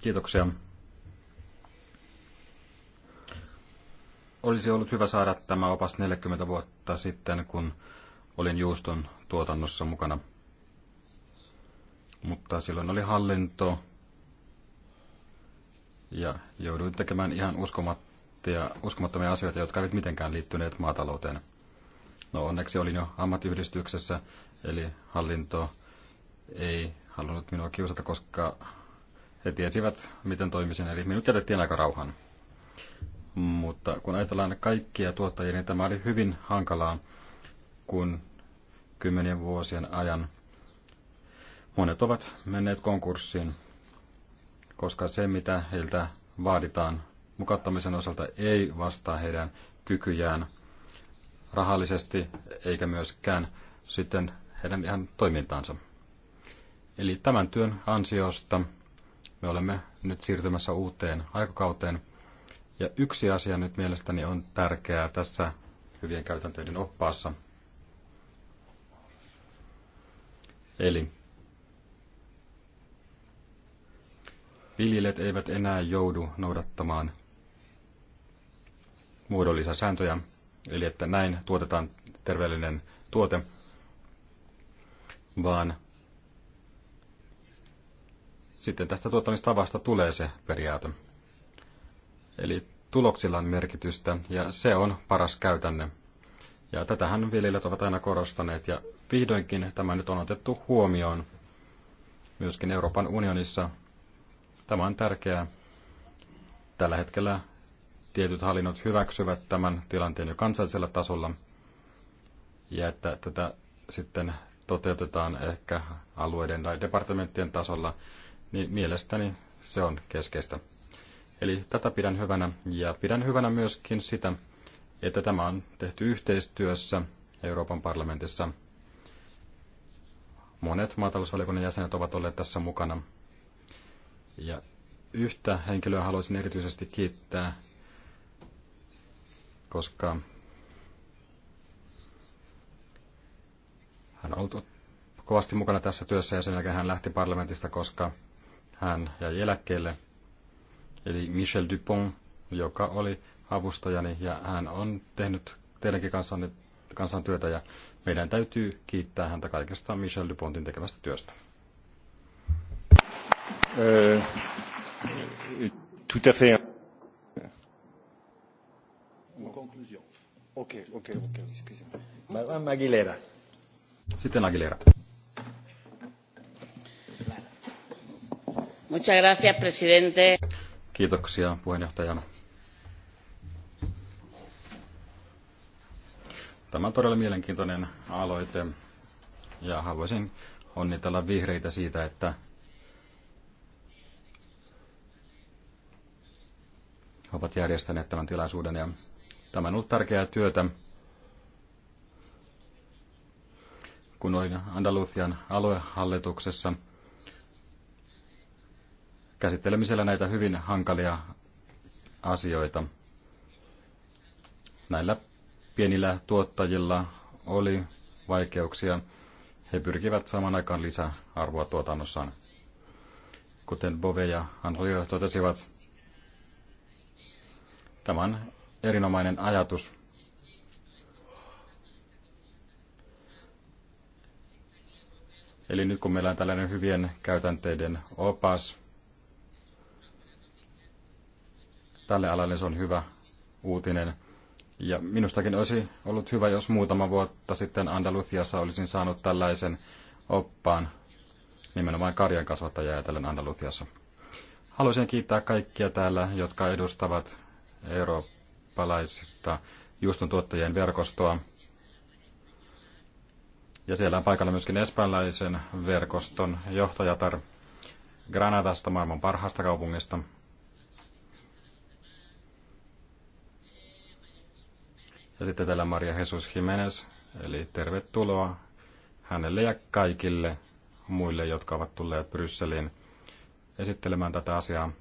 Kiitoksia. Olisi ollut hyvä saada tämä opas 40 vuotta sitten, kun olin juuston tuotannossa mukana. Mutta silloin oli hallinto ja jouduin tekemään ihan uskomattomia, asioita, jotka eivät mitenkään liittyneet maatalouteen. No onneksi olin jo ammattiyhdistyksessä, eli hallinto ei halunnut minua kiusata, koska he tiesivät, miten toimisin, eli minut jätettiin aika rauhan. Mutta kun ajatellaan kaikkia tuottajia, niin tämä oli hyvin hankalaa, kun kymmenien vuosien ajan. Monet ovat menneet konkurssiin, koska se, mitä heiltä vaaditaan mukattamisen osalta, ei vastaa heidän kykyjään rahallisesti eikä myöskään sitten heidän ihan toimintaansa. Eli tämän työn ansiosta me olemme nyt siirtymässä uuteen aikakauteen. Ja yksi asia nyt mielestäni on tärkeää tässä hyvien käytänteiden oppaassa. Eli viljelijät eivät enää joudu noudattamaan muodollisia sääntöjä, eli että näin tuotetaan terveellinen tuote, vaan sitten tästä tuottamistavasta tulee se periaate. Eli tuloksilla on merkitystä ja se on paras käytänne. Ja tätähän viljelijät ovat aina korostaneet ja vihdoinkin tämä nyt on otettu huomioon myöskin Euroopan unionissa. Tämä on tärkeää. Tällä hetkellä tietyt hallinnot hyväksyvät tämän tilanteen jo kansallisella tasolla ja että tätä sitten toteutetaan ehkä alueiden tai departementtien tasolla, niin mielestäni se on keskeistä. Eli tätä pidän hyvänä ja pidän hyvänä myöskin sitä, että tämä on tehty yhteistyössä Euroopan parlamentissa – Monet maatalousvaliokunnan jäsenet ovat olleet tässä mukana. Ja yhtä henkilöä haluaisin erityisesti kiittää, koska hän on ollut kovasti mukana tässä työssä ja sen jälkeen hän lähti parlamentista, koska hän jäi eläkkeelle. Eli Michel Dupont, joka oli avustajani ja hän on tehnyt teidänkin kanssanne kansantyötä ja meidän täytyy kiittää häntä kaikesta Michel Dupontin tekemästä työstä. Euh, tout à fait. Conclusion. excusez-moi. Madame Aguilera. Sitten Aguilera. Muchas gracias, presidente. Kiitoksia puheenjohtajana. Tämä on todella mielenkiintoinen aloite ja haluaisin onnitella vihreitä siitä, että ovat järjestäneet tämän tilaisuuden ja tämä on ollut tärkeää työtä. Kun olin Andalusian aluehallituksessa, käsittelemisellä näitä hyvin hankalia asioita. Näillä pienillä tuottajilla oli vaikeuksia. He pyrkivät saman aikaan lisäarvoa tuotannossaan. Kuten Bove ja Andrio totesivat, tämän erinomainen ajatus. Eli nyt kun meillä on tällainen hyvien käytänteiden opas, tälle alalle se on hyvä uutinen. Ja minustakin olisi ollut hyvä, jos muutama vuotta sitten Andalusiassa olisin saanut tällaisen oppaan nimenomaan karjan kasvattaja ajatellen Andalusiassa. Haluaisin kiittää kaikkia täällä, jotka edustavat eurooppalaisista juuston tuottajien verkostoa. Ja siellä on paikalla myöskin espanjalaisen verkoston johtajatar Granadasta, maailman parhaasta kaupungista – Ja sitten täällä Maria Jesus Jimenez, eli tervetuloa hänelle ja kaikille muille, jotka ovat tulleet Brysseliin esittelemään tätä asiaa.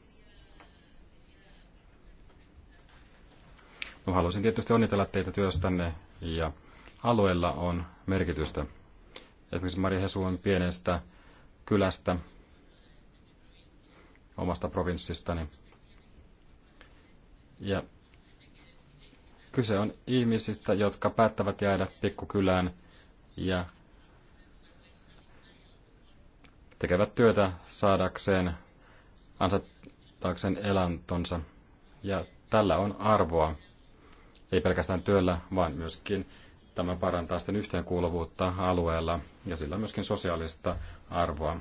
No, haluaisin tietysti onnitella teitä työstänne ja alueella on merkitystä. Esimerkiksi Maria Hesu on pienestä kylästä omasta provinssistani. Ja Kyse on ihmisistä, jotka päättävät jäädä pikkukylään ja tekevät työtä saadakseen, ansaittaakseen elantonsa. Ja tällä on arvoa, ei pelkästään työllä, vaan myöskin tämä parantaa sitten yhteenkuuluvuutta alueella ja sillä myöskin sosiaalista arvoa.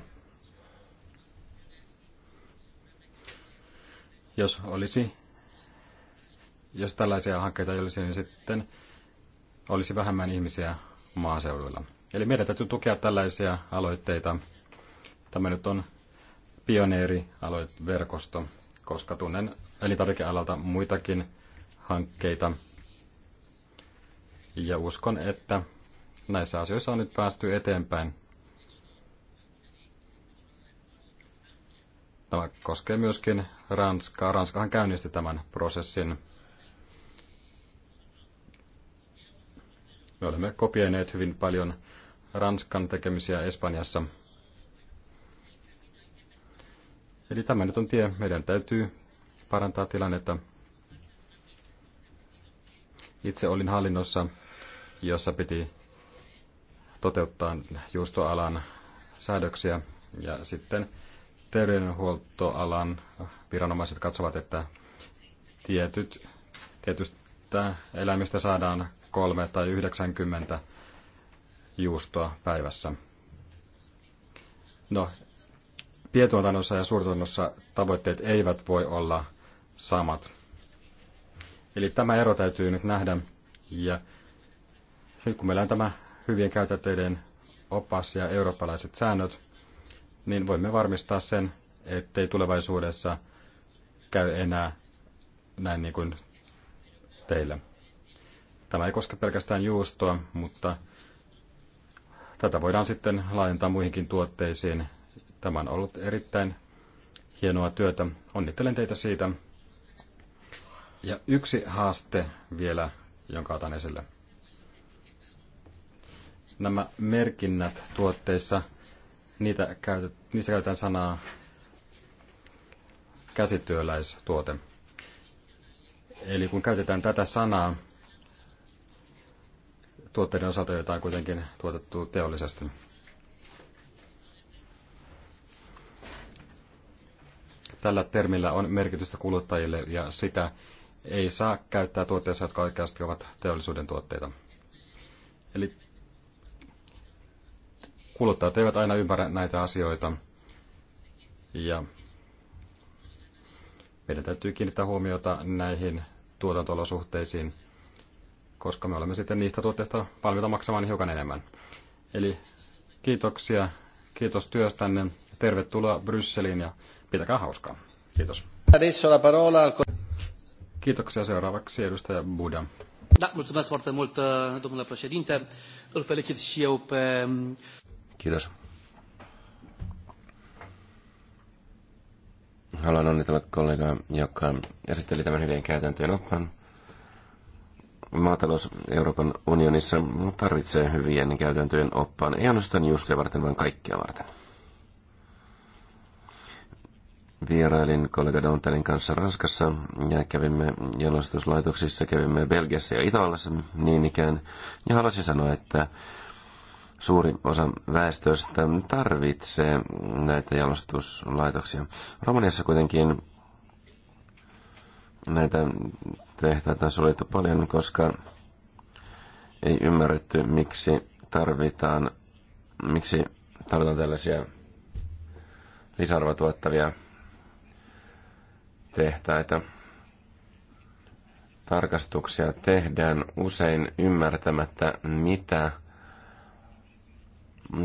Jos olisi jos tällaisia hankkeita ei olisi, niin sitten olisi vähemmän ihmisiä maaseudulla. Eli meidän täytyy tukea tällaisia aloitteita. Tämä nyt on pioneerialoiteverkosto, koska tunnen elintarvikealalta muitakin hankkeita. Ja uskon, että näissä asioissa on nyt päästy eteenpäin. Tämä koskee myöskin Ranskaa. Ranskahan käynnisti tämän prosessin Me olemme kopioineet hyvin paljon Ranskan tekemisiä Espanjassa. Eli tämä nyt on tie. Meidän täytyy parantaa tilannetta. Itse olin hallinnossa, jossa piti toteuttaa juustoalan säädöksiä ja sitten terveydenhuoltoalan viranomaiset katsovat, että tietyt, tietystä eläimistä saadaan kolme tai 90 juustoa päivässä. No, pientuotannossa ja suurtuotannossa tavoitteet eivät voi olla samat. Eli tämä ero täytyy nyt nähdä. Ja sitten kun meillä on tämä hyvien käytänteiden opas ja eurooppalaiset säännöt, niin voimme varmistaa sen, ettei tulevaisuudessa käy enää näin niin kuin teillä. Tämä ei koske pelkästään juustoa, mutta tätä voidaan sitten laajentaa muihinkin tuotteisiin. Tämä on ollut erittäin hienoa työtä. Onnittelen teitä siitä. Ja yksi haaste vielä, jonka otan esille. Nämä merkinnät tuotteissa, niitä käytet, niissä käytetään sanaa käsityöläistuote. Eli kun käytetään tätä sanaa, tuotteiden osalta, joita on kuitenkin tuotettu teollisesti. Tällä termillä on merkitystä kuluttajille ja sitä ei saa käyttää tuotteissa, jotka oikeasti ovat teollisuuden tuotteita. Eli kuluttajat eivät aina ymmärrä näitä asioita ja meidän täytyy kiinnittää huomiota näihin tuotantolosuhteisiin koska me olemme sitten niistä tuotteista valmiita maksamaan hiukan enemmän. Eli kiitoksia, kiitos työstänne, tervetuloa Brysseliin ja pitäkää hauskaa. Kiitos. Kiitoksia seuraavaksi edustaja Buda. Uh, um, kiitos. Haluan onnitella kollegaa, joka esitteli tämän hyvien käytäntöjen oppaan maatalous Euroopan unionissa tarvitsee hyvien käytäntöjen oppaan, ei ainoastaan juustoja varten, vaan kaikkia varten. Vierailin kollega Dantelin kanssa Ranskassa ja kävimme jalostuslaitoksissa, kävimme Belgiassa ja Italiassa niin ikään. Ja haluaisin sanoa, että suuri osa väestöstä tarvitsee näitä jalostuslaitoksia. Romaniassa kuitenkin näitä tehtaita suljettu paljon, koska ei ymmärretty, miksi tarvitaan, miksi tarvitaan tällaisia lisäarvoa tuottavia tehtaita. Tarkastuksia tehdään usein ymmärtämättä, mitä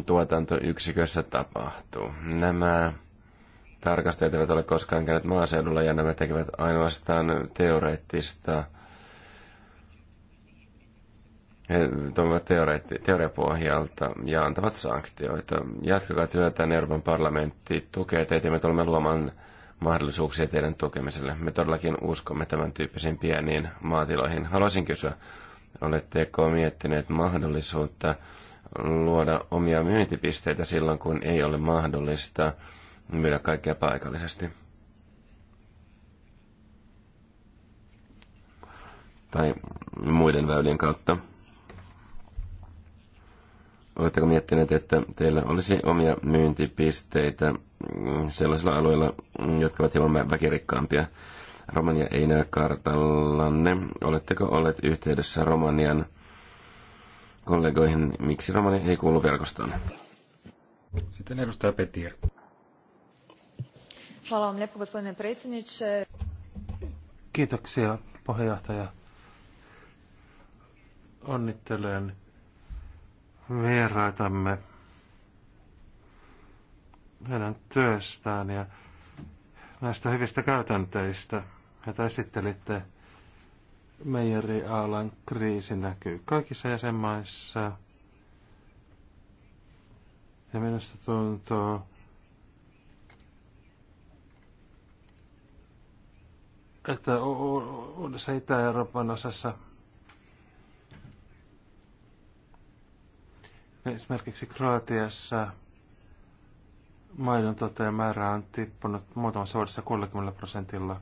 tuotantoyksikössä tapahtuu. Nämä tarkastajat eivät ole koskaan käyneet maaseudulla ja nämä tekevät ainoastaan teoreettista he toimivat teoreetti, teoriapohjalta ja antavat sanktioita. Jatkakaa työtään niin Euroopan parlamentti tukee teitä me tulemme luomaan mahdollisuuksia teidän tukemiselle. Me todellakin uskomme tämän tyyppisiin pieniin maatiloihin. Haluaisin kysyä, oletteko miettineet mahdollisuutta luoda omia myyntipisteitä silloin, kun ei ole mahdollista – myydä kaikkea paikallisesti. Tai muiden väylien kautta. Oletteko miettineet, että teillä olisi omia myyntipisteitä sellaisilla alueilla, jotka ovat hieman väkirikkaampia? Romania ei näy kartallanne. Oletteko olleet yhteydessä Romanian kollegoihin? Miksi Romania ei kuulu verkostoon? Sitten edustaja Petir gospodine predsjedniče. Kiitoksia puheenjohtaja. Onnittelen vieraitamme heidän työstään ja näistä hyvistä käytänteistä, joita esittelitte. Meijerialan kriisi näkyy kaikissa jäsenmaissa. Ja minusta tuntuu, että uudessa Itä-Euroopan osassa esimerkiksi Kroatiassa maidon tuottajan määrä on tippunut muutamassa vuodessa 30 prosentilla.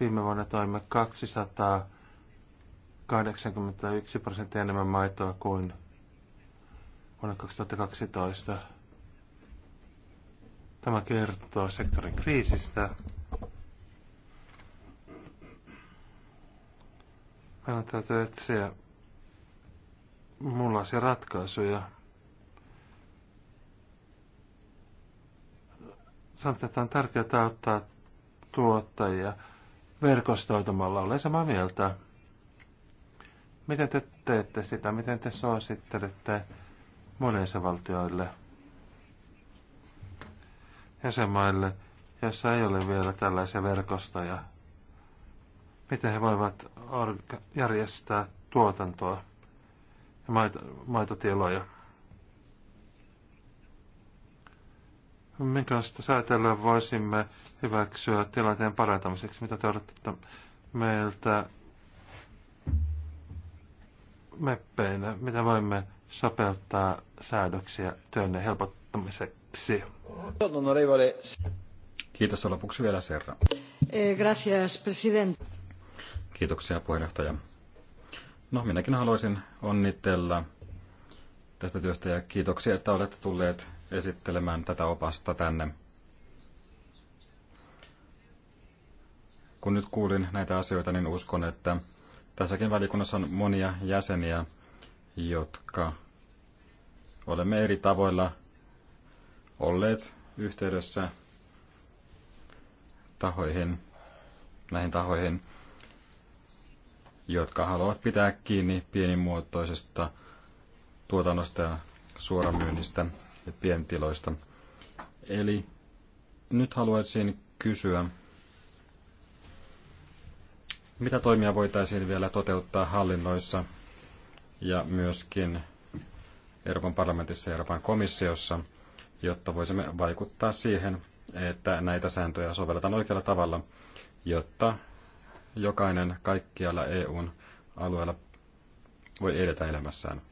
Viime vuonna toimme 281 prosenttia enemmän maitoa kuin vuonna 2012. Tämä kertoo sektorin kriisistä. Meillä täytyy etsiä muunlaisia ratkaisuja. Sanotaan, että on tärkeää ottaa tuottajia verkostoitumalla. Olen samaa mieltä. Miten te teette sitä? Miten te suosittelette monissa valtioille? jäsenmaille, joissa ei ole vielä tällaisia verkostoja? Miten he voivat järjestää tuotantoa ja maito- maitotiloja? Minkälaista säätelyä voisimme hyväksyä tilanteen parantamiseksi? Mitä te odotatte meiltä meppeinä? Mitä voimme sopeuttaa säädöksiä työnne helpottamiseksi? hyväksi. Kiitos ja lopuksi vielä Serra. Eh, gracias, president. Kiitoksia puheenjohtaja. No, minäkin haluaisin onnitella tästä työstä ja kiitoksia, että olette tulleet esittelemään tätä opasta tänne. Kun nyt kuulin näitä asioita, niin uskon, että tässäkin valikunnassa on monia jäseniä, jotka olemme eri tavoilla olleet yhteydessä tahoihin, näihin tahoihin, jotka haluavat pitää kiinni pienimuotoisesta tuotannosta ja suoramyynnistä ja pientiloista. Eli nyt haluaisin kysyä, mitä toimia voitaisiin vielä toteuttaa hallinnoissa ja myöskin Euroopan parlamentissa ja Euroopan komissiossa – jotta voisimme vaikuttaa siihen, että näitä sääntöjä sovelletaan oikealla tavalla, jotta jokainen kaikkialla EUn alueella voi edetä elämässään.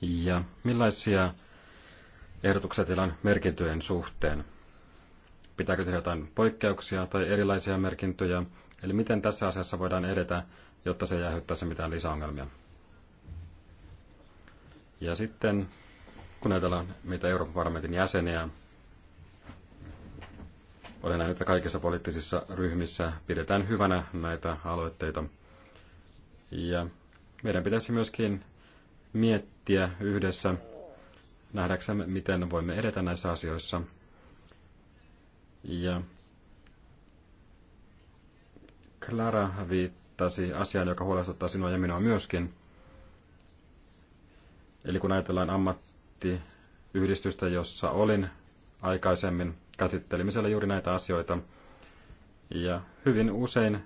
Ja millaisia ehdotuksia teillä on merkintöjen suhteen? Pitääkö tehdä jotain poikkeuksia tai erilaisia merkintöjä? Eli miten tässä asiassa voidaan edetä, jotta se ei aiheuttaisi mitään lisäongelmia? Ja sitten kun ajatellaan meitä Euroopan parlamentin jäseniä, olen nähnyt, että kaikissa poliittisissa ryhmissä pidetään hyvänä näitä aloitteita. Ja meidän pitäisi myöskin miettiä yhdessä nähdäksemme, miten voimme edetä näissä asioissa. Ja Clara viittasi asiaan, joka huolestuttaa sinua ja minua myöskin. Eli kun ajatellaan ammattia, yhdistystä, jossa olin aikaisemmin. Käsittelimme siellä juuri näitä asioita. Ja hyvin usein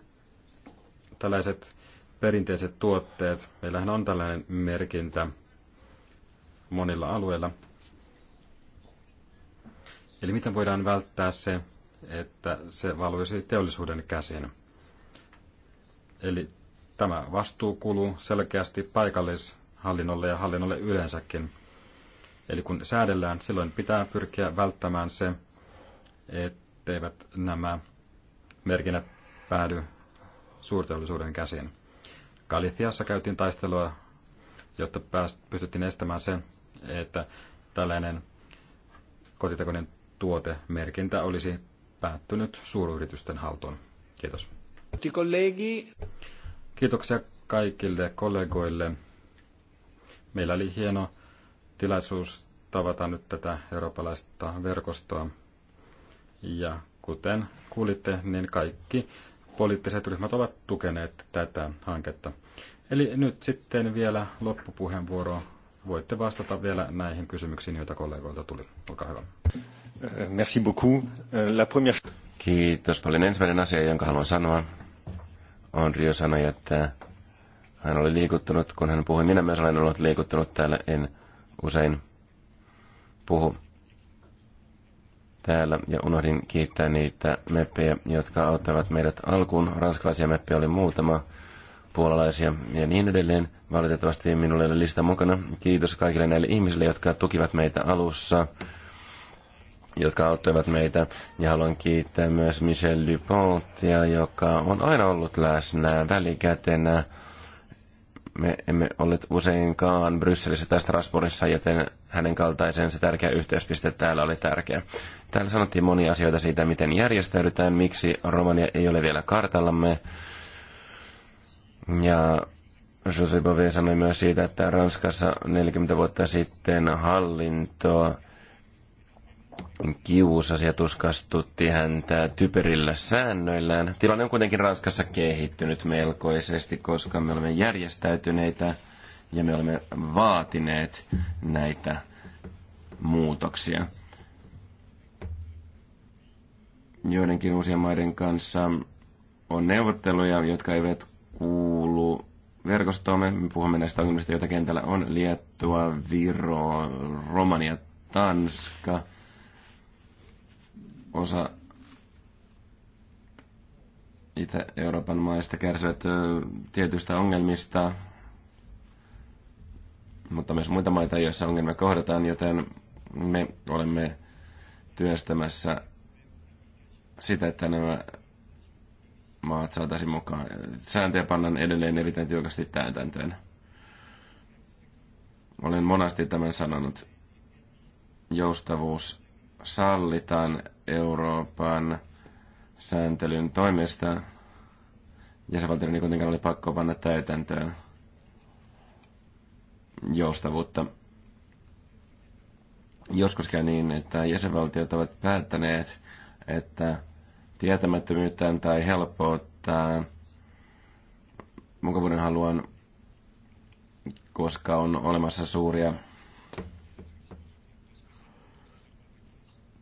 tällaiset perinteiset tuotteet, meillähän on tällainen merkintä monilla alueilla. Eli miten voidaan välttää se, että se valuisi teollisuuden käsiin? Eli tämä vastuu kuuluu selkeästi paikallishallinnolle ja hallinnolle yleensäkin – Eli kun säädellään, silloin pitää pyrkiä välttämään se, etteivät nämä merkinnät päädy suurteollisuuden käsiin. Galiciassa käytiin taistelua, jotta pääst, pystyttiin estämään se, että tällainen kotitekoinen tuotemerkintä olisi päättynyt suuryritysten haltuun. Kiitos. Kiitoksia kaikille kollegoille. Meillä oli hieno tilaisuus tavata nyt tätä eurooppalaista verkostoa. Ja kuten kuulitte, niin kaikki poliittiset ryhmät ovat tukeneet tätä hanketta. Eli nyt sitten vielä loppupuheenvuoro. Voitte vastata vielä näihin kysymyksiin, joita kollegoilta tuli. Olkaa hyvä. Merci beaucoup. Euh, la première... Kiitos paljon. Ensimmäinen asia, jonka haluan sanoa, on Rio sanoi, että hän oli liikuttunut, kun hän puhui. Minä myös olen ollut liikuttunut täällä. En usein puhu täällä ja unohdin kiittää niitä meppejä, jotka auttavat meidät alkuun. Ranskalaisia meppejä oli muutama, puolalaisia ja niin edelleen. Valitettavasti minulla ei ole lista mukana. Kiitos kaikille näille ihmisille, jotka tukivat meitä alussa, jotka auttoivat meitä. Ja haluan kiittää myös Michel Dupontia, joka on aina ollut läsnä välikätenä me emme olleet useinkaan Brysselissä tai Strasbourgissa, joten hänen se tärkeä yhteyspiste täällä oli tärkeä. Täällä sanottiin monia asioita siitä, miten järjestäydytään, miksi Romania ei ole vielä kartallamme. Ja Jose Bove sanoi myös siitä, että Ranskassa 40 vuotta sitten hallintoa kiusasi ja tuskastutti häntä typerillä säännöillään. Tilanne on kuitenkin Ranskassa kehittynyt melkoisesti, koska me olemme järjestäytyneitä ja me olemme vaatineet näitä muutoksia. Joidenkin uusien maiden kanssa on neuvotteluja, jotka eivät kuulu verkostoomme. Me puhumme näistä ongelmista, joita kentällä on. Liettua, Viro, Romania, Tanska – osa Itä-Euroopan maista kärsivät tietyistä ongelmista, mutta myös muita maita, joissa ongelmia kohdataan, joten me olemme työstämässä sitä, että nämä maat saataisiin mukaan. Sääntöjä pannaan edelleen erittäin tiukasti täytäntöön. Olen monasti tämän sanonut. Joustavuus sallitaan Euroopan sääntelyn toimesta jäsenvaltioiden niin kuitenkin oli pakko panna täytäntöön joustavuutta. Joskus käy niin, että jäsenvaltiot ovat päättäneet, että tietämättömyyttään tai helpottaa mukavuuden haluan, koska on olemassa suuria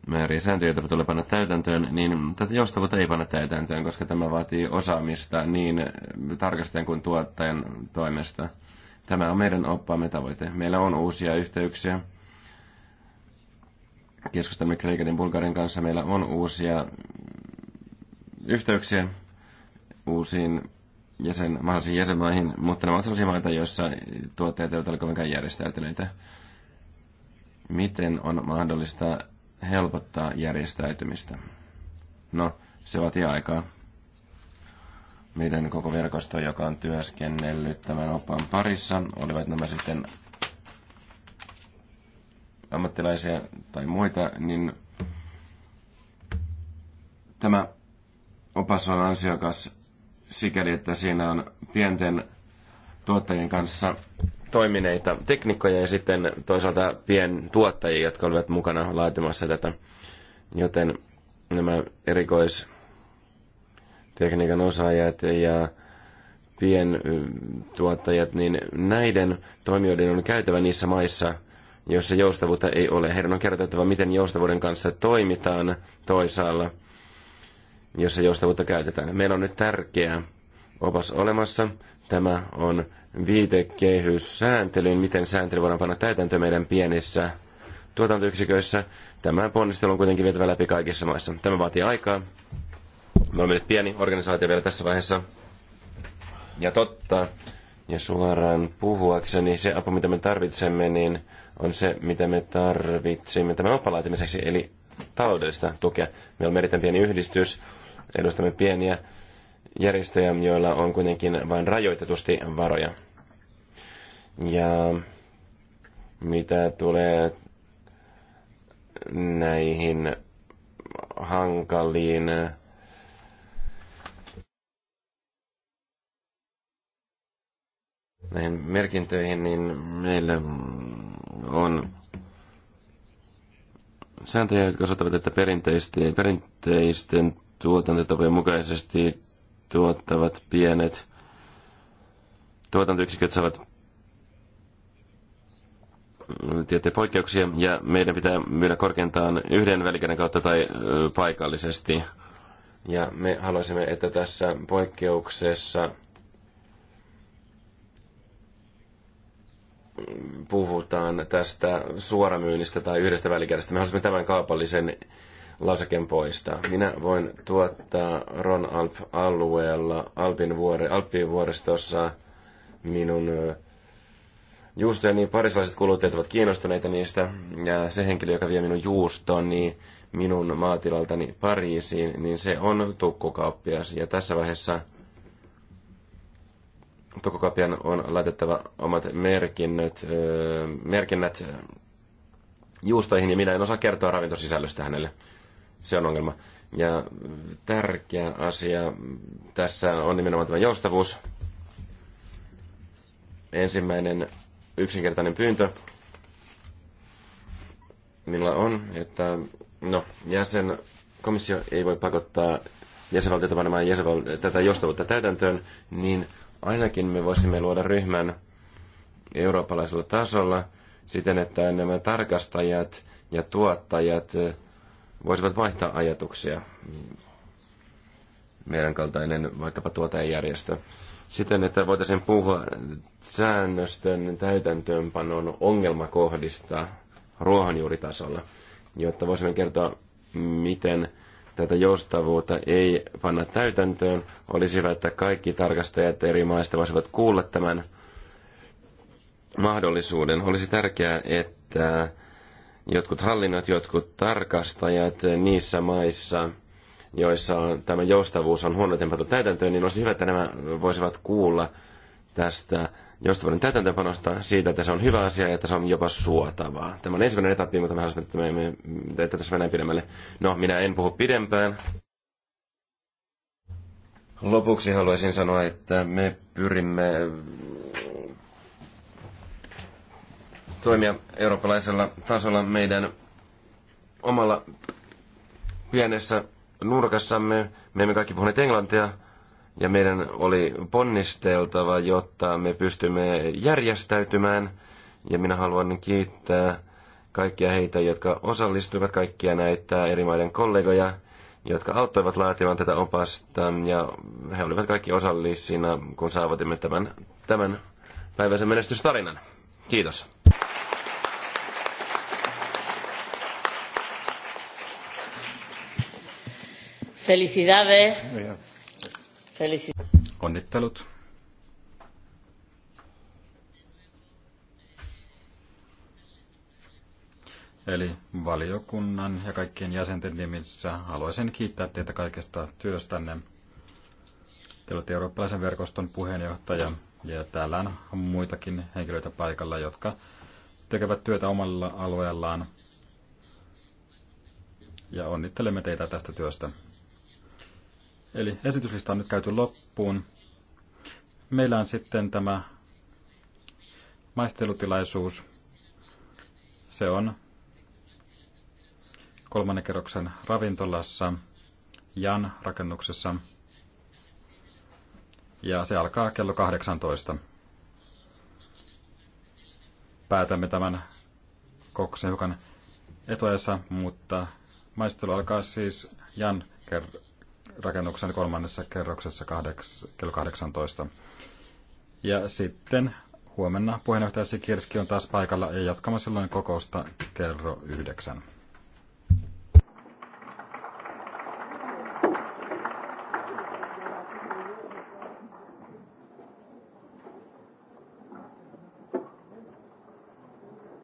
määriä sääntöjä, joita tulee panna täytäntöön, niin tätä joustavuutta ei panna täytäntöön, koska tämä vaatii osaamista niin tarkastajan kuin tuottajan toimesta. Tämä on meidän oppaamme tavoite. Meillä on uusia yhteyksiä. Keskustamme Kreikan ja Bulgarin kanssa. Meillä on uusia yhteyksiä uusiin jäsen, mahdollisiin jäsenmaihin, mutta nämä ovat sellaisia maita, joissa tuottajat eivät ole kovinkaan järjestäytyneitä. Miten on mahdollista helpottaa järjestäytymistä. No, se vaatii aikaa. Meidän koko verkosto, joka on työskennellyt tämän oppaan parissa, olivat nämä sitten ammattilaisia tai muita, niin tämä opas on ansiokas sikäli, että siinä on pienten tuottajien kanssa toimineita teknikkoja ja sitten toisaalta pientuottajia, jotka olivat mukana laatimassa tätä. Joten nämä erikoistekniikan osaajat ja pientuottajat, niin näiden toimijoiden on käytävä niissä maissa, joissa joustavuutta ei ole. Heidän on kerrottava, miten joustavuuden kanssa toimitaan toisaalla, jossa joustavuutta käytetään. Meillä on nyt tärkeä opas olemassa. Tämä on viitekehys sääntelyyn, miten sääntely voidaan panna täytäntöön meidän pienissä tuotantoyksiköissä. Tämä ponnistelu on kuitenkin vietävä läpi kaikissa maissa. Tämä vaatii aikaa. Me olemme nyt pieni organisaatio vielä tässä vaiheessa. Ja totta, ja suoraan puhuakseni, se apu, mitä me tarvitsemme, niin on se, mitä me tarvitsemme tämän opalaatimiseksi, eli taloudellista tukea. Me olemme erittäin pieni yhdistys, edustamme pieniä järjestöjä, joilla on kuitenkin vain rajoitetusti varoja. Ja mitä tulee näihin hankaliin näihin merkintöihin, niin meillä on sääntöjä, jotka osoittavat, että perinteisten, perinteisten tuotantotapojen mukaisesti tuottavat pienet tuotantoyksiköt saavat tiettyjä poikkeuksia, ja meidän pitää myydä korkeintaan yhden välikäden kautta tai paikallisesti. Ja me haluaisimme, että tässä poikkeuksessa puhutaan tästä suoramyynnistä tai yhdestä välikädestä. Me haluaisimme tämän kaupallisen lauseken poistaa. Minä voin tuottaa Ron Alp-alueella, Alpin vuore, Alpin vuoristossa minun juustoja, niin parisalaiset kuluttajat ovat kiinnostuneita niistä. Ja se henkilö, joka vie minun niin minun maatilaltani Pariisiin, niin se on tukkukauppias. Ja tässä vaiheessa tukkukauppian on laitettava omat merkinnöt, merkinnät juustoihin, ja minä en osaa kertoa ravintosisällöstä hänelle se on ongelma. Ja tärkeä asia tässä on nimenomaan tämä joustavuus. Ensimmäinen yksinkertainen pyyntö millä on, että no, jäsen, komissio ei voi pakottaa jäsenvaltiota panemaan jäsenval- tätä joustavuutta täytäntöön, niin ainakin me voisimme luoda ryhmän eurooppalaisella tasolla siten, että nämä tarkastajat ja tuottajat voisivat vaihtaa ajatuksia. Meidän kaltainen vaikkapa tuotejärjestö. Siten, että voitaisiin puhua säännöstön täytäntöönpanon ongelmakohdista ruohonjuuritasolla, jotta voisimme kertoa, miten tätä joustavuutta ei panna täytäntöön. Olisi hyvä, että kaikki tarkastajat eri maista voisivat kuulla tämän mahdollisuuden. Olisi tärkeää, että jotkut hallinnot, jotkut tarkastajat niissä maissa, joissa tämä joustavuus on huonoiten pantu täytäntöön, niin olisi hyvä, että nämä voisivat kuulla tästä joustavuuden täytäntöönpanosta siitä, että se on hyvä asia ja että se on jopa suotavaa. Tämä on ensimmäinen etappi, mutta mä haluaisin, että, me, että tässä mennään pidemmälle. No, minä en puhu pidempään. Lopuksi haluaisin sanoa, että me pyrimme toimia eurooppalaisella tasolla meidän omalla pienessä nurkassamme. Me emme kaikki puhuneet englantia ja meidän oli ponnisteltava, jotta me pystymme järjestäytymään. Ja minä haluan kiittää kaikkia heitä, jotka osallistuivat, kaikkia näitä eri maiden kollegoja, jotka auttoivat laatimaan tätä opasta. Ja he olivat kaikki osallisina, kun saavutimme tämän, tämän päiväisen menestystarinan. Kiitos. Felicidades. Felicidades. Onnittelut. Eli valiokunnan ja kaikkien jäsenten nimissä haluaisin kiittää teitä kaikesta työstänne. Te olette eurooppalaisen verkoston puheenjohtaja ja täällä on muitakin henkilöitä paikalla, jotka tekevät työtä omalla alueellaan. Ja onnittelemme teitä tästä työstä. Eli esityslista on nyt käyty loppuun. Meillä on sitten tämä maistelutilaisuus. Se on kolmannen kerroksen ravintolassa Jan rakennuksessa. Ja se alkaa kello 18. Päätämme tämän kokouksen hiukan etuajassa, mutta maistelu alkaa siis Jan rakennuksen kolmannessa kerroksessa kahdeks, kello 18. Ja sitten huomenna puheenjohtaja Sikirski on taas paikalla ja jatkamme silloin kokousta kello 9.